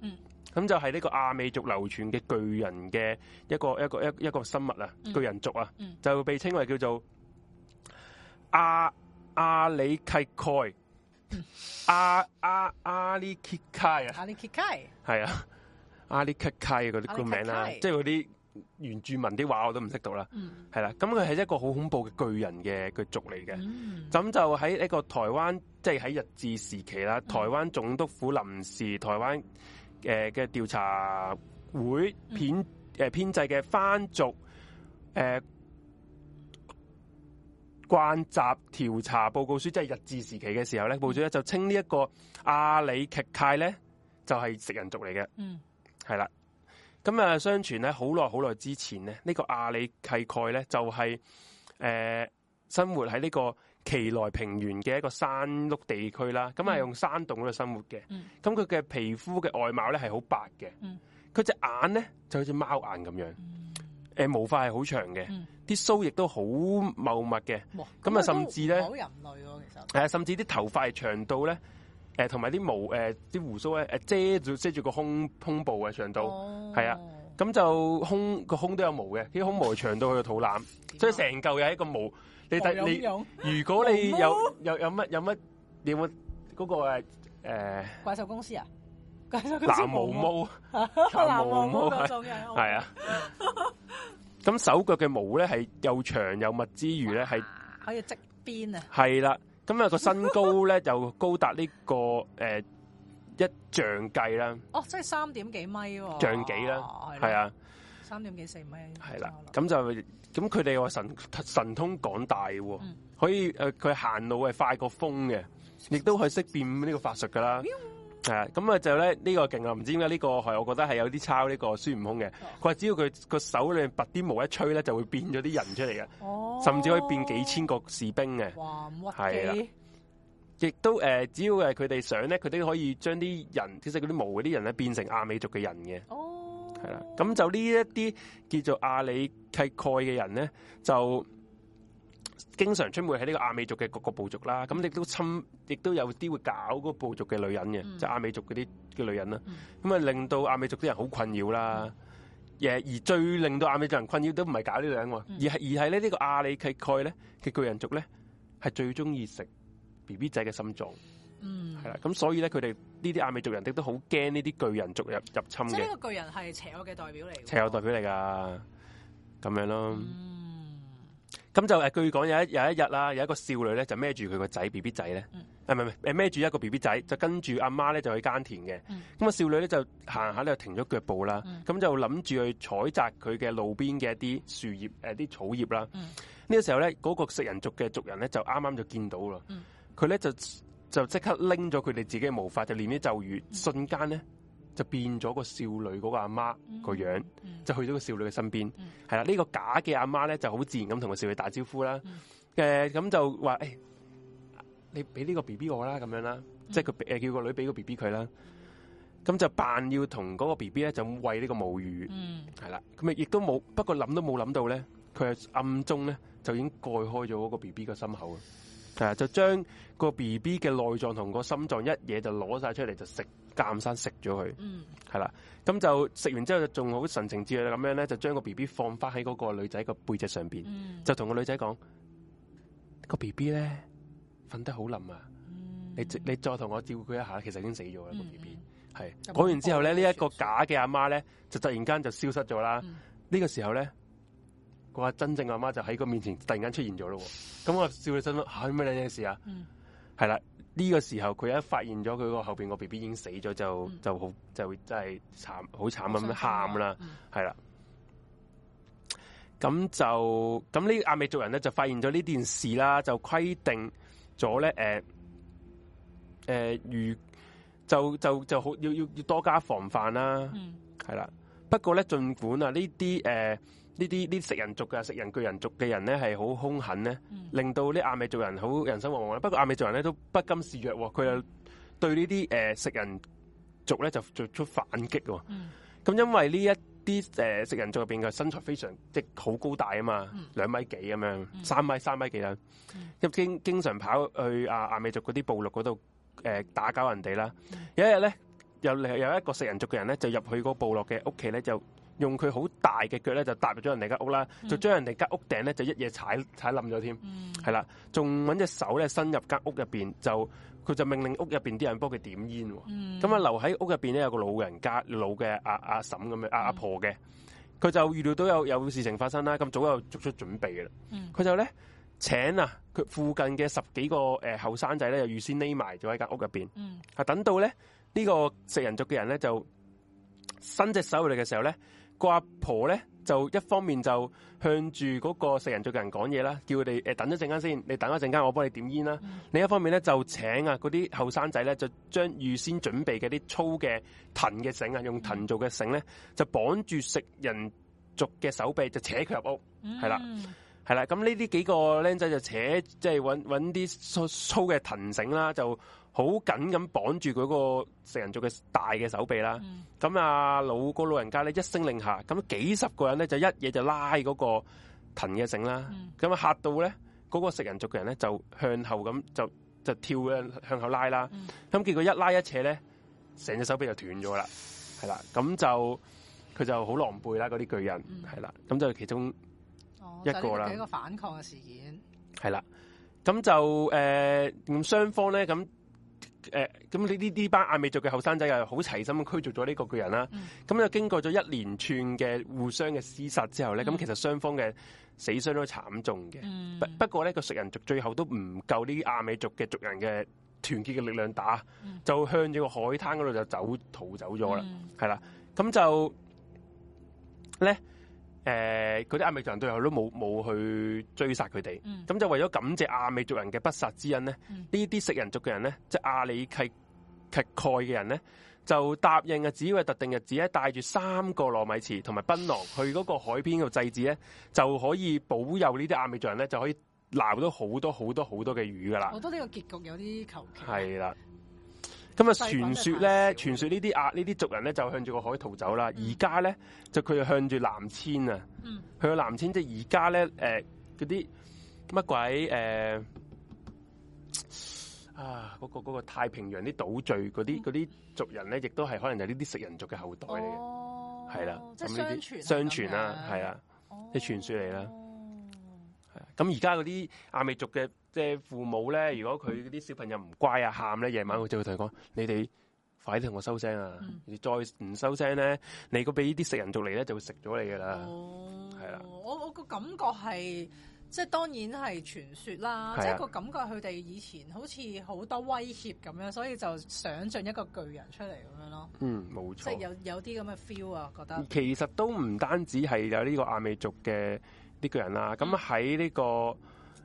咁就係呢個阿美族流傳嘅巨人嘅一個一個一一個生物啊，巨人族啊，就被稱為叫做阿阿里契蓋，阿阿阿里契卡啊，阿里契卡，係啊，阿里契卡嘅嗰啲個名啊，即係嗰啲。原住民啲話我都唔識讀啦，嗯，係啦，咁佢係一個好恐怖嘅巨人嘅嘅族嚟嘅，咁、嗯、就喺一個台灣，即係喺日治時期啦、嗯，台灣總督府臨時台灣誒嘅、呃、調查會編誒編製嘅番族誒、呃、慣習調查報告書，即、就、係、是、日治時期嘅時候咧，報紙咧就稱呢一個阿里劇泰咧就係、是、食人族嚟嘅，嗯，係啦。咁啊，相傳咧，好耐好耐之前咧，呢、這個阿里契蓋咧、就是，就係誒生活喺呢個奇萊平原嘅一個山麓地區啦。咁、嗯、係用山洞嗰度生活嘅。咁佢嘅皮膚嘅外貌咧係好白嘅。佢、嗯、隻眼咧就好似貓眼咁樣。誒、嗯呃、毛髮係好長嘅，啲鬚亦都好茂密嘅。咁、嗯、啊，甚至咧，好人類其實係甚至啲頭髮長到咧。誒、呃，同埋啲毛，誒、呃，啲鬍鬚咧，誒、呃，遮住遮住個胸胸部嘅長度，係、oh. 啊，咁就胸個胸都有毛嘅，啲胸毛長到去到肚腩，啊、所以成嚿又係一個毛。你睇你，你，如果你有有有乜有乜有乜嗰、那個誒誒、呃，怪獸公司啊，怪獸公司，藍毛毛，毛毛 <laughs> 藍毛毛係啊，咁、 <laughs> 啊、手腳嘅毛咧係又長又密之餘咧係可以織邊啊，係啦。咁 <laughs> 啊個身高咧就高達呢、這個誒、呃、一丈計啦，哦，即係三點幾米，啊，丈幾啦，係啊，三點幾四米，係啦，咁就咁佢哋話神神通廣大喎、啊嗯，可以誒佢行路係快過風嘅，亦都係識變呢個法術噶啦。呃係咁啊，就咧呢、個勁啦。唔知點解呢個係，我覺得係有啲抄呢個孫悟空嘅。佢、oh. 話只要佢個手裏拔啲毛一吹咧，就會變咗啲人出嚟嘅，oh. 甚至可以變幾千個士兵嘅。係、oh. 啊、wow.，亦都誒、呃，只要係佢哋想咧，佢哋可以將啲人，即係嗰啲毛嗰啲人咧，變成阿美族嘅人嘅。係、oh. 啦，咁就呢一啲叫做阿里契蓋嘅人咧，就。經常出沒喺呢個亞美族嘅各個部族啦，咁亦都侵，亦都有啲會搞嗰個部族嘅女人嘅，即係亞美族嗰啲嘅女人啦。咁、嗯、啊令到亞美族啲人好困擾啦、嗯。而最令到亞美族人困擾都唔係搞呢啲女人，而係而係咧呢個阿里契蓋咧嘅巨人族咧，係最中意食 B B 仔嘅心臟。嗯，係啦。咁所以咧，佢哋呢啲亞美族人亦都好驚呢啲巨人族入入侵，即係呢個巨人係邪惡嘅代表嚟，邪惡代表嚟噶，咁、嗯、樣咯。嗯咁就誒、啊，據講有一有一日啦，有一個少女咧就孭住佢個仔 B B 仔咧，誒孭住一個 B B 仔，就跟住阿媽咧就去耕田嘅。咁、嗯、啊，少女咧就行下咧停咗腳步啦，咁、嗯、就諗住去採摘佢嘅路邊嘅一啲樹葉啲、呃、草葉啦。呢、嗯這個時候咧，嗰、那個食人族嘅族人咧就啱啱就見到啦。佢、嗯、咧就就即刻拎咗佢哋自己嘅毛髮，就念啲咒語，嗯、瞬間咧。就變咗個少女嗰個阿媽個樣，就去咗個少女嘅身邊，係、嗯、啦。呢、嗯這個假嘅阿媽咧，就好自然咁同個少女打招呼啦。誒、嗯，咁、呃、就話誒、欸，你俾呢個 B B 我啦，咁樣啦，嗯、即係佢誒叫個女俾個 B B 佢啦。咁就扮要同嗰個 B B 咧，就餵呢個母乳。係、嗯、啦，咁亦都冇，不過諗都冇諗到咧，佢暗中咧就已經蓋開咗嗰個 B B 嘅心口啊！係啊，就將個 B B 嘅內臟同個心臟一嘢就攞晒出嚟就食。監生食咗佢，係、嗯、啦，咁就食完之後仲好神情自若咁樣咧，就將個 B B 放翻喺嗰個女仔個背脊上邊，就同個女仔講，個 B B 咧瞓得好冧啊，嗯、你你再同我照顧佢一下，其實已經死咗啦、嗯個 B B，係講完之後咧，呢、嗯、一、個假嘅阿媽咧就突然間就消失咗啦，呢、嗯個時候咧個真正阿媽就喺個面前突然間出現咗咯，咁我笑起身咯，係咩兩件事啊？係、嗯、啦。呢、這個時候佢一發現咗佢個後邊個 B B 已經死咗，就就好就會真係慘好慘咁喊啦，係啦。咁、嗯、就咁呢阿美族人咧就發現咗呢件事啦，就規定咗咧，誒、呃、誒、呃，如就就就好要要要多加防範啦，係、嗯、啦。不過咧，盡管啊呢啲誒。呢啲呢食人族嘅食人巨人族嘅人咧係好兇狠咧、嗯，令到啲亞美族人好人心惶惶。不過亞美族人咧都不甘示弱，佢又對呢啲誒食人族咧就作出反擊。咁、嗯、因為呢一啲誒食人族入邊嘅身材非常即係好高大啊嘛，兩、嗯、米幾咁樣，三米三米幾啦。咁、嗯、經經常跑去阿亞美族嗰啲部落嗰度誒打搞人哋啦、嗯。有一日咧，有有一個食人族嘅人咧就入去個部落嘅屋企咧就，用佢好大嘅腳咧、嗯，就踏入咗人哋間屋啦，就將人哋間屋頂咧，就一嘢踩踩冧咗添，係啦，仲揾隻手咧伸入間屋入邊，就佢就命令屋入邊啲人幫佢點煙。咁、嗯、啊，留喺屋入邊咧有個老人家老嘅阿阿嬸咁樣阿阿婆嘅，佢、嗯、就預料到有有事情發生啦，咁早有作出準備嘅啦。佢、嗯、就咧請啊，佢附近嘅十幾個誒後生仔咧，呃、就預先匿埋咗喺間屋入邊，係、嗯、等到咧呢、呢個食人族嘅人咧就伸隻手嚟嘅時候咧。個阿婆咧就一方面就向住嗰個食人族嘅人講嘢啦，叫佢哋誒等一陣間先，你等一陣間，我幫你點煙啦。嗯、另一方面咧就請啊嗰啲後生仔咧就將預先準備嘅啲粗嘅藤嘅繩啊，用藤做嘅繩咧就綁住食人族嘅手臂，就扯佢入屋，係、嗯、啦。係啦，咁呢啲幾個僆仔就扯，即係搵搵啲粗嘅藤繩啦，就好緊咁綁住嗰個食人族嘅大嘅手臂啦。咁、嗯、啊老個老人家咧一聲令下，咁幾十個人咧就一嘢就拉嗰個藤嘅繩啦。咁啊嚇到咧，嗰個食人族嘅人咧就向後咁就就跳向後拉啦。咁、嗯、結果一拉一扯咧，成隻手臂就斷咗啦。係啦，咁就佢就好狼狽啦。嗰啲巨人係啦，咁、嗯、就其中。一個啦，一個反抗嘅事件。係啦，咁就誒，咁、呃、雙方咧，咁、呃、誒，咁呢呢呢班阿美族嘅後生仔又好齊心驅逐咗呢個巨人啦。咁、嗯、就經過咗一連串嘅互相嘅廝殺之後咧，咁、嗯、其實雙方嘅死傷都慘重嘅、嗯。不不過呢，個食人族最後都唔夠呢啲阿美族嘅族人嘅團結嘅力量打，嗯、就向咗個海灘嗰度就走逃走咗啦。係、嗯、啦，咁就咧。呢誒、呃，嗰啲亞美族人對佢都冇冇去追殺佢哋，咁、嗯、就為咗感謝亞美族人嘅不殺之恩咧，呢、嗯、啲食人族嘅人咧，即、就、係、是、阿里契契蓋嘅人咧，就答應啊，只係特定日子咧，帶住三個糯米糍同埋檳榔去嗰個海邊度祭祀咧，就可以保佑呢啲亞美族人咧，就可以撈到好多好多好多嘅魚噶啦。我覺得呢個結局有啲求其。係啦。咁啊！傳說咧，傳說呢啲亞呢啲族人咧就向住個海逃走啦。而家咧就佢向住南遷啊，向南遷即係而家咧誒嗰啲乜鬼誒啊嗰個嗰、嗰個、太平洋啲島嶼嗰啲嗰啲族人咧，亦都係可能就呢啲食人族嘅後代嚟嘅，係、哦、啦，咁相傳相傳啦，係啦，啲、就係、傳說嚟啦。咁而家嗰啲亞美族嘅。即係父母咧，如果佢啲小朋友唔乖啊，喊咧，夜晚佢就會同佢講：你哋快啲同我收聲啊！你、嗯、再唔收聲咧，你嗰俾啲食人族嚟咧，就會食咗你噶、哦啊、啦，係啦、啊。我我個感覺係，即係當然係傳說啦，即係個感覺，佢哋以前好似好多威脅咁樣，所以就想象一個巨人出嚟咁樣咯。嗯，冇錯，即係有有啲咁嘅 feel 啊，覺得其實都唔單止係有呢個阿美族嘅啲巨人啦，咁喺呢個。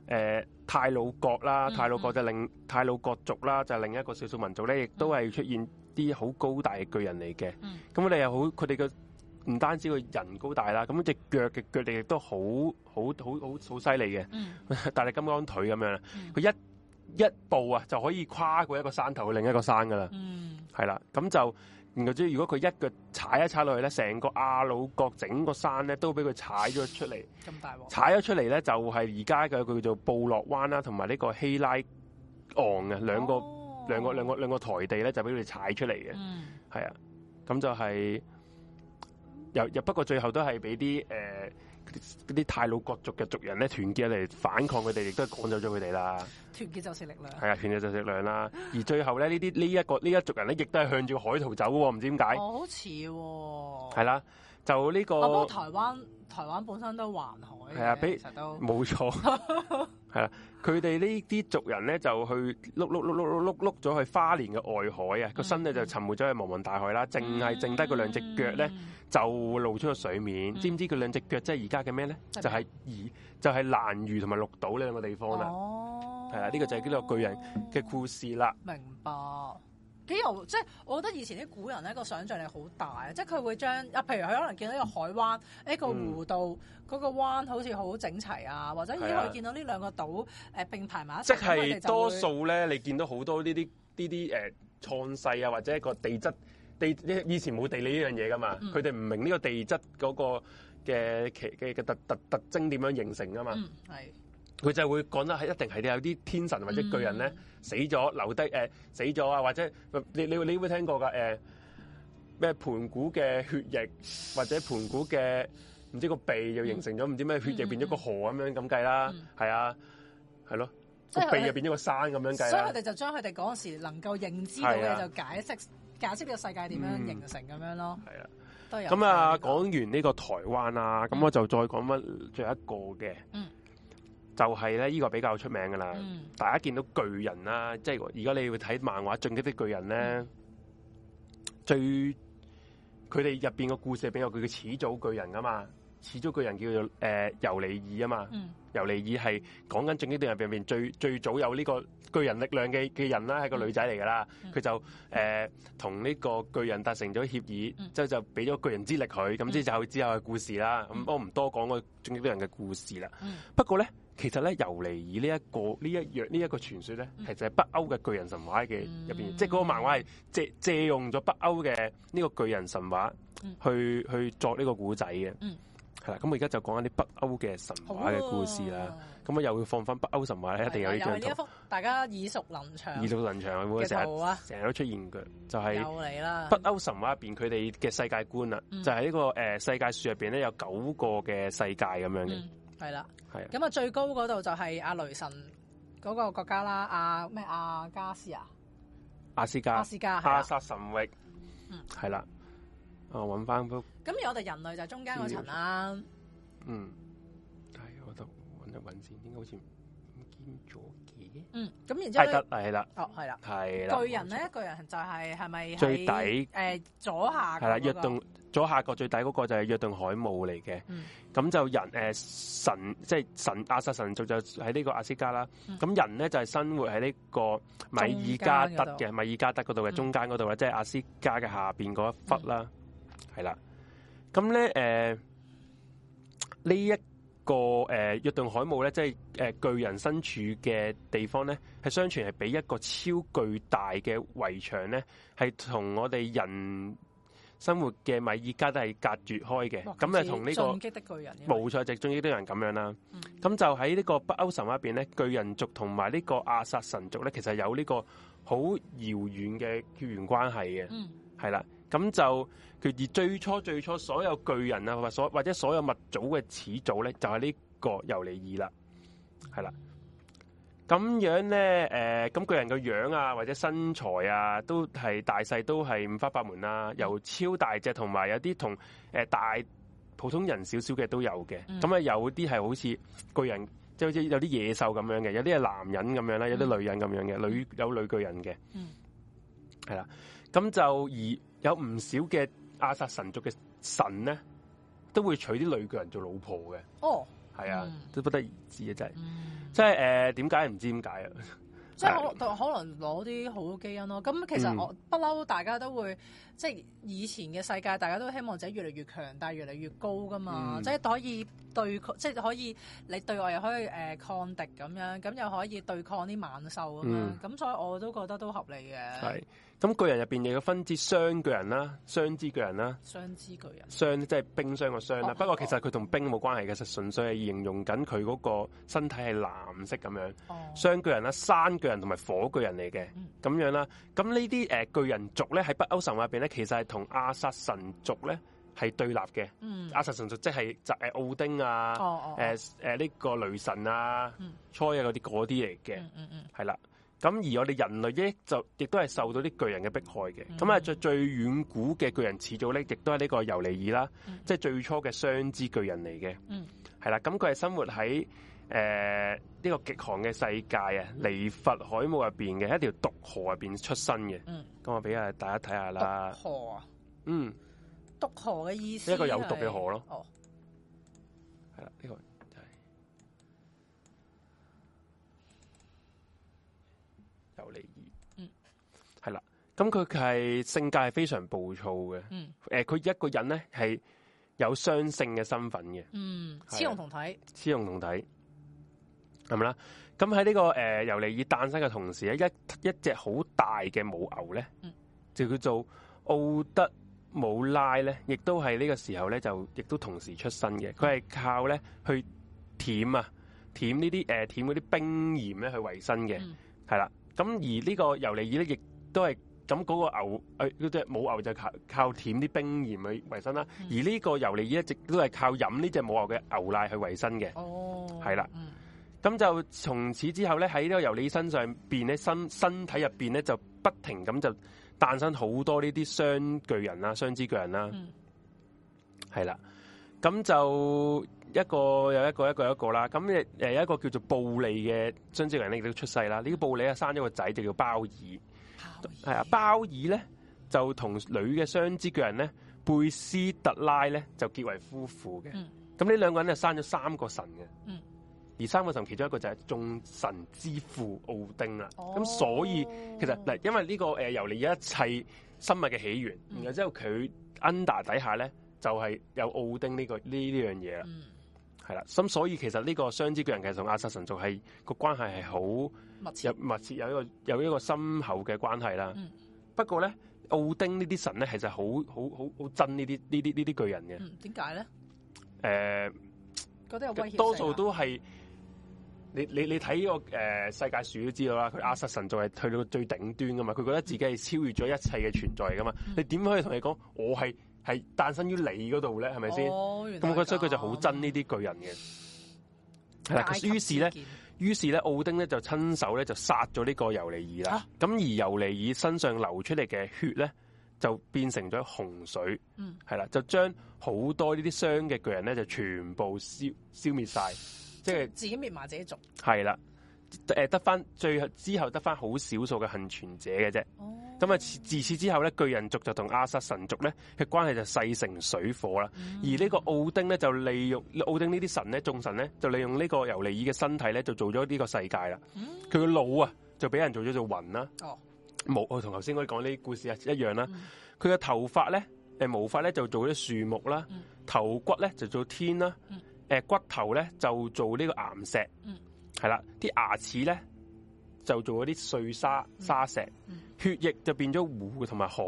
誒泰魯國啦，泰、嗯、魯國就另泰魯國族啦，就係、是、另一個少數民族咧，亦都係出現啲好高大嘅巨人嚟嘅。咁你又好，佢哋嘅唔單止個人高大啦，咁隻腳嘅腳力亦都好好好好好犀利嘅，嗯、 <laughs> 大力金剛腿咁樣。佢、嗯、一一步啊，就可以跨過一個山頭去另一個山噶啦。係、嗯、啦，咁就。然之後，如果佢一腳踩一踩落去咧，成個阿魯角，整個,整個山咧都俾佢踩咗出嚟。咁大鑊！踩咗出嚟咧，就係而家嘅佢叫做布洛灣啦，同埋呢個希拉昂嘅兩個、oh. 兩個兩個兩個台地咧，就俾佢哋踩出嚟嘅。嗯、mm.，係啊、就是，咁就係又又不過最後都係俾啲誒。呃嗰啲太魯閣族嘅族人咧團結嚟反抗佢哋，亦都趕走咗佢哋啦。團結就是力量係啊，團結就是力量啦。而最後咧，呢啲呢一個呢一族人咧，亦都係向住海逃走，唔知點解。好似係啦，就呢、這個。台灣。台灣本身都環海，係啊，比，其實都冇錯，係 <laughs> 啦、啊。佢哋呢啲族人咧就去碌碌碌碌碌碌碌咗去花蓮嘅外海啊，個、嗯、身咧就沉沒咗去茫茫大海啦，淨、嗯、係剩低嗰兩隻腳咧就露出咗水面。嗯、知唔知佢兩隻腳即係而家嘅咩咧？就係、是、二，就係、是、蘭嶼同埋綠島呢兩個地方啦。係、哦、啊，呢、這個就係呢個巨人嘅故事啦。明白。即係，我覺得以前啲古人咧、個想象力好大，即係佢會將啊，譬如佢可能見到一個海灣，嗯、一個弧度，嗰、個彎好似好整齊啊，或者以佢見到呢兩個島誒並排埋一齊，即係多數咧，你見到好多呢啲呢啲誒創世啊，或者一個地質地，以前冇地理呢樣嘢噶嘛，佢哋唔明呢個地質嗰個嘅其嘅嘅特特特徵點樣形成噶嘛，係、嗯。佢就會講得係一定係有啲天神或者巨人咧、嗯、死咗留低誒、呃、死咗啊，或者你你你會聽過噶誒咩盤古嘅血液或者盤古嘅唔知個鼻又形成咗唔、嗯、知咩血液變咗個河咁、嗯、樣咁計啦，係、嗯、啊，係咯、啊，個、就是、鼻又變咗個山咁樣計。所以佢哋就將佢哋嗰時能夠認知到嘅就解釋、啊、解釋個世界點樣形成咁樣咯。係啊，咁啊，講、啊這個、完呢個台灣啊，咁、嗯、我就再講返最後一個嘅。嗯。就係咧，呢個比較出名㗎啦、嗯。大家見到巨人啦，即係而家你會睇漫畫《進擊的巨人》咧、嗯，最佢哋入面個故事入邊有佢嘅始祖巨人噶嘛？始祖巨人叫做誒、呃、尤尼爾啊嘛。嗯、尤尼爾係講緊《進擊的巨人》入面最最早有呢個巨人力量嘅嘅人啦，係個女仔嚟噶啦。佢、嗯、就誒同呢個巨人達成咗協議，之、嗯、後就俾咗巨人之力佢，咁、嗯、之後就之後嘅故事啦。咁我唔多講個《進擊的巨人》嘅故事啦、嗯。不過咧。其實咧，尤米爾呢一個呢一樣呢一個傳說咧，其、嗯、就係北歐嘅巨人神話嘅入邊，即係嗰個漫畫係借借用咗北歐嘅呢個巨人神話去、嗯、去作呢個古仔嘅，係、嗯、啦。咁我而家就講緊啲北歐嘅神話嘅故事啦。咁、啊、我又會放翻北歐神話咧，一定有呢張圖。有一幅大家耳熟能詳，耳熟能詳，其實成日成日都出現嘅，就係、是、北歐神話入邊佢哋嘅世界觀啦，就係、是、呢、這個誒、呃、世界樹入邊咧有九個嘅世界咁樣嘅。嗯。係啦，係咁啊！最高嗰度就係阿雷神嗰個國家啦，阿咩阿加斯啊，阿斯加，阿斯加，阿薩神域，嗯，係啦，我揾翻幅。咁我哋人類就中間嗰層啦。嗯，係，我度揾一揾先，應該好似唔見咗。嗯，咁然之後係得係啦，哦係啦，係啦。巨人咧，巨人就係係咪最底誒、呃、左下角、那個？係啦，約頓左下角最底嗰個就係約頓海霧嚟嘅。咁、嗯、就人誒、呃、神，即係神阿薩神族就喺呢個阿斯加啦。咁、嗯、人咧就係、是、生活喺呢、這個米爾加德嘅米爾加德嗰度嘅中間嗰度咧，即、嗯、係、就是、阿斯加嘅下邊嗰一忽啦，係、嗯、啦。咁咧誒呢、呃、一。那個誒，約頓、呃、海姆咧，即係誒、呃、巨人身處嘅地方咧，係相傳係俾一個超巨大嘅圍牆咧，係同我哋人生活嘅米爾加都係隔絕開嘅。咁啊，同呢、這個進擊的巨人，冇錯，就進擊的人咁樣啦。咁、嗯、就喺呢個北歐神話入邊咧，巨人族同埋呢個亞薩神族咧，其實有呢個好遙遠嘅血緣關係嘅。係、嗯、啦。咁就佢而最初最初所有巨人啊或所或者所有物組嘅始祖咧就係、是這個、呢個尤尼爾啦，係、呃、啦。咁樣咧誒，咁巨人嘅樣啊或者身材啊都係大細都係五花八門啦、啊，由超大隻同埋有啲同誒大普通人少少嘅都有嘅。咁、嗯、啊有啲係好似巨人即係好似有啲野獸咁樣嘅，有啲係男人咁樣啦，有啲女人咁樣嘅、嗯、女有女巨人嘅。嗯，係啦。咁就而有唔少嘅亞薩神族嘅神咧，都會娶啲女巨人做老婆嘅。哦，係啊、嗯，都不得而知啊，真、就、係、是嗯呃。即係誒，點解唔知點解啊？即係我可能攞啲好基因咯。咁其實我不嬲，嗯、大家都會即係以前嘅世界，大家都希望自己越嚟越強大，越嚟越高噶嘛。嗯、即係可以對抗，即係可以你對外又可以、呃、抗敵咁樣，咁又可以對抗啲猛獸咁樣。咁、嗯、所以我都覺得都合理嘅。咁巨人入邊亦都分之霜巨人啦，霜之巨人啦，霜之巨人，霜即係冰霜嘅霜啦。不過其實佢同冰冇關係嘅，實純粹係形容緊佢嗰個身體係藍色咁樣。霜、哦、巨人啦，山巨人同埋火巨人嚟嘅，咁、嗯、樣啦。咁呢啲誒巨人族咧喺北歐神話入邊咧，其實係同阿薩神族咧係對立嘅、嗯。阿薩神族即係就誒奧丁啊，誒誒呢個雷神啊，初啊嗰啲嗰啲嚟嘅，係、嗯、啦。嗯那些那些嗯嗯嗯咁而我哋人類咧就亦都係受到啲巨人嘅迫害嘅。咁、嗯、啊，最遠古嘅巨人始祖咧，亦都係呢個尤尼爾啦，即係最初嘅雙肢巨人嚟嘅。嗯，係啦。咁佢係生活喺呢、呃呢個極寒嘅世界啊，尼佛海姆入面嘅，一條毒河入面出生嘅。咁、嗯、我俾啊大家睇下啦。毒河啊？嗯。毒河嘅意思？一、這個有毒嘅河咯。哦。係啦，呢、這個。咁佢係性格係非常暴躁嘅，誒、嗯，佢、呃、一個人咧係有雙性嘅身份嘅，雌、嗯、雄同體，雌雄同體，係咪啦？咁喺呢個誒、呃、尤利爾誕生嘅同時咧，一一隻好大嘅母牛咧、嗯，就叫做奧德姆拉咧，亦都係呢個時候咧就亦都同時出生嘅。佢、嗯、係靠咧去舔啊舔呢啲誒舔嗰啲冰鹽咧去維生嘅，係、嗯、啦。咁而呢個尤利爾咧亦都係。咁、那、嗰個牛，嗰隻母牛就靠靠舔啲冰鹽去維生啦。而呢個尤利一直都係靠飲呢隻母牛嘅牛奶去維生嘅。哦，係啦。咁、嗯、就從此之後咧，喺呢個尤利身上邊咧身身體入邊咧就不停咁就誕生好多呢啲霜巨人啦、霜之巨人啦。係、嗯、啦，咁就一個又一個，有一個有一個啦。咁誒有一個叫做布利嘅霜之巨人咧亦都出世啦。呢、這個布利啊生咗個仔就叫包爾。係啊，包爾咧就同女嘅雙肢巨人咧貝斯特拉咧就結為夫婦嘅，咁呢兩個人就生咗三個神嘅，嗯，而三個神其中一個就係眾神之父奧丁啦。咁所以其實嗱，因為呢個誒由嚟一切生物嘅起源，然後之後佢 under 底下咧就係有奧丁呢個呢呢樣嘢啦，係啦，咁所以其實呢個雙肢巨人其實同阿薩神族係個關係係好。密切有密切有一個有一個深厚嘅關係啦、嗯。不過咧，奧丁呢啲神咧，其實好好好好憎呢啲呢啲呢啲巨人嘅。點解咧？誒、呃，覺得有威脅性。多數都係你你你睇個誒世界樹都知道啦。佢阿瑟神就係去到最頂端噶嘛，佢覺得自己係超越咗一切嘅存在噶嘛。嗯、你點可以同你講我係係誕生於你嗰度咧？係咪先？咁、哦、所以佢就好憎呢啲巨人嘅。嗱，於是咧。於是咧，奧丁咧就親手咧就殺咗呢個尤尼爾啦。咁、啊、而尤尼爾身上流出嚟嘅血咧，就變成咗洪水，係、嗯、啦，就將好多呢啲霜嘅巨人咧，就全部消消滅晒，即、就、係、是、自己滅埋自己族。係啦。誒，得翻最後，之後得翻好少數嘅幸存者嘅啫。咁啊，自此之後咧，巨人族就同阿薩神族咧嘅關係就勢成水火啦。Mm. 而呢個奧丁咧就利用奧丁呢啲神咧眾神咧就利用呢個尤利爾嘅身體咧就做咗呢個世界啦。佢嘅腦啊就俾人做咗做雲啦。哦、oh. mm.，毛同頭先我哋講呢啲故事啊一樣啦。佢嘅頭髮咧誒毛髮咧就做咗樹木啦，mm. 頭骨咧就做天啦。誒、mm. 骨頭咧就做呢個岩石。係啦，啲牙齒咧就做咗啲碎沙沙石，嗯嗯，血液就變咗湖同埋海，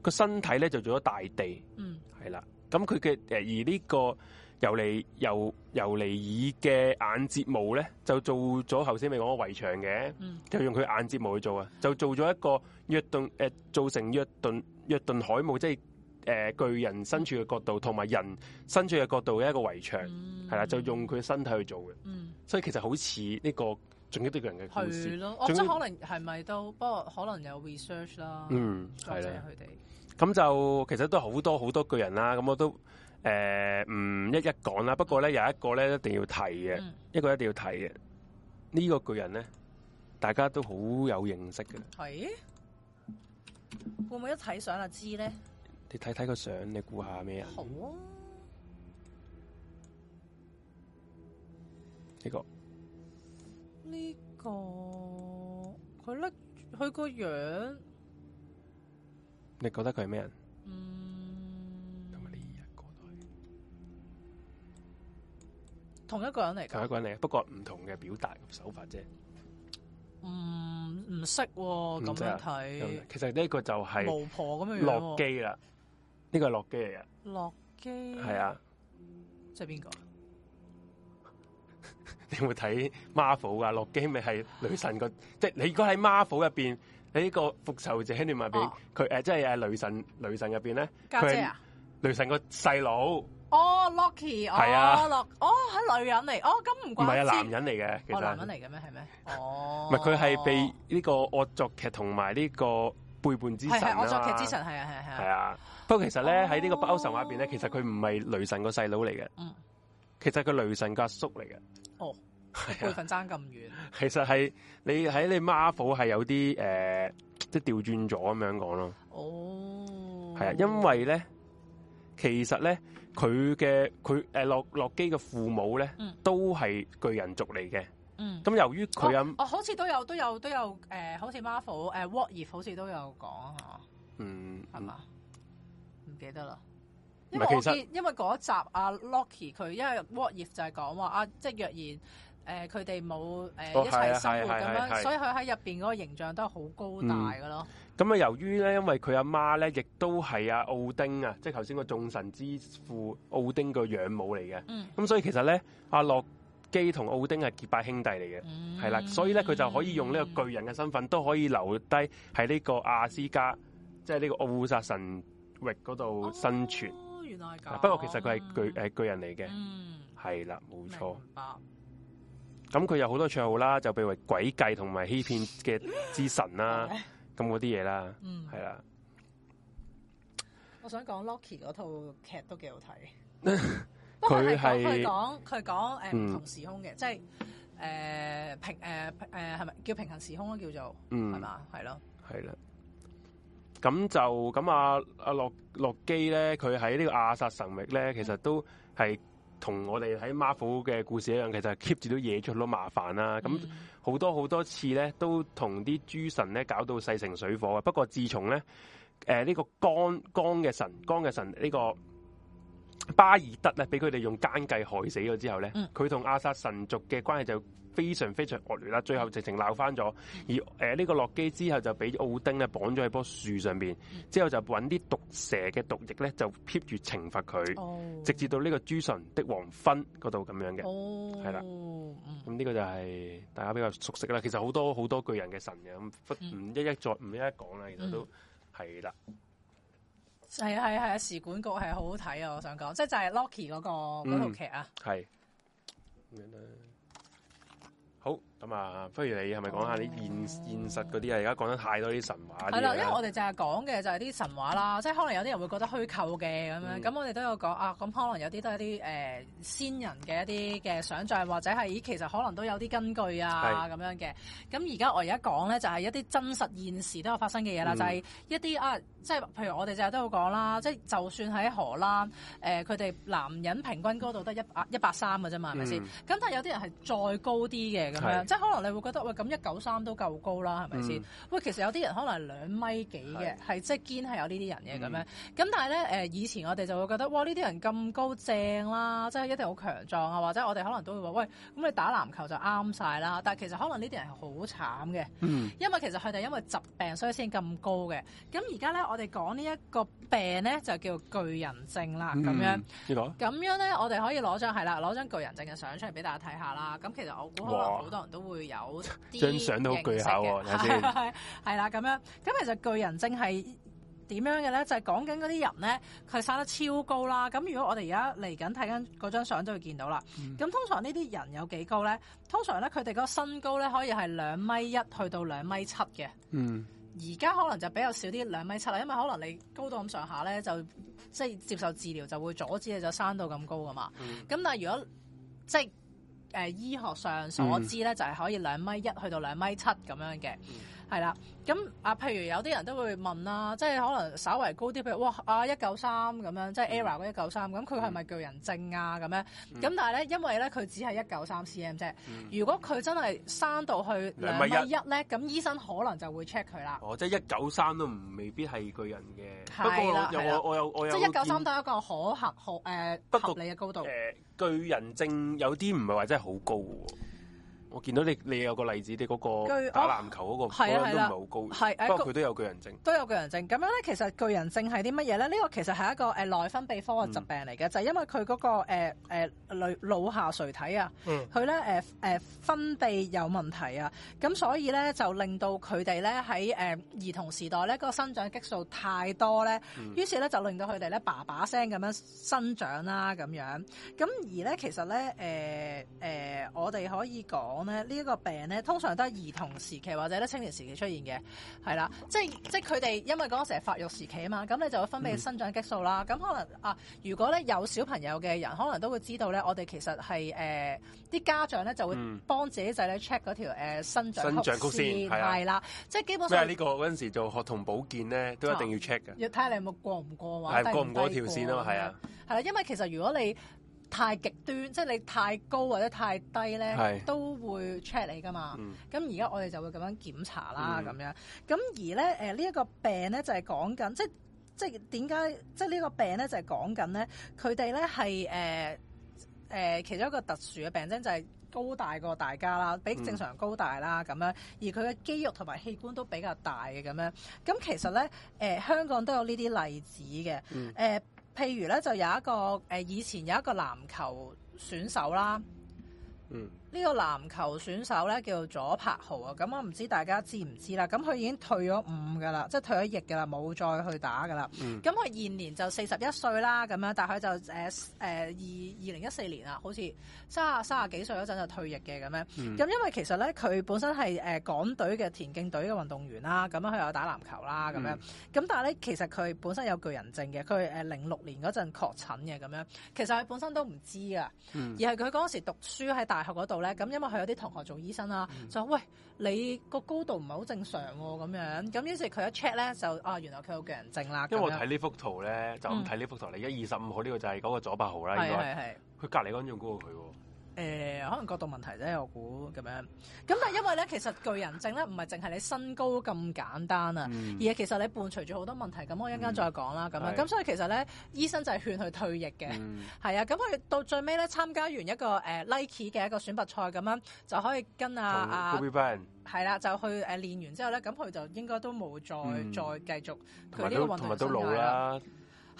個、嗯、身體咧就做咗大地。係、嗯、啦，咁佢嘅誒而呢個尤尼尤尤尼爾嘅眼睫毛咧就做咗頭先咪講個圍牆嘅，就用佢眼睫毛去做啊，就做咗一個約頓誒，呃、造成約頓約頓海姆即係。就是誒、呃，巨人身處嘅角度，同埋人身處嘅角度嘅一個圍牆，係、嗯、啦，就用佢身體去做嘅、嗯，所以其實好似呢個《進擊的巨人》嘅故事咯、哦哦。即係可能係咪都，不過可能有 research 啦。嗯，係啦，佢哋咁就其實都好多好多巨人啦。咁我都誒唔一一講啦。不過咧有一個咧一定要提嘅、嗯，一個一定要提嘅呢個巨人咧，大家都好有認識嘅。係會唔會一睇上就知咧？你睇睇個相，你估下咩人？好啊，嗯這個、呢個呢個佢呢佢個樣，你覺得佢係咩人？嗯，同埋呢一個都係同一個人嚟，同一個人嚟，不過唔同嘅表達手法啫。唔唔識咁樣睇、啊，其實呢個就係老婆咁樣洛基啦。呢個係洛基嚟嘅？洛基係啊，即係邊個？ <laughs> 你會睇 Marvel 噶？洛基咪係女神個 <laughs> 是在裡面你這個？即係你如果喺 Marvel 入邊，喺個復仇者喺你入邊，佢、哦、誒，即係誒，女神裡面呢家姐、啊、女神入邊咧，佢係女神個細佬。哦 Loki 係啊，洛基哦，係女人嚟哦，咁唔怪之唔係啊，男人嚟嘅，其實男人嚟嘅咩？係咩？哦，唔係佢係被呢個惡作劇同埋呢個背叛之神啦、啊。惡作劇之神係啊係啊係啊。是啊是啊不過其實咧，喺、oh, 呢個北歐神話入邊咧，其實佢唔係雷神個細佬嚟嘅，其實佢雷神個阿叔嚟嘅。哦、oh, 啊，輩份爭咁遠。其實係你喺你 Marvel 係有啲誒，即係調轉咗咁樣講咯。哦，係啊，因為咧，其實咧佢嘅佢誒洛洛基嘅父母咧、嗯，都係巨人族嚟嘅。咁由於佢啊，哦，好似都有都有都有誒，好似 Marvel 誒 What If 好似都有講吓，嗯，係嘛？記得啦，因為我見因為嗰集阿、啊、Loki 佢因為 What if 就係講話啊，即係若然誒佢哋冇誒一齊生活咁樣，哦，所以佢喺入邊嗰個形象都係好高大噶咯。咁、嗯、啊，由於咧，因為佢阿媽咧亦都係阿奧丁啊，即係頭先個眾神之父奧丁個養母嚟嘅。咁、嗯、所以其實咧阿洛基同奧丁係結拜兄弟嚟嘅，係、嗯、啦，所以咧佢就可以用呢個巨人嘅身份都可以留低喺呢個阿斯加，即係呢個奧薩神域嗰度生存。哦、原來係咁。不過其實佢係巨誒巨人嚟嘅。嗯。係啦，冇、嗯、錯。明白。咁佢有好多綽號啦，就譬如鬼計同埋欺騙嘅之神啦，咁嗰啲嘢啦。嗯。係啦。我想講 Loki 嗰套劇都幾好睇。佢係講佢講誒唔同時空嘅，即係誒、呃、平誒誒係咪叫平行時空啦叫做？嗯。係嘛？係咯。係啦。咁就咁啊，阿、啊、洛洛基咧，佢喺呢個亞薩神域咧，其實都係同我哋喺馬府嘅故事一樣，其實 keep 住都惹出咗麻煩啦。咁好多好多次咧，都同啲諸神咧搞到勢成水火嘅。不過自從咧，呢、呃這個光光嘅神，光嘅神呢、這個。巴爾德咧，俾佢哋用奸計害死咗之後咧，佢同阿薩神族嘅關係就非常非常惡劣啦。最後直情鬧翻咗，而誒呢、呃這個洛基之後就俾奧丁咧綁咗喺棵樹上邊，之後就揾啲毒蛇嘅毒液咧就 keep 住懲罰佢，直至到呢個諸神的黃昏嗰度咁樣嘅，係、哦、啦。咁呢個就係大家比較熟悉啦。其實好多好多巨人嘅神嘅，唔一一再唔一一講啦。其實都係啦。嗯係啊係啊係啊，時管局係好好睇啊！我想講，即係就係、是、Loki、那、嗰個、嗯、套劇啊，係好。咁啊，不如你係咪講下啲現現實嗰啲啊？而家講得太多啲神話。係啦，因為我哋淨係講嘅就係啲神話啦，即係可能有啲人會覺得虛構嘅咁樣。咁我哋都有講啊，咁可能有啲都係啲誒先人嘅一啲嘅想像，或者係其實可能都有啲根據啊咁樣嘅。咁而家我而家講咧就係一啲真實現時都有發生嘅嘢啦，就係、是、一啲啊，即係譬如我哋淨係都有講啦，即係就算喺荷蘭誒，佢、呃、哋男人平均高度得一啊一百三嘅啫嘛，係咪先？咁但係有啲人係再高啲嘅咁樣。即可能你會覺得喂，咁一九三都夠高啦，係咪先？喂，其實有啲人可能係兩米幾嘅，係即係肩係有、嗯、呢啲人嘅咁樣，咁但係咧誒，以前我哋就會覺得哇呢啲人咁高正啦，即係一定好強壯啊，或者我哋可能都會話喂，咁你打籃球就啱晒啦。但其實可能呢啲人係好慘嘅，因為其實佢哋因為疾病所以先咁高嘅。咁而家咧我哋講呢一個病咧就叫巨人症、嗯、啦，咁樣。知道。咁樣咧我哋可以攞張係啦，攞張巨人症嘅相出嚟俾大家睇下啦。咁其實我估可能好多人都會有張相都好巨巧喎，係啦，咁樣咁其實巨人症係點樣嘅咧？就係、係、講緊嗰啲人咧，佢生得超高啦。咁如果我哋而家嚟緊睇緊嗰張相，都會見到啦。咁、嗯、通常呢啲人有幾高咧？通常咧佢哋個身高咧可以係兩米一去到兩米七嘅。嗯，而家可能就比較少啲兩米七啦，因為可能你高到咁上下咧，就即係接受治療就會阻止你就生到咁高噶嘛。咁、嗯、但係如果即、係誒醫學上所知咧，就係可以兩米一去到兩米七咁樣嘅。係啦，咁啊，譬如有啲人都會問啦，即係可能稍為高啲，譬如哇，啊一九三咁樣，即係 era 嗰一九三，咁佢係咪巨人症啊？咁樣，咁、嗯、但係咧，因為咧，佢只係一九三 cm 啫。如果佢真係生到去兩米一咧，咁醫生可能就會 check 佢啦。哦，即係一九三都唔未必係巨人嘅。不過又我有我，我有。即係一九三都係一個可合可誒合理嘅高度。巨人症有啲唔係話真係好高喎。我見到你，你有個例子，你嗰個打籃球嗰個個人都唔係好高，啊啊啊啊，不過佢都有巨人症，都有巨人症。咁樣咧，其實巨人症係啲乜嘢咧？呢、這個其實係一個誒內分泌科嘅疾病嚟嘅，嗯，就係，是，因為佢嗰，那個誒誒腦下垂體啊，佢咧誒分泌有問題啊，咁所以咧就令到佢哋咧喺誒兒童時代咧嗰個生長激素太多咧，嗯，於是咧就令到佢哋咧爬爬聲咁樣生長啦，啊，咁樣，咁而咧其實咧誒，呃呃、我哋可以講。呢、這、一個病咧，通常都係兒童時期或者咧青年時期出現嘅，係啦，即係即係佢哋因為嗰陣時係發育時期啊嘛，咁你就會分泌生長激素啦。咁、嗯、可能啊，如果咧有小朋友嘅人，可能都會知道咧，我哋其實係誒啲家長咧就會幫自己仔咧 check 嗰條生長生長曲線。係啦，即係基本上即啊？呢、這個嗰陣時做學童保健咧，都一定要 check 嘅，睇、哦、下你有冇過唔過話？係過唔過條線啊？係啊，係啦，因為其實如果你太極端，即係你太高或者太低咧，都會 check 你㗎嘛。咁而家我哋就會咁樣檢查啦，咁、嗯、樣。咁而咧，呢、呃、一、這個病咧就係講緊，即係即係點解？即係呢個病咧就係講緊咧，佢哋咧係誒其中一個特殊嘅病徵就係、是、高大過大家啦，比正常高大啦咁、嗯、樣。而佢嘅肌肉同埋器官都比較大嘅咁樣。咁其實咧、呃，香港都有呢啲例子嘅，嗯呃譬如咧，就有一個誒，以前有一個籃球選手啦，嗯。呢、這個籃球選手咧叫做左柏豪啊，咁我唔知大家知唔知啦。咁佢已經退咗五㗎啦，即係退咗役㗎啦，冇再去打㗎啦。咁佢現年就四十一歲啦，咁、嗯、樣，但佢就誒、呃、二二零一四年啊，好似卅卅幾歲嗰陣就退役嘅咁樣。咁、嗯嗯、因為其實咧，佢本身係、呃、港隊嘅田徑隊嘅運動員啦，咁樣佢有打籃球啦，咁、嗯嗯、樣。咁但係咧，其實佢本身有巨人症嘅，佢誒零六年嗰陣確診嘅咁樣。其實佢本身都唔知噶、嗯，而係佢嗰時讀書喺大學嗰度。咧咁，因為佢有啲同學做醫生啦，就話喂，你個高度唔係好正常喎、啊、咁樣。咁於是佢一 check 咧就啊，原來佢有巨人症啦。因為我睇呢幅圖咧，就咁睇呢幅圖。你而家二十五號呢、呢個就係嗰個左八號啦。應該係係佢隔離嗰種估佢喎。係係係。誒可能角度問題啫，我估咁樣。咁但係因為咧，其實巨人症咧唔係淨係你身高咁簡單啊、嗯，而係其實你伴隨住好多問題。咁我一陣間再講啦，咁、嗯、樣。咁所以其實咧，醫生就係勸佢退役嘅，係、嗯、啊。咁佢到最尾咧參加完一個誒 Nike、呃、嘅一個選拔賽，咁樣就可以跟阿阿係啦，就去誒練、啊、完之後咧，咁佢就應該都冇再再繼、嗯、續佢呢個運動同埋都，都老啦。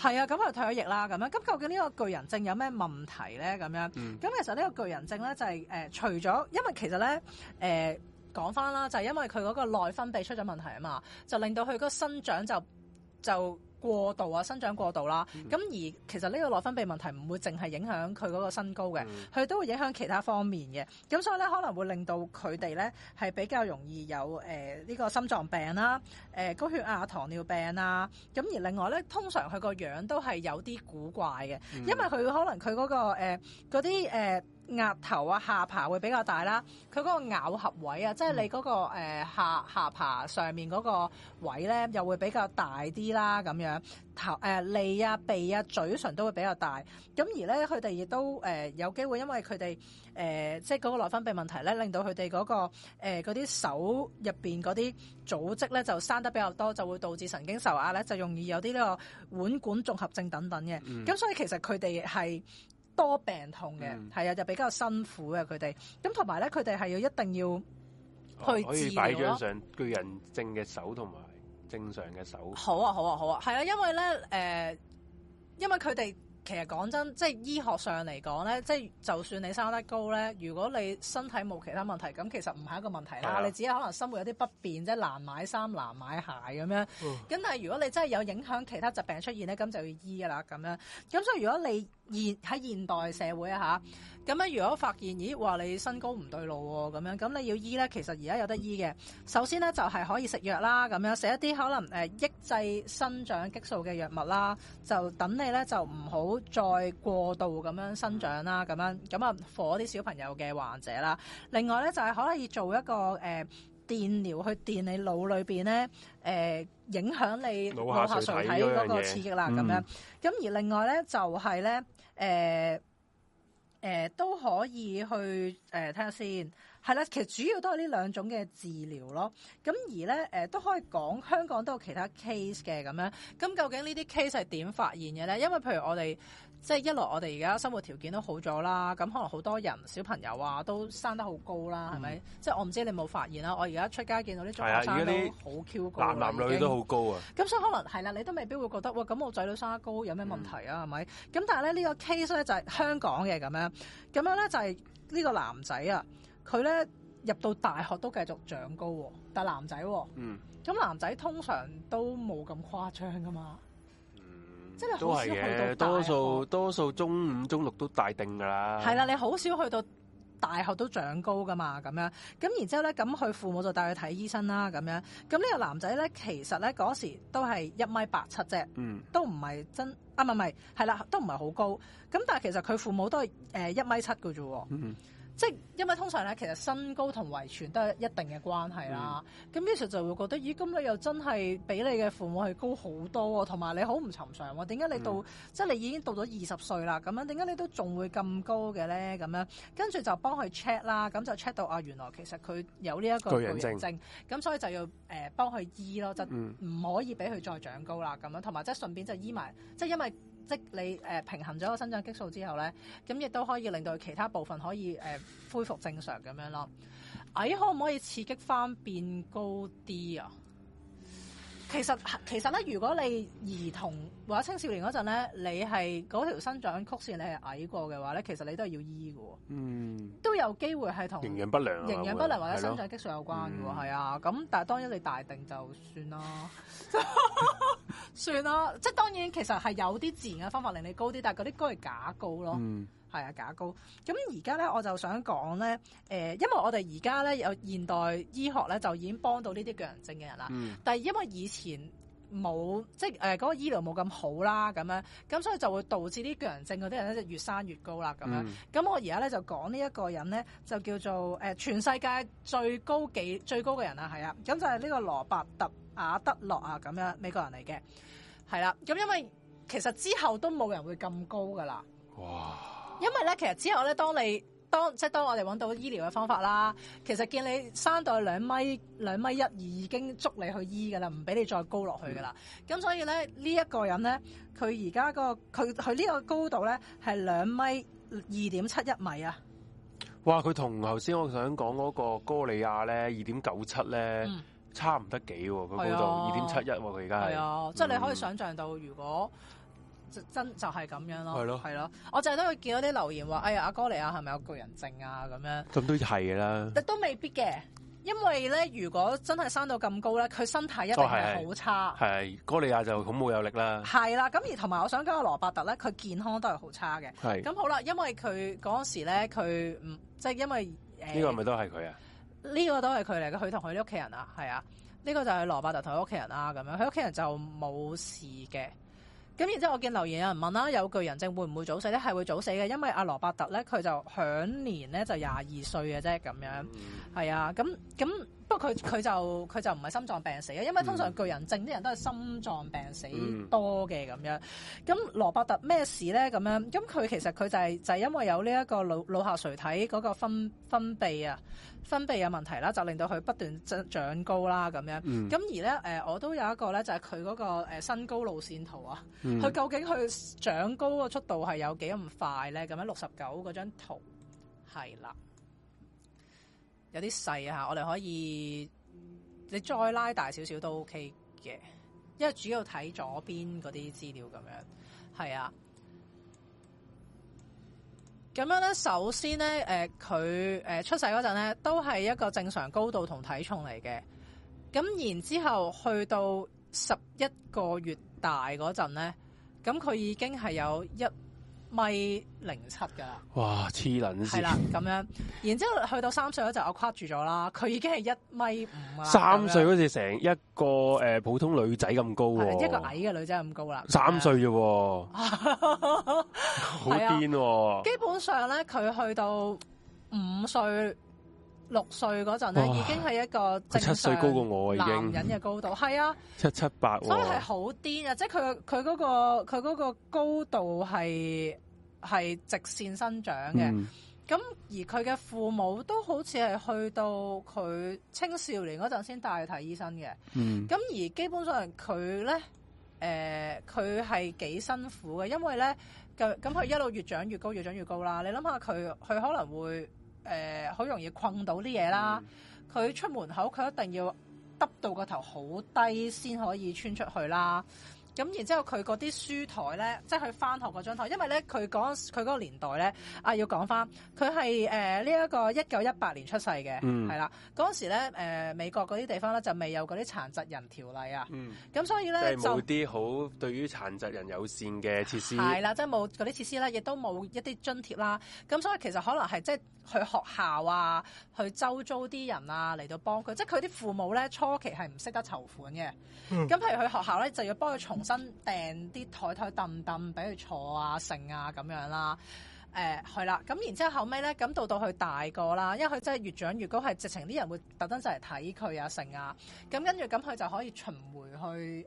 係啊，咁佢退咗役啦，咁樣，咁究竟呢個巨人症有咩問題咧？咁樣，咁其實呢個巨人症咧就係、是呃、除咗因為其實咧誒講返啦，就係、是、因為佢嗰個內分泌出咗問題啊嘛，就令到佢嗰個生長就就。過度啊，生長過度啦、啊，咁、嗯、而其實呢個內分泌問題唔會淨係影響佢嗰個身高嘅，佢、嗯、都會影響其他方面嘅，咁所以咧可能會令到佢哋咧係比較容易有誒呢、呃呢個心臟病啦、啊、誒、呃、高血壓、啊、糖尿病啊，咁而另外咧通常佢個樣都係有啲古怪嘅、嗯，因為佢可能佢嗰、嗰個嗰啲誒。呃額頭啊、下巴會比較大啦，佢嗰個咬合位啊，即係你嗰個誒下下巴上面嗰個位咧，又會比較大啲啦，咁樣頭誒脷啊、鼻啊、嘴唇都會比較大。咁而咧，佢哋亦都誒有機會，因為佢哋誒即係嗰個內分泌問題咧，令到佢哋嗰個誒嗰啲手入邊嗰啲組織咧就生得比較多，就會導致神經受壓咧，就容易有啲呢個腕管綜合症等等嘅。咁、嗯、所以其實佢哋係，多病痛嘅，係、嗯、啊，就比較辛苦嘅佢哋。咁同埋咧，佢哋係要一定要去治療、哦、可以擺張相巨人症嘅手同埋正常嘅手。好啊，好啊，好啊，係啊，因為咧，誒、呃，因為佢哋其實講真，即係醫學上嚟講咧，即係就算你生得高咧，如果你身體冇其他問題，咁其實唔係一個問題啦。你只係可能生活有啲不便即係，難買衫、難買鞋咁樣。嗯。咁但係如果你真係有影響其他疾病出現咧，咁就要醫噶啦，咁樣。咁所以如果你喺現，現代社會啊吓，咁樣如果發現咦話你身高唔對路喎，咁樣咁你要醫咧，其實而家有得醫嘅。首先咧就係可以食藥啦，咁樣食一啲可能誒抑制生長激素嘅藥物啦，就等你咧就唔好再過度咁樣生長啦，咁樣咁啊火啲小朋友嘅患者啦。另外咧就係可以做一個、呃電療去電你腦裏面咧、嗯，影響你腦下垂體嗰個刺激啦，咁樣。咁、嗯嗯、而另外咧，就係、是、咧、嗯嗯，都可以去誒睇下先。嗯聽係啦，其實主要都係呢兩種嘅治療咯。咁而咧、呃，都可以講香港都有其他 case 嘅咁樣。咁究竟呢啲 case 係點發現嘅咧？因為譬如我哋即係一來我哋而家生活條件都好咗啦，咁可能好多人小朋友啊都生得好高啦，係、嗯、咪？即係我唔知你冇發現啦。我而家出街見到啲中學生都好 Q 高，男男女女都好高啊。咁所以可能係啦，你都未必會覺得嘩咁我仔女生得高有咩問題啊？係、嗯、咪？咁但係咧呢、呢個 case 咧，就係香港嘅，咁樣咁樣咧，就係呢個男仔啊。佢咧入到大學都繼續長高，但是男仔、哦，咁、嗯、男仔通常都冇咁誇張噶嘛，嗯、即係好少去到大學，多數多數中五中六都大定噶啦。係啦，你好少去到大學都長高噶嘛，咁樣咁然之後咧，咁佢父母就帶佢睇醫生啦，咁樣咁呢個男仔咧，其實咧嗰時都係一米八七啫，都唔係真啊，唔係、唔係係啦，都唔係好高。咁但係其實佢父母都係一米七嘅啫。嗯即係因為通常咧，其實身高同遺傳都係一定嘅關係啦。咁、嗯、於是就會覺得，咦？咁你又真係比你嘅父母係高好多喎、啊，同埋你好唔尋常喎、啊。點解你到、嗯、即係你已經到咗二十歲啦？咁樣點解你都仲會咁高嘅咧？咁樣跟住就幫佢 check 啦，咁就 check 到啊，原來其實佢有呢一個巨人症。咁所以就要誒、呃、幫佢醫咯，就唔可以俾佢再長高啦。咁樣同埋即係順便就醫埋，即係因為即你誒平衡咗個生長激素之後咧，咁亦都可以令到其他部分可以誒恢復正常咁樣咯。矮可唔可以刺激翻變高啲啊？其實其實咧，如果你兒童或者青少年嗰陣咧，你係嗰條生長曲線你係矮過嘅話咧，其實你都係要醫㗎喎、嗯，都有機會係同營養不良、營養不良或者生長激素有關㗎喎，係、嗯、啊，咁但係當然你大定就算啦， <laughs> <laughs> 算啦，即係當然其實係有啲自然嘅方法令你高啲，但係嗰啲高係假高咯。嗯。係啊，假高咁而家咧，我就想講咧，因為我哋而家咧有現代醫學咧，就已經幫到呢啲巨人症嘅人啦。嗯。但係因為以前冇即係嗰個醫療冇咁好啦，咁樣咁，所以就會導致啲巨人症嗰啲人咧就越生越高啦，咁樣。嗯。咁我而家咧就講呢一個人咧，就叫做全世界最高幾最高嘅人啦，係啊，咁就係、是、呢個羅伯特亞德洛啊，咁樣美國人嚟嘅，係啦。咁因為其實之後都冇人會咁高噶啦。哇！因為咧，其實之後咧，當你當即係當我哋揾到醫療嘅方法啦，其實見你生到兩米兩米一已經捉你去醫㗎啦，唔俾你再高落去㗎啦。咁、嗯、所以咧，呢、這、一個人咧，佢而家個佢佢呢個高度咧係兩米二點七一米啊！哇！佢同頭先我想講嗰個哥里亞咧二點九七咧差唔得幾喎？佢高度二點七一喎！佢而家係啊，啊啊嗯、即係你可以想象到如果。真就係咁，就是、樣咯，係咯，係咯，我就係都會見到啲留言話，哎呀，阿哥利亞係咪有巨人症啊？咁樣咁都係嘅啦，但都未必嘅，因為咧，如果真係生到咁高咧，佢身體一定係好差。係、哦、哥利亞就好冇有力啦。係啦，咁而同埋我想講阿羅伯特咧，佢健康都係好差嘅。係咁好啦，因為佢嗰時咧，佢唔即係因為誒呢，呃這個係咪都係佢啊？呢、這個都係佢嚟嘅，佢同佢啲屋企人啊，係啊，呢、這個就係羅伯特同佢屋企人啊，咁樣佢屋企人就冇事嘅。咁然之後，我見留言有人問啦，有巨人症會唔會早死咧？係會早死嘅，因為阿羅伯特咧，佢就享年咧就廿二歲嘅啫，咁樣，係、嗯、啊，咁咁。咁佢佢就佢就唔係心臟病死嘅，因為通常巨人症啲人都係心臟病死多嘅咁、嗯、樣。咁羅伯特咩事咧咁樣？咁佢其實佢就係、是、就係、是、因為有呢一個腦腦下垂體嗰個分分泌啊分泌有問題啦，就令到佢不斷長高啦咁樣。咁、嗯、而咧誒我都有一個咧，就係佢嗰個身高路線圖啊。佢究竟佢長高嘅速度係有幾咁快咧？咁樣六十九嗰張圖係啦。有啲細啊，我哋可以你再拉大少少都 OK 嘅，因為主要睇左邊嗰啲資料咁樣，係啊。咁樣呢，首先呢，呃佢呃、出世嗰陣呢，都係一個正常高度同體重嚟嘅。咁然之後去到十一個月大嗰陣呢，咁佢已經係有一米零七噶啦，哇黐撚線！係啦，咁樣，然之後去到三歲嗰陣就我框住咗啦，佢已經係一米五啊！三歲好似成一個誒、呃、普通女仔咁高喎，啊，一個矮嘅女仔咁高啦，啊！三歲啫，啊、 <laughs> 好癲，啊啊！基本上咧，佢去到五歲、六歲嗰陣咧，已經係一個七歲高過我嘅男人嘅高度，係啊，七七八，所以係好癲啊！即係佢佢嗰個佢嗰個高度係。係直線生長嘅，咁、嗯、而佢嘅父母都好似係去到佢青少年嗰陣先帶去睇醫生嘅。咁、嗯、而基本上佢咧，誒佢係幾辛苦嘅，因為咧，咁咁佢一路越長越高，越長越高啦。你諗下佢，佢可能會誒好、呃、容易困到啲嘢啦。佢、嗯、出門口佢一定要揼到個頭好低先可以穿出去啦。咁然之後佢嗰啲書台咧，即係佢翻學嗰張台，因為咧佢講佢嗰個年代咧啊，要講翻佢係誒呢一個一九一八年出世嘅。係、嗯、啦。嗰時咧誒、呃、美國嗰啲地方咧就未有嗰啲殘疾人條例啊，咁、嗯、所以咧就冇啲好對於殘疾人友善嘅設施。係啦，即係冇嗰啲設施咧，亦都冇一啲津貼啦。咁所以其實可能係即係去學校啊，去周遭啲人啊嚟到幫佢。即係佢啲父母咧初期係唔識得籌款嘅。咁、嗯、譬如去學校咧就要幫佢重身掟啲台台凳凳俾佢坐啊、乘啊咁樣啦。誒、嗯，係啦。咁然之後後尾咧，咁到到佢大個啦，因為佢真係越長越高，係直情啲人會特登上嚟睇佢啊、乘啊。咁跟住咁佢就可以巡迴去誒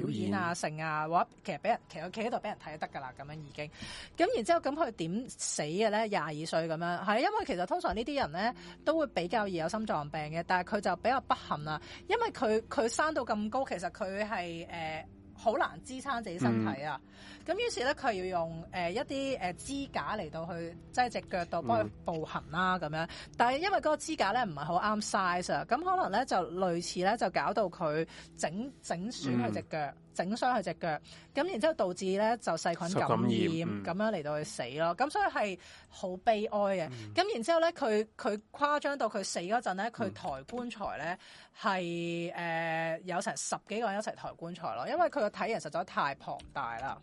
表演啊、乘啊，或者其實俾人其實企喺度俾人睇就得噶啦。咁樣已經咁，然之後咁佢點死嘅咧？廿二歲咁樣係啊，因為其實通常呢啲人咧都會比較易有心臟病嘅，但係佢就比較不幸啦，因為佢佢生到咁高，其實佢係誒。呃好難支撐自己身體啊！咁、嗯、於是咧，佢要用誒一啲誒支架嚟到去擠隻腳度幫佢步行啦、啊、咁、嗯、樣。但係因為嗰個支架咧唔係好啱 size 啊，咁可能咧就類似咧就搞到佢整整損佢隻腳。整傷佢隻腳，咁然之後導致咧就細菌感染，咁、嗯、樣嚟到佢死咯。咁所以係好悲哀嘅。咁然之後咧，佢佢誇張到佢死嗰陣咧，佢抬棺材咧係誒有成十幾個人一齊抬棺材咯。因為佢個體型實在太龐大啦。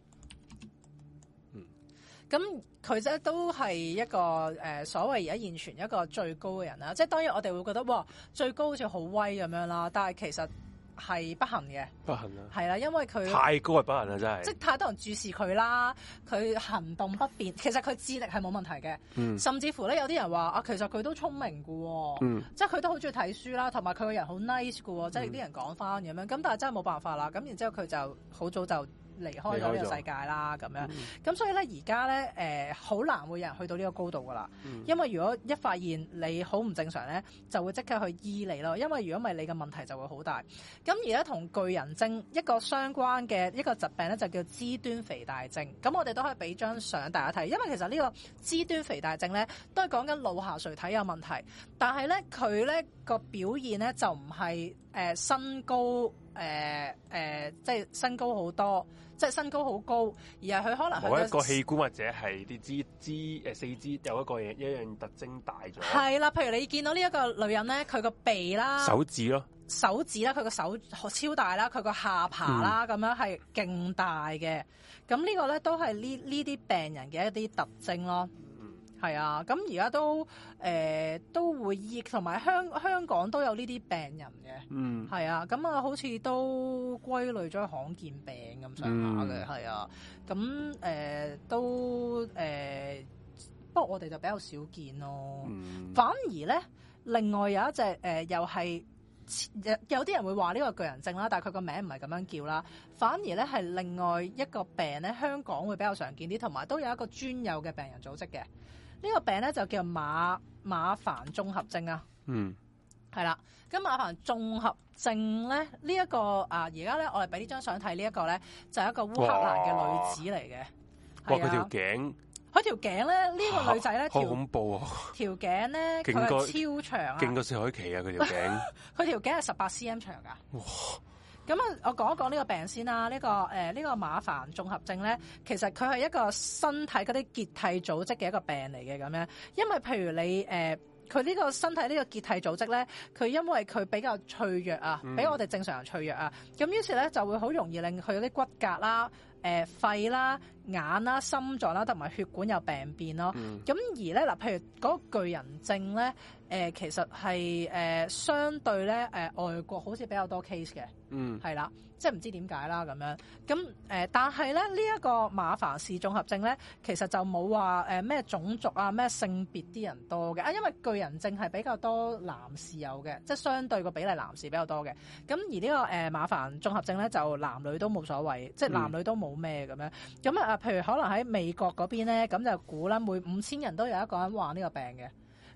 嗯，咁佢咧都係一個誒所謂而家現存一個最高嘅人啦。即係當然我哋會覺得哇最高好似好威咁樣啦，但係其實，係不幸嘅，不幸啊，係啦，因為佢太高係不幸啦，啊，真係，即係太多人注視佢啦，佢行動不便，其實佢智力係冇問題嘅，嗯，甚至乎咧有啲人話啊，其實佢都聰明㗎，即係佢都好中意睇書啦，同埋佢個人好 nice 喎，即係啲人講翻咁樣，咁、嗯、但係真係冇辦法啦，咁然之後佢就好早就。離開咗呢個世界啦，咁樣咁、嗯、所以咧，而家咧、呃、好難會有人去到呢個高度噶啦、嗯。因為如果一發現你好唔正常咧，就會即刻去醫你咯。因為如果唔係，你嘅問題就會好大。咁而家同巨人症一個相關嘅一個疾病咧，就叫肢端肥大症。咁我哋都可以俾張相大家睇，因為其實呢個肢端肥大症咧，都係講緊腦下垂體有問題，但係咧佢咧個表現咧就唔係、呃、身高、呃呃、即係身高好多。即係身高好高，而係佢可能佢一個器官或者係啲肢肢誒四肢有一個有一樣特徵大咗。係啦，譬如你見到呢一個女人咧，佢個鼻啦，手指咯，手指啦，佢個手超大啦，佢個下巴啦咁、嗯、樣係勁大嘅。咁呢個咧都係呢呢啲病人嘅一啲特徵咯。係啊，咁而家都誒、呃、都會熱，同埋香港香港都有呢啲病人嘅。嗯，係啊，咁啊好似都歸類咗罕見病咁上下嘅，係、嗯、啊。咁誒、呃、都誒、呃，不過我哋就比較少見咯。嗯、反而咧，另外有一隻誒、呃，又係有啲人會話呢個巨人症啦，但係佢個名唔係咁樣叫啦。反而咧係另外一個病咧，香港會比較常見啲，同埋都有一個專有嘅病人組織嘅。呢、這個病咧就叫馬馬凡綜合症啊，嗯，係啦。咁馬凡綜合症咧，呢、這、一個啊，而家咧我哋俾呢張相睇，呢一個咧就係、是、一個烏克蘭嘅女子嚟嘅。哇！佢條頸，佢條頸咧，呢、這個女仔咧，好恐怖啊，條，條頸咧，勁高超長啊，勁過薛凱琪啊，佢條頸，佢 <laughs> 條頸係十八 cm 長㗎。哇！咁啊，我講一講呢個病先啦。呢、這個誒呢、呃這個馬凡綜合症咧，其實佢係一個身體嗰啲結締組織嘅一個病嚟嘅咁樣。因為譬如你誒，佢、呃、呢個身體呢個結締組織咧，佢因為佢比較脆弱啊，比我哋正常人脆弱啊。咁、嗯、於是咧就會好容易令佢啲骨骼啦、啊呃、肺啦、啊、眼啦、啊、心臟啦、啊，同埋血管有病變咯。咁、嗯、而咧嗱，譬如嗰巨人症咧。誒、呃、其實係誒、呃、相對咧誒、呃、外國好似比較多 case 嘅，嗯、mm.，係啦，即係唔知點解啦咁樣。咁誒但係咧、呃、呢一、這個馬凡氏綜合症咧，其實就冇話誒咩種族啊咩性別啲人多嘅啊，因為巨人症係比較多男士有嘅，即係相對個比例男士比較多嘅。咁而呢、這個誒、呃、馬凡綜合症咧就男女都冇所謂，mm. 即係男女都冇咩咁樣。咁啊，譬如可能喺美國嗰邊咧，咁就估啦，每五千人都有一個人患呢個病嘅。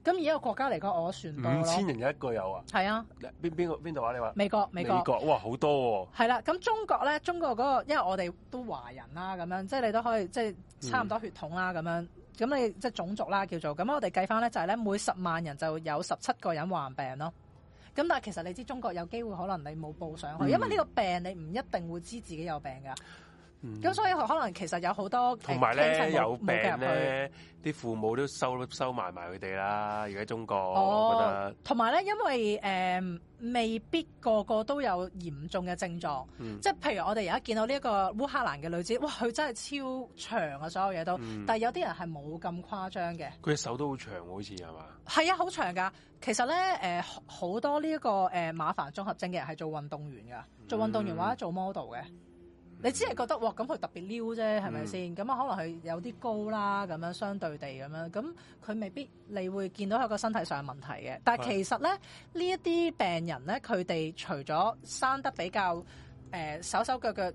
咁而家個國家嚟講，我算多咯。五千人有一個有啊？係啊。邊邊個邊度話你話？美國美國，美國哇好多喎、啊。係啦、啊，咁中國咧，中國嗰、那個因為我哋都華人啦、啊，咁樣即係你都可以即係差唔多血統啦、啊，咁樣咁你即係種族啦、啊、叫做。咁我哋計翻咧就係咧每十萬人就有十七個人患病咯、啊。咁但係其實你知中國有機會可能你冇報上去，嗯、因為呢個病你唔一定會知自己有病㗎。咁、嗯、所以可能其實有好多，同埋咧有病咧，啲父母都收收埋埋佢哋啦。而家中國、哦，我覺得同埋咧，因為誒、嗯、未必個個都有嚴重嘅症狀，即、嗯、係譬如我哋而家見到呢一個烏克蘭嘅女子，哇！佢真係超長啊，所有嘢都，嗯、但係有啲人係冇咁誇張嘅。佢隻手都好長喎，好似係嘛？係啊，好長㗎。其實咧誒，好、呃、多呢、這、一個誒馬凡綜合症嘅人係做運動員㗎、嗯，做運動員或者做 model 嘅。你只係覺得，哇！咁佢特別溜啫，係咪先？咁啊，可能佢有啲高啦，咁樣相對地咁樣，咁佢未必你會見到佢個身體上有問題嘅。但係其實咧，呢一啲病人咧，佢哋除咗生得比較誒、呃、手手腳腳、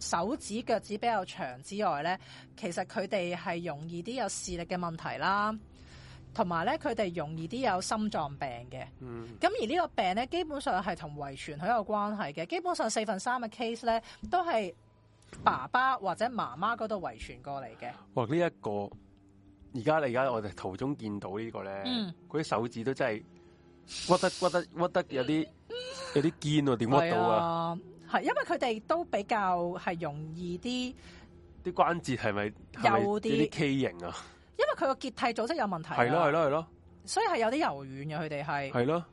手指腳趾比較長之外咧，其實佢哋係容易啲有視力嘅問題啦，同埋咧佢哋容易啲有心臟病嘅。咁、嗯、而呢個病咧，基本上係同遺傳好有關係嘅，基本上四分三嘅 case 咧都係，爸爸或者媽媽嗰度遺傳過嚟嘅，哇！呢、這、一個而家你而家我哋途中見到呢、這個咧，嗰、嗯、啲手指都真係屈得屈得屈得有啲有啲堅啊，點屈到啊？係、啊、因為佢哋都比較係容易啲，啲關節係咪有啲畸形啊？因為佢個結締組織有問題，啊，係咯係咯係咯，所以係有啲柔軟嘅，佢哋係係咯。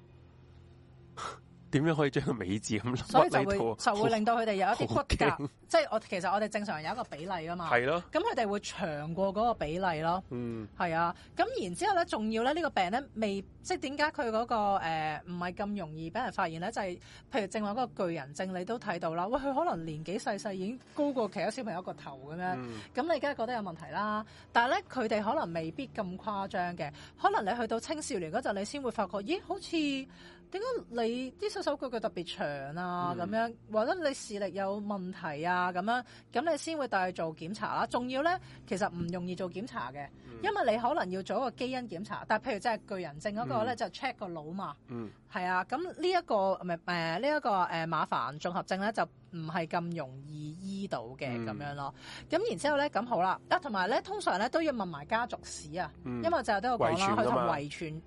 <laughs> 點樣可以將個美字咁？所以就會就會令到佢哋有一啲骨骼，即係我其實我哋正常人有一個比例噶嘛。係咯。咁佢哋會長過嗰個比例咯。嗯。係啊。咁然之後咧，仲要咧，呢、這個病咧未，即係點解佢嗰個誒唔係咁容易俾人發現咧？就係、是、譬如正話嗰個巨人症，你都睇到啦。喂，佢可能年紀細細已經高過其他小朋友一個頭咁樣。咁、嗯、你梗係覺得有問題啦。但係咧，佢哋可能未必咁誇張嘅。可能你去到青少年嗰陣，你先會發覺，咦，好似點解你啲手腳腳特別長啊，咁樣或者你視力有問題啊，咁樣，咁你先會帶去做檢查啦。仲要咧，其實唔容易做檢查嘅，因為你可能要做一個基因檢查。但係譬如真係巨人症嗰個咧、嗯，就 check 個腦嘛。嗯，係啊。咁呢一個係誒呢一個誒馬凡綜合症咧，就唔係咁容易醫到嘅咁、嗯、樣咯。咁然之後咧，咁好啦。啊，同埋咧，通常咧都要問埋家族史啊，嗯、因為就都有講啦，佢同遺傳。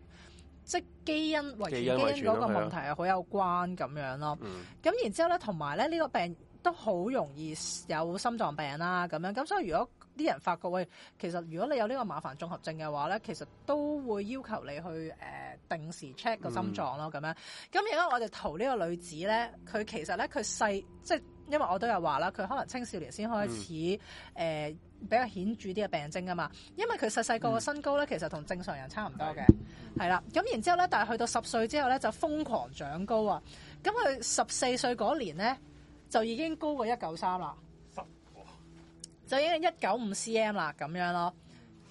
即基因、為基因嗰個問題係好有關咁樣咯。咁、嗯、然之後咧，同埋咧呢、呢個病都好容易有心臟病啦。咁樣。咁所以如果啲人發覺喂，其實如果你有呢個馬凡綜合症嘅話咧，其實都會要求你去誒、呃、定時 check 個心臟咯咁、嗯、樣。咁而家我哋圖呢個女子咧，佢其實咧佢細，即因為我都有話啦，佢可能青少年先開始誒。嗯呃比較顯著啲嘅病徵㗎嘛，因為佢細細個嘅身高咧，其實同正常人差唔多嘅，係、嗯、啦。咁然後呢之後咧，但係去到十歲之後咧，就瘋狂長高啊。咁佢十四歲嗰年咧，就已經高過一九三啦，十就已經一九五 cm 啦，咁樣咯。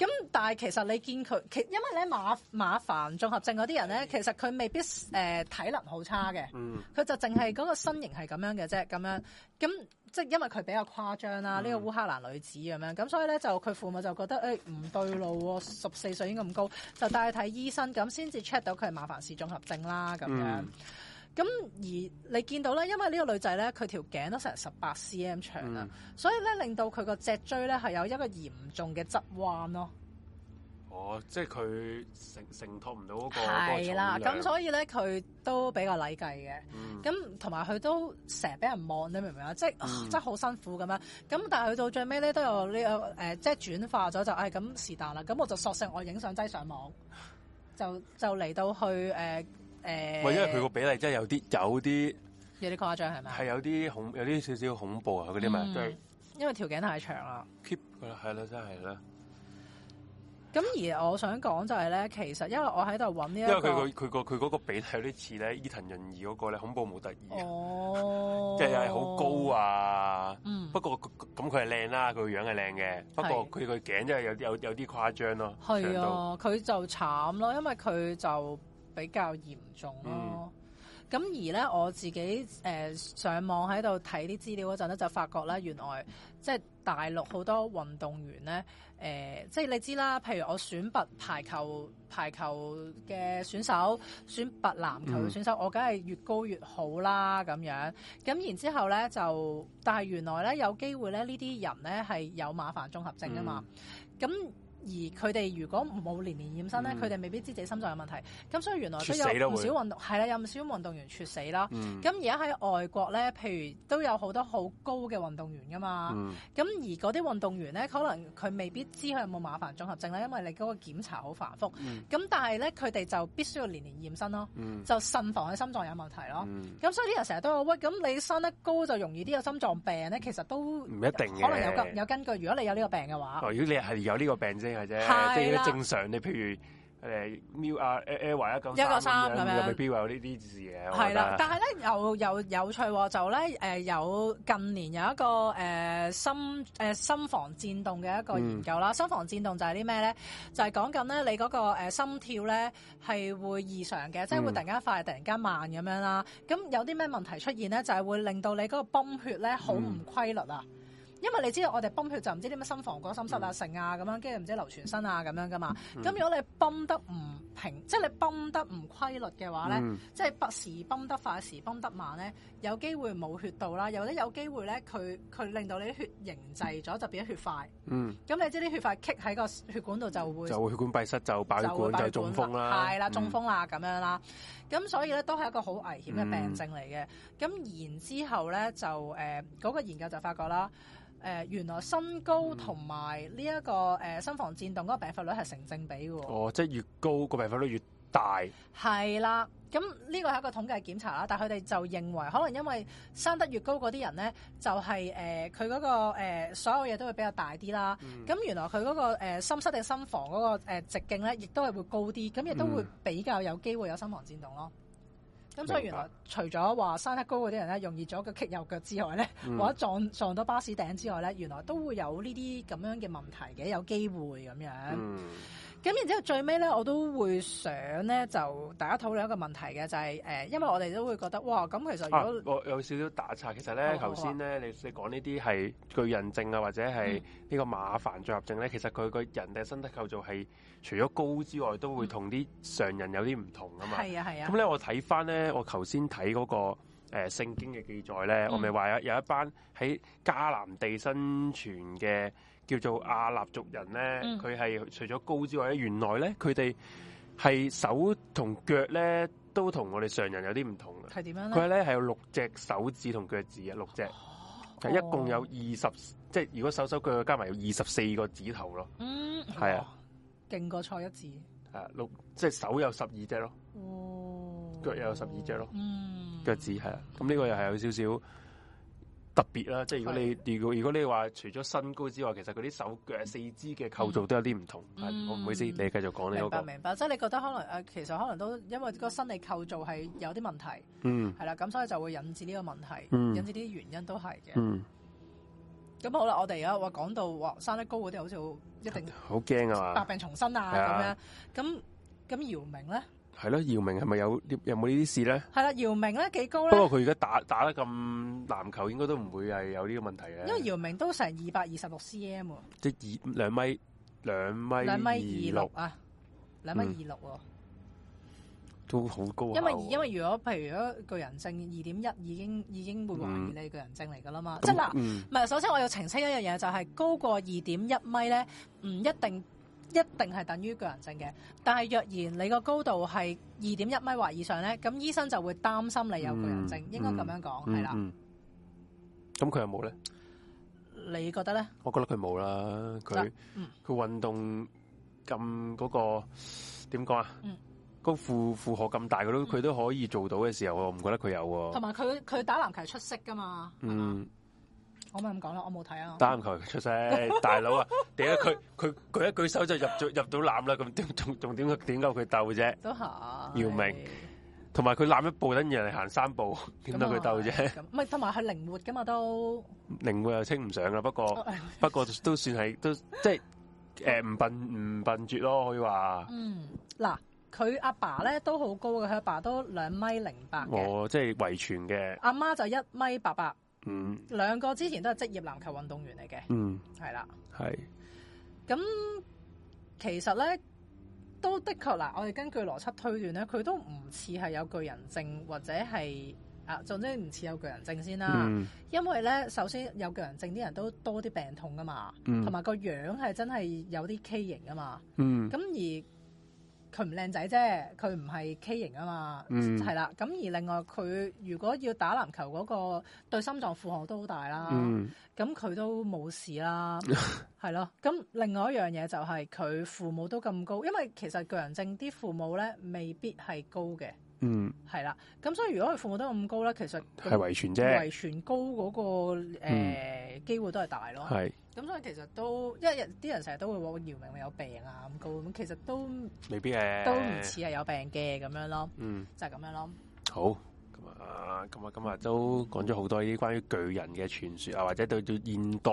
咁、嗯、但係其實你見佢，其因為咧馬馬凡綜合症嗰啲人咧，其實佢未必誒、呃、體能好差嘅，佢、嗯、就淨係嗰個身形係咁樣嘅啫，咁樣咁即係因為佢比較誇張啦，呢、嗯這個烏克蘭女子咁樣，咁所以咧就佢父母就覺得誒唔、欸、對路喎、哦，十四歲已經咁高，就帶去睇醫生，咁先至 check 到佢係馬凡氏綜合症啦，咁樣。嗯咁而你見到咧，因為呢個女仔咧，佢條頸都成日十八 cm 長啦、嗯，所以咧令到佢個脊椎咧係有一個嚴重嘅側彎咯。哦，即係佢承承托唔到嗰、那個，係啦，咁、那個、所以咧佢都比較禮計嘅。咁同埋佢都成日俾人望，你明唔明啊？即係、呃嗯、真係好辛苦咁樣。咁但係去到最尾咧都有呢、這個、呃、即係轉化咗就係咁是但啦。咁、哎、我就索性我影相齋上網，就就嚟到去、呃喂、欸，因為佢個比例真係有啲有啲有啲誇張係咪？係有啲恐有啲少少恐怖啊！嗰啲咪即係因為條頸太長啦。keep 係啦，真係啦。咁而我想講就係、是、咧，其實因為我喺度揾呢個，因為佢佢佢個佢嗰個比例有啲似咧伊藤潤二嗰個咧，恐怖冇得意哦，即係好高啊。不過咁佢係靚啦，佢個樣係靚嘅，不過佢個頸真係有啲有有啲誇張咯。係啊，佢就慘咯，因為佢就。比較嚴重咯，咁、嗯、而呢，我自己、呃、上網喺度睇啲資料嗰陣就發覺呢，原來即係大陸好多運動員呢，呃、即係你知啦，譬如我選拔排球排球嘅選手，選拔籃球嘅選手，嗯、我梗係越高越好啦咁樣，咁然之後呢，就，但係原來呢，有機會呢，呢啲人呢係有馬凡綜合症㗎嘛，咁、嗯。而佢哋如果冇年年驗身咧，佢哋未必知自己心臟有問題。咁、嗯、所以原來都有唔少運動係啦，有唔少運動員猝死啦。咁而家喺外國咧，譬如都有好多好高嘅運動員噶嘛。咁、嗯、而嗰啲運動員咧，可能佢未必知佢有冇馬凡綜合症咧，因為你嗰個檢查好繁複。咁、嗯、但係咧，佢哋就必須要年年驗身咯，嗯、就慎防佢心臟有問題咯。咁、嗯、所以啲人成日都話喂，咁你生得高就容易啲有心臟病咧，其實都唔一定可能有根有根據。如果你有呢個病嘅話，如、哦、果你係有呢個病啫。 <music> 正常。你譬如誒啊 a 一九三咁樣，有冇呢啲嘢嘅？係啦，但係咧又又有趣喎，就咧誒有近年有一個誒心誒心房顫動嘅一個研究啦。心房顫動就係啲咩咧？就係講緊咧你嗰個心跳咧係會異常嘅，即係會突然間快，突然間慢咁樣啦。咁有啲咩問題出現咧？就係會令到你嗰個泵血咧好唔規律啊！因為你知道我哋泵血就唔知啲咩心房過心室啊、成、嗯、啊咁樣，跟住唔知流全身啊咁樣噶嘛。咁、嗯、如果你泵得唔平，即、就、係、是、你泵得唔規律嘅話咧，即、嗯、係、就是、不時泵得快，時泵得慢咧，有機會冇血到啦，又或者有機會咧，佢佢令到你啲血凝滯咗，就變咗血塊。咁、嗯、你知啲血塊棘喺個血管度就會就會血管閉塞，就爆血管，就中風啦，係啦、嗯，中風啦咁樣啦。咁所以咧都係一個好危險嘅病症嚟嘅。咁、嗯、然之後咧就誒嗰、呃那個、研究就發覺啦，誒、呃、原來身高同埋呢一個誒心房顫動嗰病發率係成正比嘅喎。哦，即係越高個病發率越。大係啦，咁呢個係一個統計檢查啦，但係佢哋就認為可能因為生得越高嗰啲人咧，就係佢嗰個、呃、所有嘢都會比較大啲啦。咁、嗯、原來佢嗰、嗰個、呃、心室定心房嗰個、呃、直徑咧，亦都係會高啲，咁亦都會比較有機會有心房顫動咯。咁所以原來除咗話生得高嗰啲人咧，容易左腳踢右腳之外咧、嗯，或者撞撞到巴士頂之外咧，原來都會有呢啲咁樣嘅問題嘅，有機會咁樣。嗯咁然之後最尾咧，我都會想咧，就大家討論一個問題嘅，就係、是呃、因為我哋都會覺得哇，咁其實如果、啊、我有少少打岔，其實咧頭先咧，你你講呢啲係巨人症啊，或者係呢個馬凡綜合症咧、嗯，其實佢個人嘅身體構造係除咗高之外，都會同啲常人有啲唔同啊嘛。啊、嗯、啊。咁咧，我睇翻咧，我頭先睇嗰個聖、呃、經嘅記載咧、嗯，我咪話有有一班喺迦南地生存嘅。叫做阿納族人咧，佢、嗯、係除咗高之外，咧原來咧佢哋係手同腳咧都同我哋常人有啲唔同嘅。係點樣咧？佢咧係有六隻手指同腳趾啊，六隻，就、哦、一共有二十、哦，即係如果手手腳腳加埋有二十四個指頭咯。嗯，係啊，勁過蔡一智。係、啊、六，即係手有十二隻咯。哦，腳又有十二隻咯、哦指是啊。嗯，腳趾係啊。咁呢個又係有少少。特別啦，即係如果你如果你話除咗身高之外，其實嗰啲手腳四肢嘅構造都有啲唔同。嗯、我唔好意思，你繼續講你、這個、明白明白，即係你覺得可能誒，其實可能都因為個生理構造係有啲問題。嗯，係啦，咁所以就會引致呢個問題，嗯、引致啲原因都係嘅。嗯，咁好啦，我哋而家話講到話生得高嗰啲，好似一定好驚啊，啊，百病重生啊咁樣。咁咁姚明咧？係咯，姚明係咪有有冇呢啲事咧？係啦，姚明咧幾高咧？不過佢而家打打得咁籃球，應該都唔會係有呢個問題嘅。因為姚明都成二百二十六 cm。即係二兩米兩米。兩米二六啊！兩米二六哦，都好高啊。因為二因為如果譬如如果巨人症二點一已經已經會懷疑你巨人症嚟噶啦嘛？即係嗱，唔係首先我要澄清一樣嘢，就係高過二點一米咧，唔一定。一定係等於巨人症嘅，但係若然你個高度係二點一米或以上咧，咁醫生就會擔心你有巨人症，嗯、應該咁樣講係啦。嗯，咁佢、嗯嗯嗯、有冇咧？你覺得咧？我覺得佢冇啦，佢佢運動咁嗰、嗰個點講啊？嗯，嗰個負負荷咁大，佢都佢都可以做到嘅時候，嗯、我唔覺得佢有。同埋佢佢打籃球係出色㗎嘛？嗯。我咪咁講咯，我冇睇啊！打佢佢，出 <laughs> 色，大佬啊，點解佢佢舉一舉手就入咗入到籃啦？咁仲仲點點夠佢鬥啫？都吓，姚明，同埋佢攬一步等人哋行三步，點解佢鬥啫？咁同埋佢靈活噶嘛都。靈活又稱唔上啦，不過 <laughs> 不過都算係都即係誒唔笨唔笨拙咯可以話。嗯，嗱，佢阿爸咧都好高嘅，佢阿爸，爸都兩米零八哦即係遺傳嘅。阿媽就一米八八。嗯，兩個之前都係職業籃球運動員嚟嘅。嗯，係啦，係。咁其實咧，都的確嗱，我哋根據邏輯推斷咧，佢都唔似係有巨人症或者係啊，總之唔似有巨人症先啦。嗯，因為咧，首先有巨人症啲人都多啲病痛噶嘛，同埋個樣係真係有啲畸形噶嘛，嗯，咁，嗯，而。佢唔靚仔啫，佢唔係畸形啊嘛，係、嗯、啦。咁而另外佢如果要打籃球嗰個對心臟負荷都好大啦，咁、嗯、佢都冇事啦，係 <laughs> 咯。咁另外一樣嘢就係佢父母都咁高，因為其實巨人症啲父母咧未必係高嘅。嗯，係啦，咁所以如果佢父母都咁高咧，其實係遺傳啫，遺傳高嗰、嗰個誒機、呃嗯、會都係大咯。係，咁所以其實都因為啲人成日都會話姚明有病啊咁高咁，其實都未必嘅，都唔似係有病嘅咁樣咯。嗯，就係、是、咁樣咯。好，咁啊，咁啊，咁啊，今日都講咗好多啲關於巨人嘅傳說啊，或者到到現代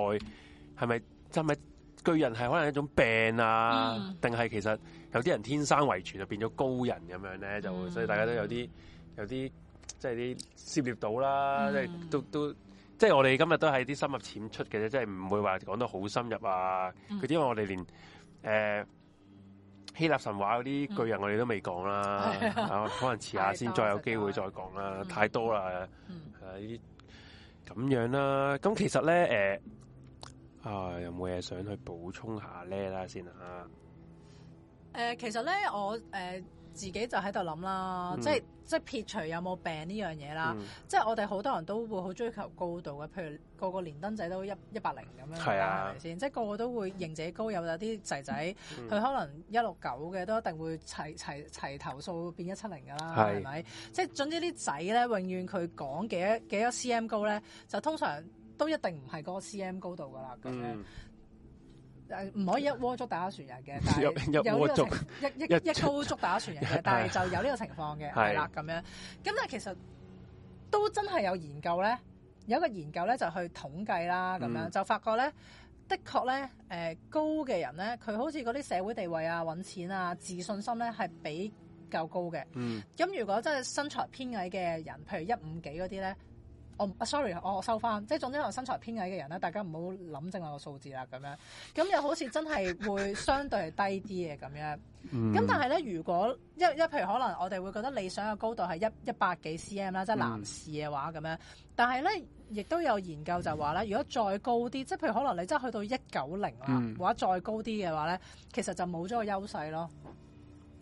係咪真係？嗯是巨人係可能一種病啊，定、嗯、係其實有啲人天生遺傳就變咗高人咁樣咧，就會、嗯、所以大家都有啲、嗯、有啲即係啲涉獵到啦，即、嗯、係、就是、都都即係、就是、我哋今日都係啲深入淺出嘅啫，即係唔會話講得好深入啊。佢點解我哋連誒、呃、希臘神話嗰啲巨人我哋都未講啦？啊，可能遲下先再有機會再講啦，太多啦。嗯，啊，咁、嗯嗯呃、樣啦。咁其實咧，誒、呃。啊！有冇嘢想去補充一下咧？啦先啊！誒，其實咧，我誒、呃、自己就喺度諗啦，嗯、即係即係撇除有冇病呢樣嘢啦，嗯、即係我哋好多人都會好追求高度嘅，譬如個個連登仔都一一百零咁樣，係啊，先即係個個都會認者高，有有啲仔仔佢可能一六九嘅都一定會齊齊齊頭數變一七零噶啦，係咪？即係總之啲仔咧，永遠佢講幾多幾多 cm 高咧，就通常，都一定唔係嗰個 CM 高度噶啦，咁樣唔可以一竹篙打一船人嘅， <laughs> 但係有呢個 <laughs> 一一一竹篙打一船人嘅， <laughs> 但係就有呢個情況嘅，係啦咁樣。咁、嗯嗯嗯、但咧其實都真係有研究咧，有一個研究咧就去統計啦，咁樣就發覺咧，的確咧誒、呃、高嘅人咧，佢好似嗰啲社會地位啊、揾錢啊、自信心咧係比較高嘅。咁、嗯、如果真係身材偏矮嘅人，譬如一五幾嗰啲咧。我、oh, sorry，我、oh, 收翻，即係總之，我身材偏矮嘅人咧，大家唔好諗正我個數字啦，咁樣，咁又好似真係會相對係低啲嘅咁樣。咁但係咧，如果一一譬如可能我哋會覺得理想嘅高度係一一百幾 cm 啦，即係男士嘅話咁樣、嗯，但係咧亦都有研究就話咧，如果再高啲，即係譬如可能你真係去到一九零呀，或者再高啲嘅話咧，其實就冇咗個優勢咯。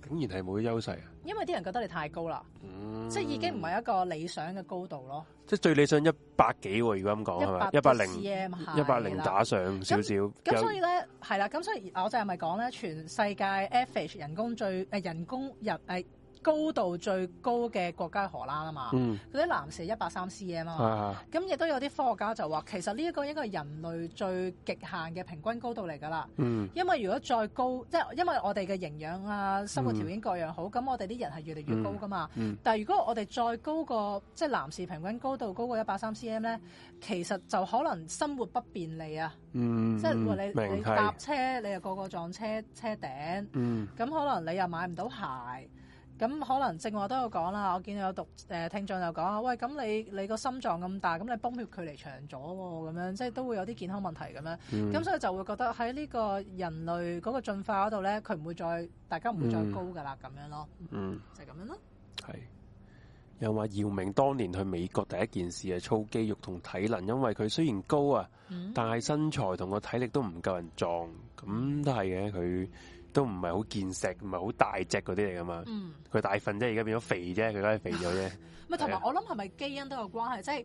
竟然係冇咗優勢啊！因為啲人覺得你太高啦、嗯，即係已經唔係一個理想嘅高度咯。即係最理想一百幾喎，如果咁講係咪？一百零，一百零打上少少。咁、嗯嗯、所以咧係啦，咁所以我就係咪講咧全世界 average 人工最誒人工入誒。人哎高度最高嘅國家係荷蘭啊嘛，嗰啲男士一百八三 cm 啊，咁亦都有啲科學家就話，其實呢一個應該係人類最極限嘅平均高度嚟噶啦。因為如果再高，即、就、係、是、因為我哋嘅營養啊、生活條件各樣好，咁、嗯、我哋啲人係越嚟越高噶嘛。嗯、但如果我哋再高過，即、就、係、是、男士平均高度高過一百八三 cm 呢，其實就可能生活不便利啊。即、嗯、係你你搭車你又個個撞車車頂，咁、嗯、可能你又買唔到鞋。咁可能正話我都有講啦，我見有讀誒聽眾就講啊，喂，咁你你個心臟咁大，咁你泵血距離長咗喎，咁樣即係都會有啲健康問題咁樣，咁、嗯、所以就會覺得喺呢個人類嗰個進化嗰度咧，佢唔會再大家唔會再高噶啦咁樣咯，嗯、就係、是、咁樣咯。係又話姚明當年去美國第一件事係操肌肉同體能，因為佢雖然高啊，嗯、但係身材同個體力都唔夠人壯咁都係嘅佢。都唔係好健碩，唔係好大隻嗰啲嚟噶嘛。佢、嗯、大份啫，現在變而家變咗肥啫，佢梗係肥咗啫。咪同埋我諗係咪基因都有關係？即、就、係、是、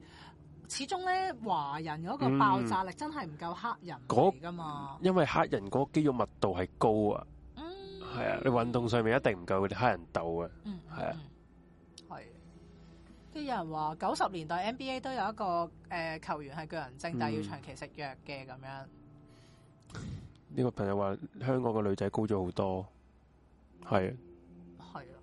始終咧，華人嗰個爆炸力真係唔夠黑人嚟噶嘛、嗯。因為黑人嗰個肌肉密度係高啊。係、嗯、啊，你運動上面一定唔夠啲黑人鬥、嗯嗯、啊。係啊，係。啲人話九十年代 NBA 都有一個誒、呃、球員係巨人症，嗯、但係要長期食藥嘅咁樣。呢、這個朋友話香港嘅女仔高咗好多，係係啊，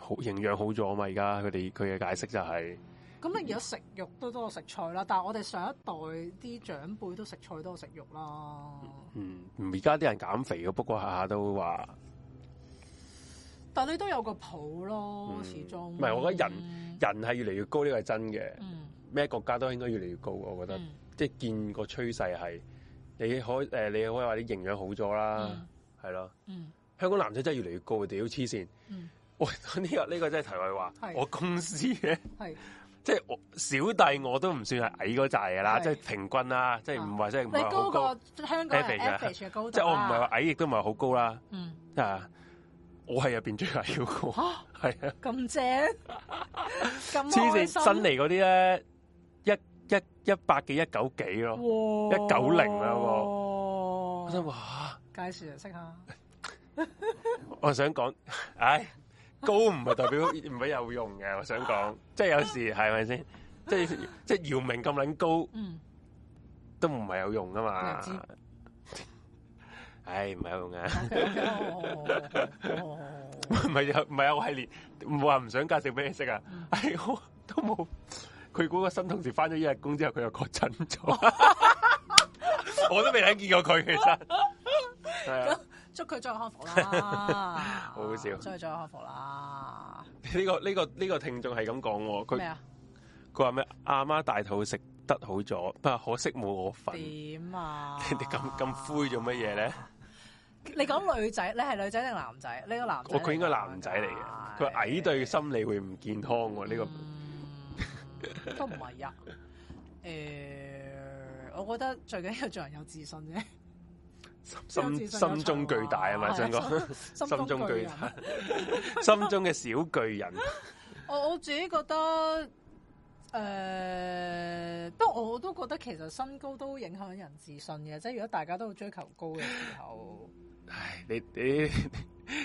好營養好咗啊嘛！而家佢哋佢嘅解釋就係、是、咁。那你而家食肉也都多過食菜啦，嗯、但係我哋上一代啲長輩都食菜多過食肉啦。嗯，而家啲人減肥嘅，不過下下都話，但你都有個譜咯、嗯，始終。唔係，我覺得人、嗯、人係越嚟越高，呢個係真嘅。咩、嗯、國家都應該越嚟越高，我覺得、嗯、即係見個趨勢係。你可誒？你可以話啲營養好咗啦，係、嗯、囉。嗯，香港男仔真係越嚟越高嘅，屌黐線。嗯，喂、呢個，呢個呢個真係題外話。我公司嘅即係我小弟我都唔算係矮嗰咋扎嘅啦，即係、就是、平均啦、啊，即係唔話真係唔係好高。高過香港人嘅 height 高啲啦、啊。即、就、係、是、我唔係話矮，亦都唔係好高啦。嗯啊，但我係入面最矮嗰個，嚇，係啊，咁、 <laughs> 啊、正，黐 <laughs> 線新嚟嗰啲呢。一一百幾一九幾咯，一九零啦，我想話介紹人識下。我想講，唉，高唔係代表唔係有用嘅。我想講，即係有時係咪先？即係即係姚明咁捻高，都唔係有用噶嘛。唉，唔係有用嘅。唔係啊，唔係啊，我係連唔話唔想介紹俾你識啊。唉，我都冇。佢估個新同事翻咗一日工之後，佢又確診咗 <laughs> 我都未睇見過佢，其實。 <laughs> 祝佢再康復啦！好好笑祝祝幸福，這個。祝佢再康復啦！呢個呢個呢個聽眾係咁講喎。佢咩啊？佢話咩？阿媽大肚食得好咗，不過可惜冇我份。點啊？你哋咁咁灰做乜嘢咧？你講女仔，你係女仔定男仔？呢個男，男。我 <laughs> 佢應該男仔嚟嘅。佢矮對心理會唔健康喎？呢、嗯、個。 <laughs> 都唔係呀，誒、欸，我覺得最緊要做人有自信啫，心心中巨大啊嘛，想、啊、講心，心，心中巨大， <laughs> 心中嘅小巨人。 <laughs> 我我自己覺得，誒、欸，不過我都覺得其實身高都影響人自信嘅，即係如果大家都追求高嘅時候，唉，你你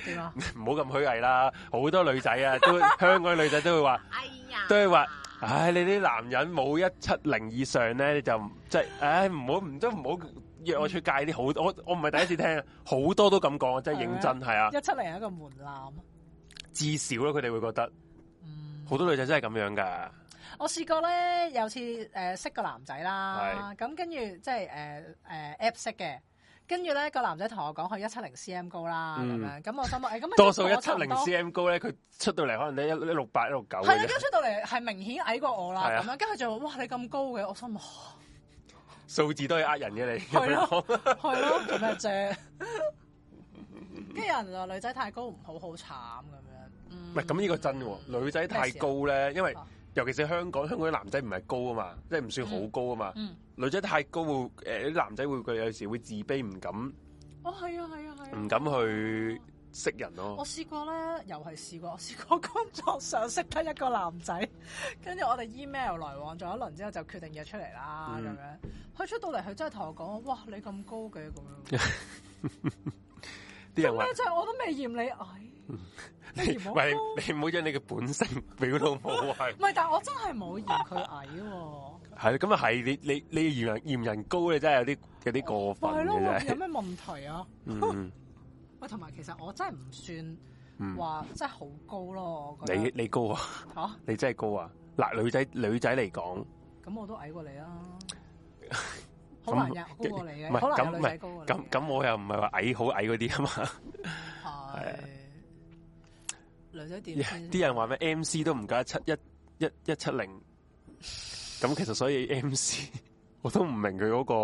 點啊？唔好咁虛偽啦，好多女仔啊，都 <laughs> 香港女仔都會話、哎呀，都會話。唉，你啲男人冇一七零以上咧，你就即係、即係、唉，唔好唔都唔好約我出街啲好、嗯，我我唔係第一次聽好 <laughs> 多都咁講即真係認真係啊，一七零係一個門檻，至少咯，佢哋會覺得，好、嗯、多女仔真係咁樣噶。我試過咧，有次誒、呃、識個男仔啦，咁跟住即係誒誒 app 識嘅。跟住咧，個男仔同我講佢一七零 cm 高啦，咁、嗯、樣咁我心諗，誒、欸、咁多，多數一七零 cm 高咧，佢出到嚟可能你一一六八一六九，係啦，跟住出到嚟係明顯矮過我啦，咁樣跟住就話哇你咁高嘅，我心諗數字都係呃人嘅你，係咯係咯做咩啫？跟住 <laughs> 人話女仔太高唔好，好慘咁樣。唔係咁呢個真喎，女仔太高咧、啊，因為。尤其是香港，香港啲男仔唔係高啊嘛，即係唔算好高啊嘛。嗯嗯、女仔太高會，誒、呃、啲男仔會佢有時會自卑，唔敢。哦，係啊，係啊，係、啊。唔敢去識人咯、啊。我試過咧，又係試過，我試過工作上識得一個男仔，跟 <laughs> 住我哋 email 來往咗一輪之後，就決定約出嚟啦。咁、嗯、樣，佢出到嚟，佢真係同我講，哇，你咁高嘅咁樣。啲 <laughs> 人，即係我都未嫌你矮。哎嗯、你唔係你唔好將你嘅本性表到冇係，唔 <laughs> 係，但係我真係冇嫌佢矮喎。係咁啊，係你你你嫌人嫌人高你真係有啲有啲過分。係咯，就係、有咩問題啊？喂、嗯，同 <laughs> 埋其實我真係唔算話真係好高咯、嗯。你你高啊？啊你真係高啊？嗱，女仔女仔嚟講，咁我都矮過你啊！好難高過你嘅，好、嗯、難有女仔高嘅、啊。咁咁我又唔係話矮好矮嗰啲啊嘛。係。 <laughs> 啲、yeah, 人話咩？MC 都唔夠一七一一一七零，咁其實所以 MC 我都唔明佢嗰個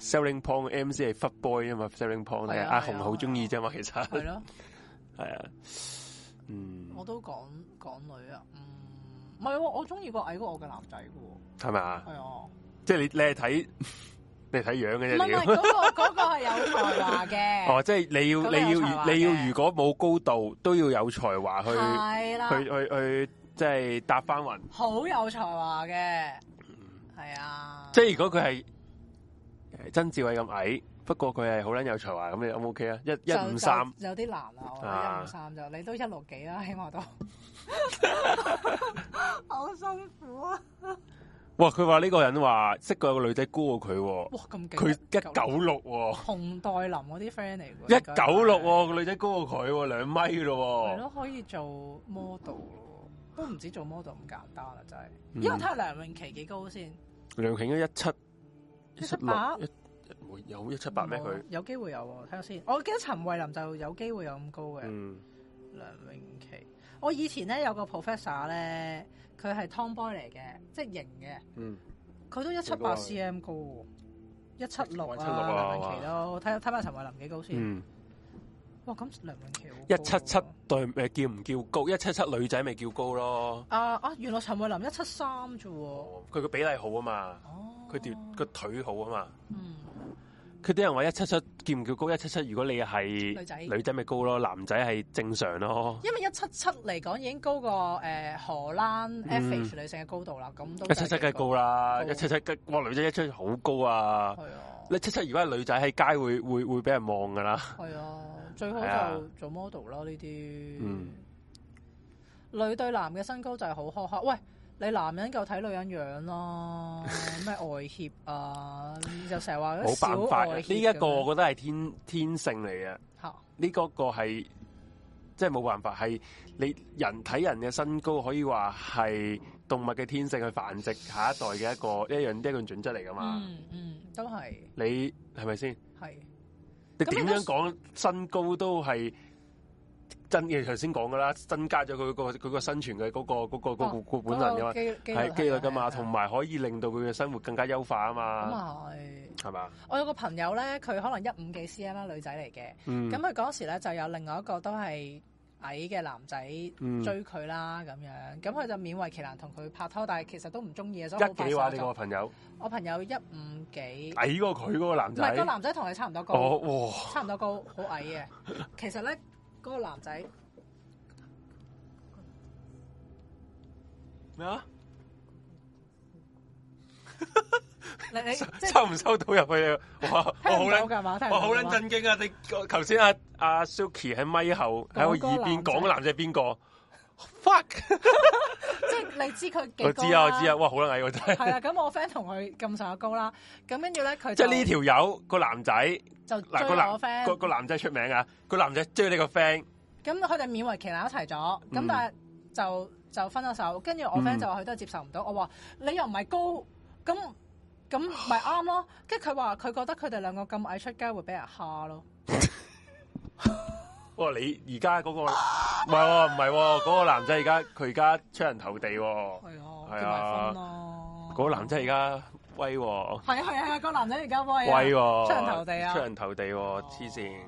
selling point。MC 係 fuck boy 啊嘛，selling point 係阿紅好中意啫嘛，其實係咯，係啊，啊，嗯，我都講港女啊，唔係我中意個矮過我嘅男仔噶喎，係咪啊？係啊，即係你你係睇。 <laughs> 你睇樣嘅啫，嗰、嗰個嗰、嗰個係有才華嘅。 <laughs> 哦，即係你要、嗰個、你要你要如果冇高度，都要有才華去，去，去去去，即係搭翻云。好有才華嘅，係、嗯、啊。即係如果佢係，誒，曾志偉咁矮，不過佢係好撚有才華，咁你 O 唔 OK 啊？一一五三，有啲難我覺得153啊，一五三就，你都一六幾啦，起碼都。 <laughs> <laughs> <laughs> 好辛苦啊！哇！佢話呢個人話識過有個女仔高過佢，哇咁勁！佢一九六喎，熊黛林嗰啲 friend 嚟喎，一九六喎個女仔高過佢，兩 <laughs> 米咯，係咯可以做 model 咯，都唔止做 model 咁簡單啦，真係。因為睇下梁詠琪幾高先，梁詠琪 17, 一七一七六，有一七八咩？佢有機會有睇下先。我記得陳慧琳就有機會有咁高嘅、嗯。梁詠琪，我以前咧有個 professor 咧。佢係 tomboy 嚟嘅，即係型嘅。嗯，佢都一七八 cm 高，一七六啊，梁詠琪咯。睇睇下陳慧琳幾高先。嗯，哇，咁梁詠琪一七七對誒叫唔叫高？一七七女仔咪叫高咯。啊啊，原來陳慧琳一七三啫喎。佢、哦、個比例好啊嘛，佢條個腿好啊嘛。嗯。佢啲人話一七七叫唔叫高，一七七？如果你係女仔，女仔咪高咯，男仔係正常咯。因為一七七嚟講已經高過誒、呃、荷蘭 average 女性嘅高度啦，咁都一七七梗係高啦，高177一七七，哇，女仔一出好高啊！一七七如果係女仔喺街會會會俾人望㗎啦。係啊，最好就做 model 咯呢啲。嗯，女對男嘅身高就係好苛刻。喂！你男人夠睇女人樣咯，咩外協啊，啊 <laughs> 你就成日話咗少外協。呢一、這個我覺得係天天性嚟嘅，呢 <laughs> 嗰個係即係冇辦法，係你人睇人嘅身高可以話係動物嘅天性去繁殖下一代嘅一個一樣一個準則嚟噶嘛。嗯嗯，都係。你係咪先？係。你點樣講身高都係。增嘅，頭先講噶啦，增加咗佢個佢個生存嘅嗰、嗰個嗰、哦、本能嘅、嗰個、嘛，係機率噶嘛，同埋可以令到佢嘅生活更加優化啊嘛。咁啊，係係嘛？我有個朋友咧，佢可能一五幾 cm 啦，女仔嚟嘅，咁佢嗰時咧就有另外一個都係矮嘅男仔追佢啦，咁、嗯、樣咁佢就勉為其難同佢拍拖，但係其實都唔中意啊。一幾話你個朋友？我朋友一五幾矮過佢嗰個男仔，唔係、嗰個男仔同佢差唔多高。哦，哇，差唔多高，好矮嘅。其實咧。 <laughs> 嗰、那個男仔咩啊？ <laughs> 你、就是、收唔收到入去啊？我我好撚震驚啊！你頭先阿阿 Suki 喺咪後喺我耳邊講個男仔係邊個？fuck， <laughs> <laughs> 即係你知佢幾高、啊、我知啊，我知啊，哇，好矮真、 <laughs> 啊啊、個真係。係啦，咁我 friend 同佢咁上下高啦，咁跟住咧佢即係呢條友個男仔就追我 friend，個、啊、男仔出名啊，個男仔追呢個 friend。咁佢哋勉為其難一齊咗，咁但係就就分咗手。跟住我 friend 就話佢都係接受唔到、嗯。我話你又唔係高，咁咁咪啱咯。跟住佢話佢覺得佢哋兩個咁矮出街會俾人蝦咯。 <laughs> 我、哦、你而家嗰個唔係唔係嗰個男仔，而家佢而家出人頭地喎、哦。係啊，嗰、啊、個男仔而家威喎。係啊係啊，係啊係啊嗰個男仔而家威、啊。威喎、啊，出人頭地啊！出人頭地喎、哦，黐線、啊！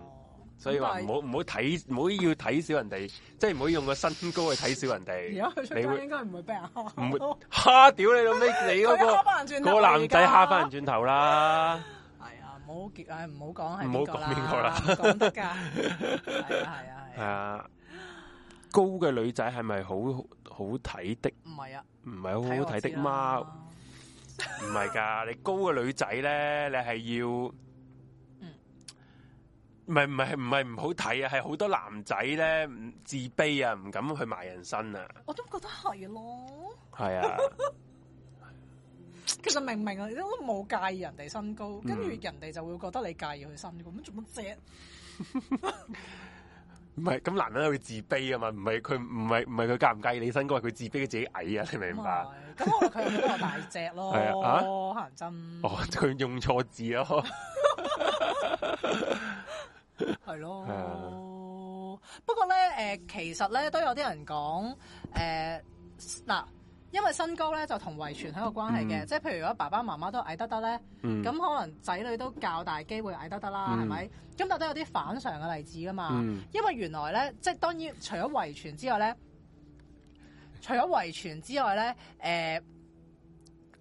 所以話唔好唔好睇，唔好要睇小人哋，即係唔好用個身高去睇小人哋。而家佢出嚟應該唔會俾人蝦。唔會蝦？屌你老尾，你嗰個嗰個男仔蝦翻人轉頭啦！唔 <laughs> 好結啊！唔好講係。唔好講邊個啦，講得噶。係啊係啊係啊。高嘅女仔係咪好好睇的？唔係啊，唔係好好睇的嗎？唔係噶，你高嘅女仔咧，你係要，唔係唔係唔係唔好睇啊！係好多男仔咧，唔自卑啊，唔敢去埋人身啊。我都覺得係咯。係 <laughs> 啊。其實明唔明啊？你都冇介意人哋身高，跟、嗯、住人哋就會覺得你介意佢身高，咁做乜啫？唔 <laughs> 係，咁男人會自卑啊嘛？唔係佢唔係唔係佢介唔介意你身高，佢自卑佢自己矮啊？你明唔明白嗎？咁佢又比較大隻咯，係啊，可能真？哦，佢用錯字 <laughs> <laughs> 是咯，係咯。不過咧，誒、呃，其實咧都有啲人講，誒、呃，嗱。因為身高咧就同遺傳係一個關係嘅、嗯，即係譬如如果爸爸媽媽都矮得得咧，咁、嗯、可能仔女都較大機會矮得得啦，係、嗯、咪？咁但都有啲反常嘅例子噶嘛、嗯？因為原來咧，即係當然除咗遺傳之外咧，除咗遺傳之外咧，誒、呃，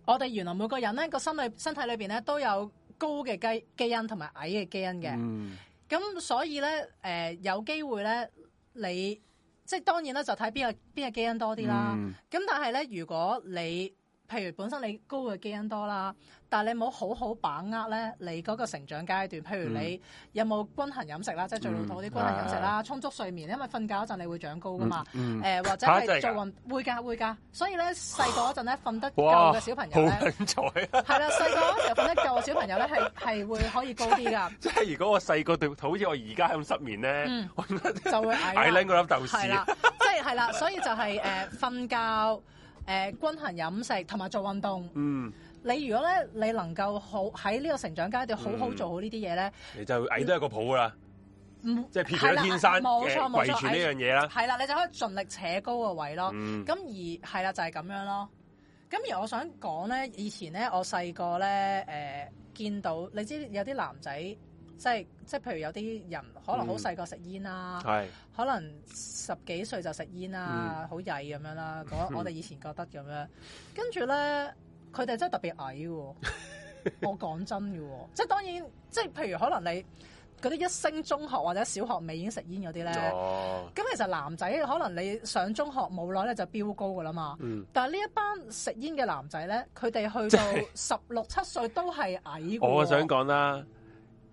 我哋原來每個人咧個身裏身體裏邊咧都有高嘅基基因同埋矮嘅基因嘅，咁、嗯、所以咧誒、呃、有機會咧你。即係當然啦，就睇邊個邊個基因多啲啦。咁、嗯、但係咧，如果你譬如本身你高嘅基因多啦，但係你冇好好把握咧，你嗰個成長階段，譬如你有冇均衡飲食啦、嗯，即係最老土啲均衡飲食啦、嗯，充足睡眠，因為瞓覺嗰陣你會長高噶嘛。嗯。誒、嗯呃，或者係做運，會噶會噶。所以咧，細個嗰陣咧瞓得夠嘅小朋友咧，好精彩係、啊、啦，細個嗰時候瞓得夠嘅小朋友咧，係 <laughs> 係會可以高啲噶。即係如果我細個對，好似我而家咁失眠咧，嗯、 <laughs> 就會矮，矮啦，嗰粒豆豉即係係啦，所以就係誒瞓覺。誒、呃、均衡飲食同埋做運動，嗯，你如果咧你能夠好喺呢個成長階段好好做好呢啲嘢咧，你就矮都係一個譜噶啦，嗯，即係撇除咗天生嘅遺傳呢樣嘢啦，係啦、呃，你就可以盡力扯高個位咯，咁、嗯、而係啦就係、是、咁樣咯。咁而我想講咧，以前咧我細個咧誒見到你知有啲男仔。即係即係，譬如有啲人可能好細個食煙啦、啊嗯，可能十幾歲就食煙啦、啊，好曳咁樣啦。我哋以前覺得咁樣，嗯、跟住咧，佢哋真係特別矮喎、哦。 <laughs> 我講真嘅喎、哦，即係當然，即譬如可能你嗰啲一升中學或者小學未已經食煙嗰啲咧，咁、哦、其實男仔可能你上中學冇耐咧就飆高噶啦嘛。嗯、但呢一班食煙嘅男仔咧，佢哋去到十六、就是、七歲都係矮、哦。我想講啦。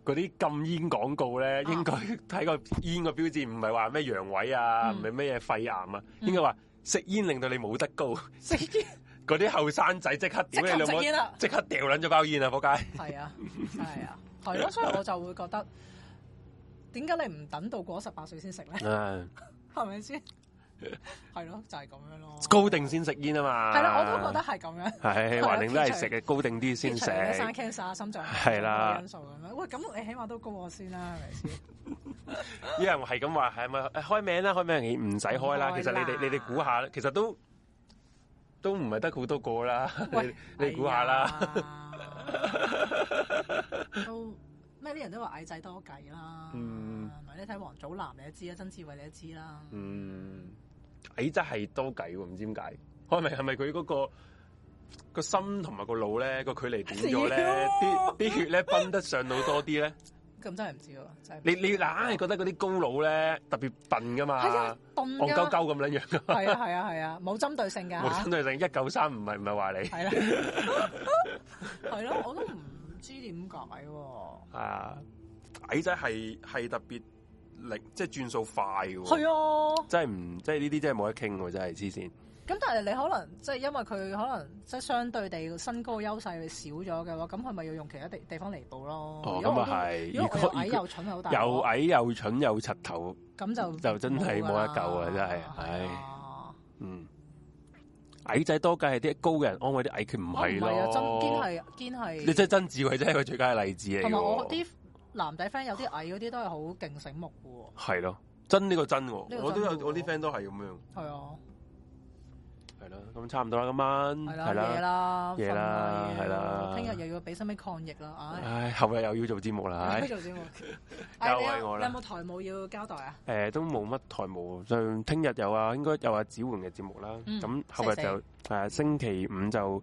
嗰啲禁煙廣告咧、啊，應該睇個煙個標誌，唔係話咩陽痿啊，唔係咩肺癌啊，嗯、應該話食煙令到你冇得高。食煙嗰啲後生仔即刻即刻食煙啦、啊，即刻掉撚咗包煙啦，仆街！係啊，係啊，係咯、啊，所以我就會覺得點解 <laughs> 你唔等到過十八歲先食咧？係咪先？係咯，就係、是、咁樣咯。高定先食煙啊嘛。係啦，我都覺得係咁樣。係，橫掂都係食嘅， <laughs> 高定啲先食。生 cancer 心臟係啦因素咁樣。喂，咁你起碼都高我先啦，係咪先？有人係咁話，係咪開名啦？開名唔使開，開啦、哎、啦。其實你哋你哋估下，其實都都唔係得好多個啦。喂，你估下啦。哎、 <laughs> 都咩？啲人都話矮仔多計啦。嗯。係，你睇王祖藍，你都知啦，曾志偉，你都知啦。嗯。矮仔係多計喎，唔知點解。係咪係咪佢嗰個個心同埋個腦咧個距離短咗咧？啲啲、啊、血咧泵得上腦多啲咧？咁真係唔知喎。你你硬係覺得嗰啲高佬咧特別笨噶嘛？戇鳩鳩咁樣樣噶。係啊係啊係啊，冇針、啊啊、對性噶。冇針對性，一九三唔係唔係話你。係啦、啊。係 <laughs> 咯、 <laughs> 啊，我都唔知點解喎。啊，矮仔係係特別。力即係轉數快喎，係啊，真係唔，即係呢啲真係冇得傾喎，真係黐線。咁但係你可能即係因為佢可能即係相對地身高優勢少咗嘅話，咁係咪要用其他地地方彌補咯？哦，咁啊係。如果佢矮又蠢又大，又矮又蠢又柒頭，咁就就真係冇得救啊！真係，唉、哎啊，嗯，矮仔多計係啲高嘅人安慰啲矮，佢唔係咯。係堅係你真係曾志偉真係個最佳嘅例子，同埋我啲，男仔 friend 有啲矮嗰啲都係好勁醒目嘅喎。係咯，真呢、這個這個真，我都有我啲 friend 都係咁樣。係啊，係咯，咁差唔多啦。今晚係啦，嘢啦，嘢啦，係啦。聽日又要俾新嘅抗疫啦。唉，後日又要做節目啦。要做節目,、哎、目，交 <laughs> 位我你有冇台務要交代啊？誒，都冇乜台務。就聽日有啊，應該有阿指煥嘅節目啦。咁、嗯、後日就誒、呃、星期五就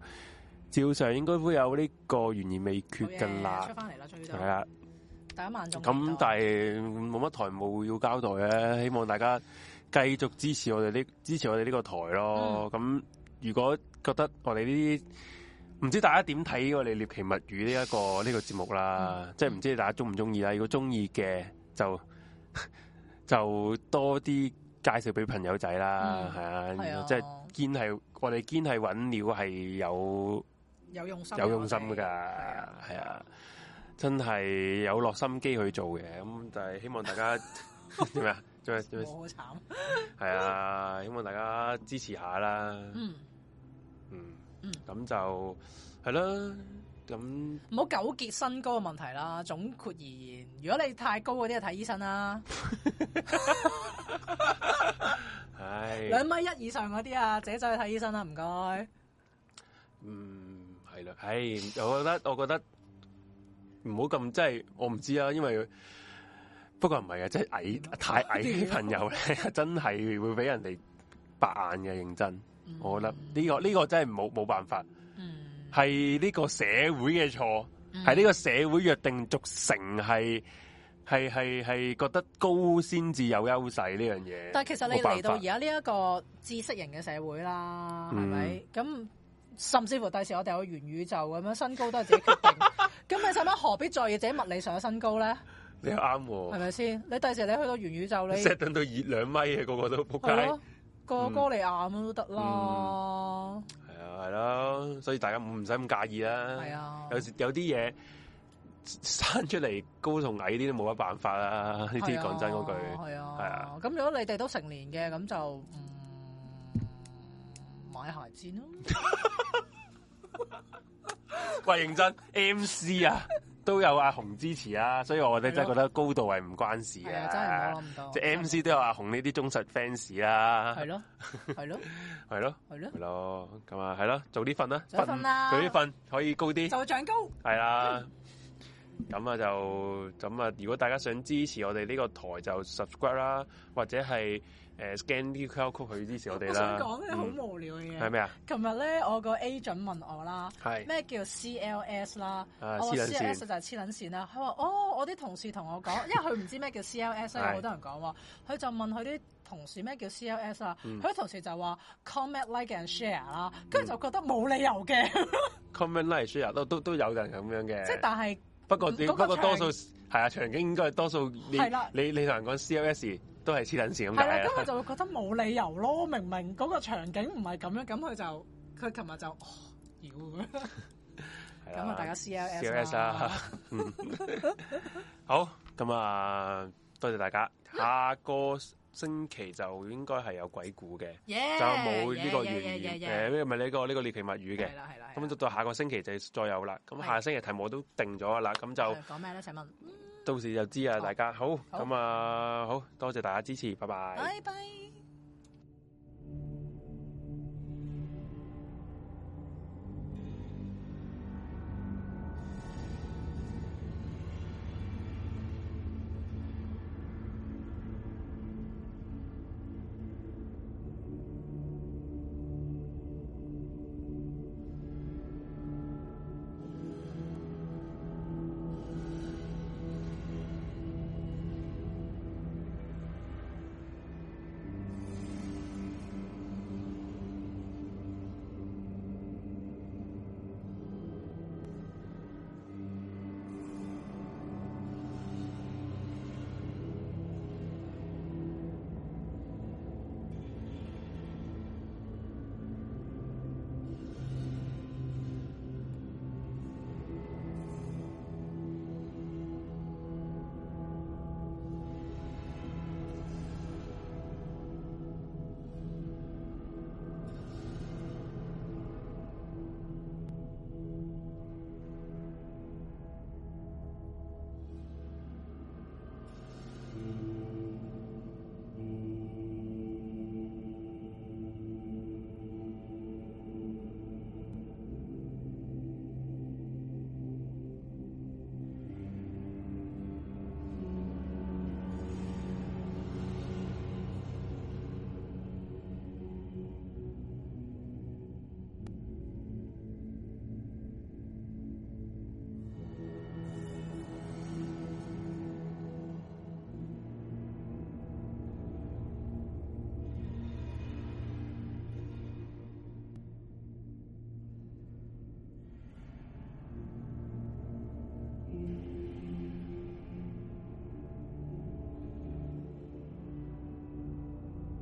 照常應該會有呢個懸疑未決嘅啦。出翻嚟啦，最多係啦。大家萬咗，咁但係冇乜台務要交代咧，希望大家繼續支持我哋呢，支持我哋呢個台咯。咁、嗯、如果覺得我哋呢啲，唔知大家點睇我哋獵奇物語呢一、呢個呢、呢個節目啦，嗯、即係唔知大家中唔中意啦。如果中意嘅，就就多啲介紹俾朋友仔啦，係、嗯、啊，啊，即係堅係我哋堅係揾料係有有用心的，有用心噶，係啊。真係有落心機去做嘅，咁就係希望大家點 <laughs> 怎樣 <laughs> 啊？最最我好慘係啊！希望大家支持下啦。嗯嗯咁、嗯、就係啦。咁唔好糾結身高嘅問題啦。總括而言，如果你太高嗰啲，就睇醫生啦、啊。 <laughs> <laughs> <laughs> 唉，兩米一以上嗰啲啊，自己走去睇醫生啦、啊。唔該。嗯，係啦、啊。唉、啊，我覺得，我覺得。唔好咁，即係我唔知啊，因為不過唔係啊，即係矮太矮啲朋友咧， <laughs> 真係會俾人哋白眼嘅認真、嗯。我覺得呢、呢個呢、呢個真係冇冇辦法，係、嗯、呢個社會嘅錯，係、嗯、呢個社會約定俗成係，係係係係覺得高先至有優勢呢樣嘢。但係其實你嚟到而家呢一個知識型嘅社會啦，係咪咁？甚至乎第時我哋去元宇宙咁樣，身高都係自己決定。咁 <laughs> 你使乜何必在意自己物理上嘅身高咧？你啱喎、啊，係咪先？你第時你去到元宇宙，你即 e 等到熱兩米嘅、啊，個個都撲街、啊。個，個哥嚟亞咁都得啦。係啊，係、嗯、啦、嗯啊啊，所以大家唔使咁介意啦。係啊，有時有啲嘢生出嚟高同矮啲都冇乜辦法啦。呢啲講真嗰句，係啊。咁、啊啊、如果你哋都成年嘅，咁就、嗯買鞋子咯，喂，認真 <laughs> M C 啊，都有阿紅支持啊，所以我哋真係覺得高度係唔關事啊，真係冇諗到即係 M C 都有阿紅呢啲忠實 fans 啦，係咯，係咯，係咯，係咯，咁啊，係咯， <laughs> 早啲瞓啦，早啲瞓可以高啲，就長高，係啊，咁、嗯、啊就咁啊，如果大家想支持我哋呢個台就 subscribe 啦，或者係誒 scan 啲 c 曲佢 r i c 去支持我哋啦。講嘅好無聊嘅嘢。係咩啊？琴日咧，我個 agent 問我啦，咩叫 CLS 啦？啊、我話 CLS 就係黐撚線啦。佢話：哦，我啲同事同我講， <laughs> 因為佢唔知咩叫 CLS 所以好多人講喎。佢就問佢啲同事咩叫 CLS 啊、嗯？佢同事就話、嗯、comment like and share 啦、嗯，跟住就覺得冇理由嘅 <laughs> comment like share 都都都有人咁樣嘅。即係但係，不過、那個、不過多數係啊，場景應該多數你你你同人講 CLS。都係黐撚事。咁樣。係啊，今日就會覺得冇理由咯。明明嗰個場景唔係咁樣，咁佢就佢琴日就，他就哦、妖咁啊！ <laughs> 就大家 C L S 啦。啊、 <laughs> <laughs> 好咁啊，多謝大家。下個星期就應該係有鬼故嘅，yeah，就冇呢個月咩咪呢個呢、呢個獵奇物語嘅。係啦咁到到下個星期就再有啦。咁、啊、下星期題目都定咗噶啦。咁就講咩咧？請問。到時就知啊！大家好，咁啊好多謝大家支持，拜拜。拜拜。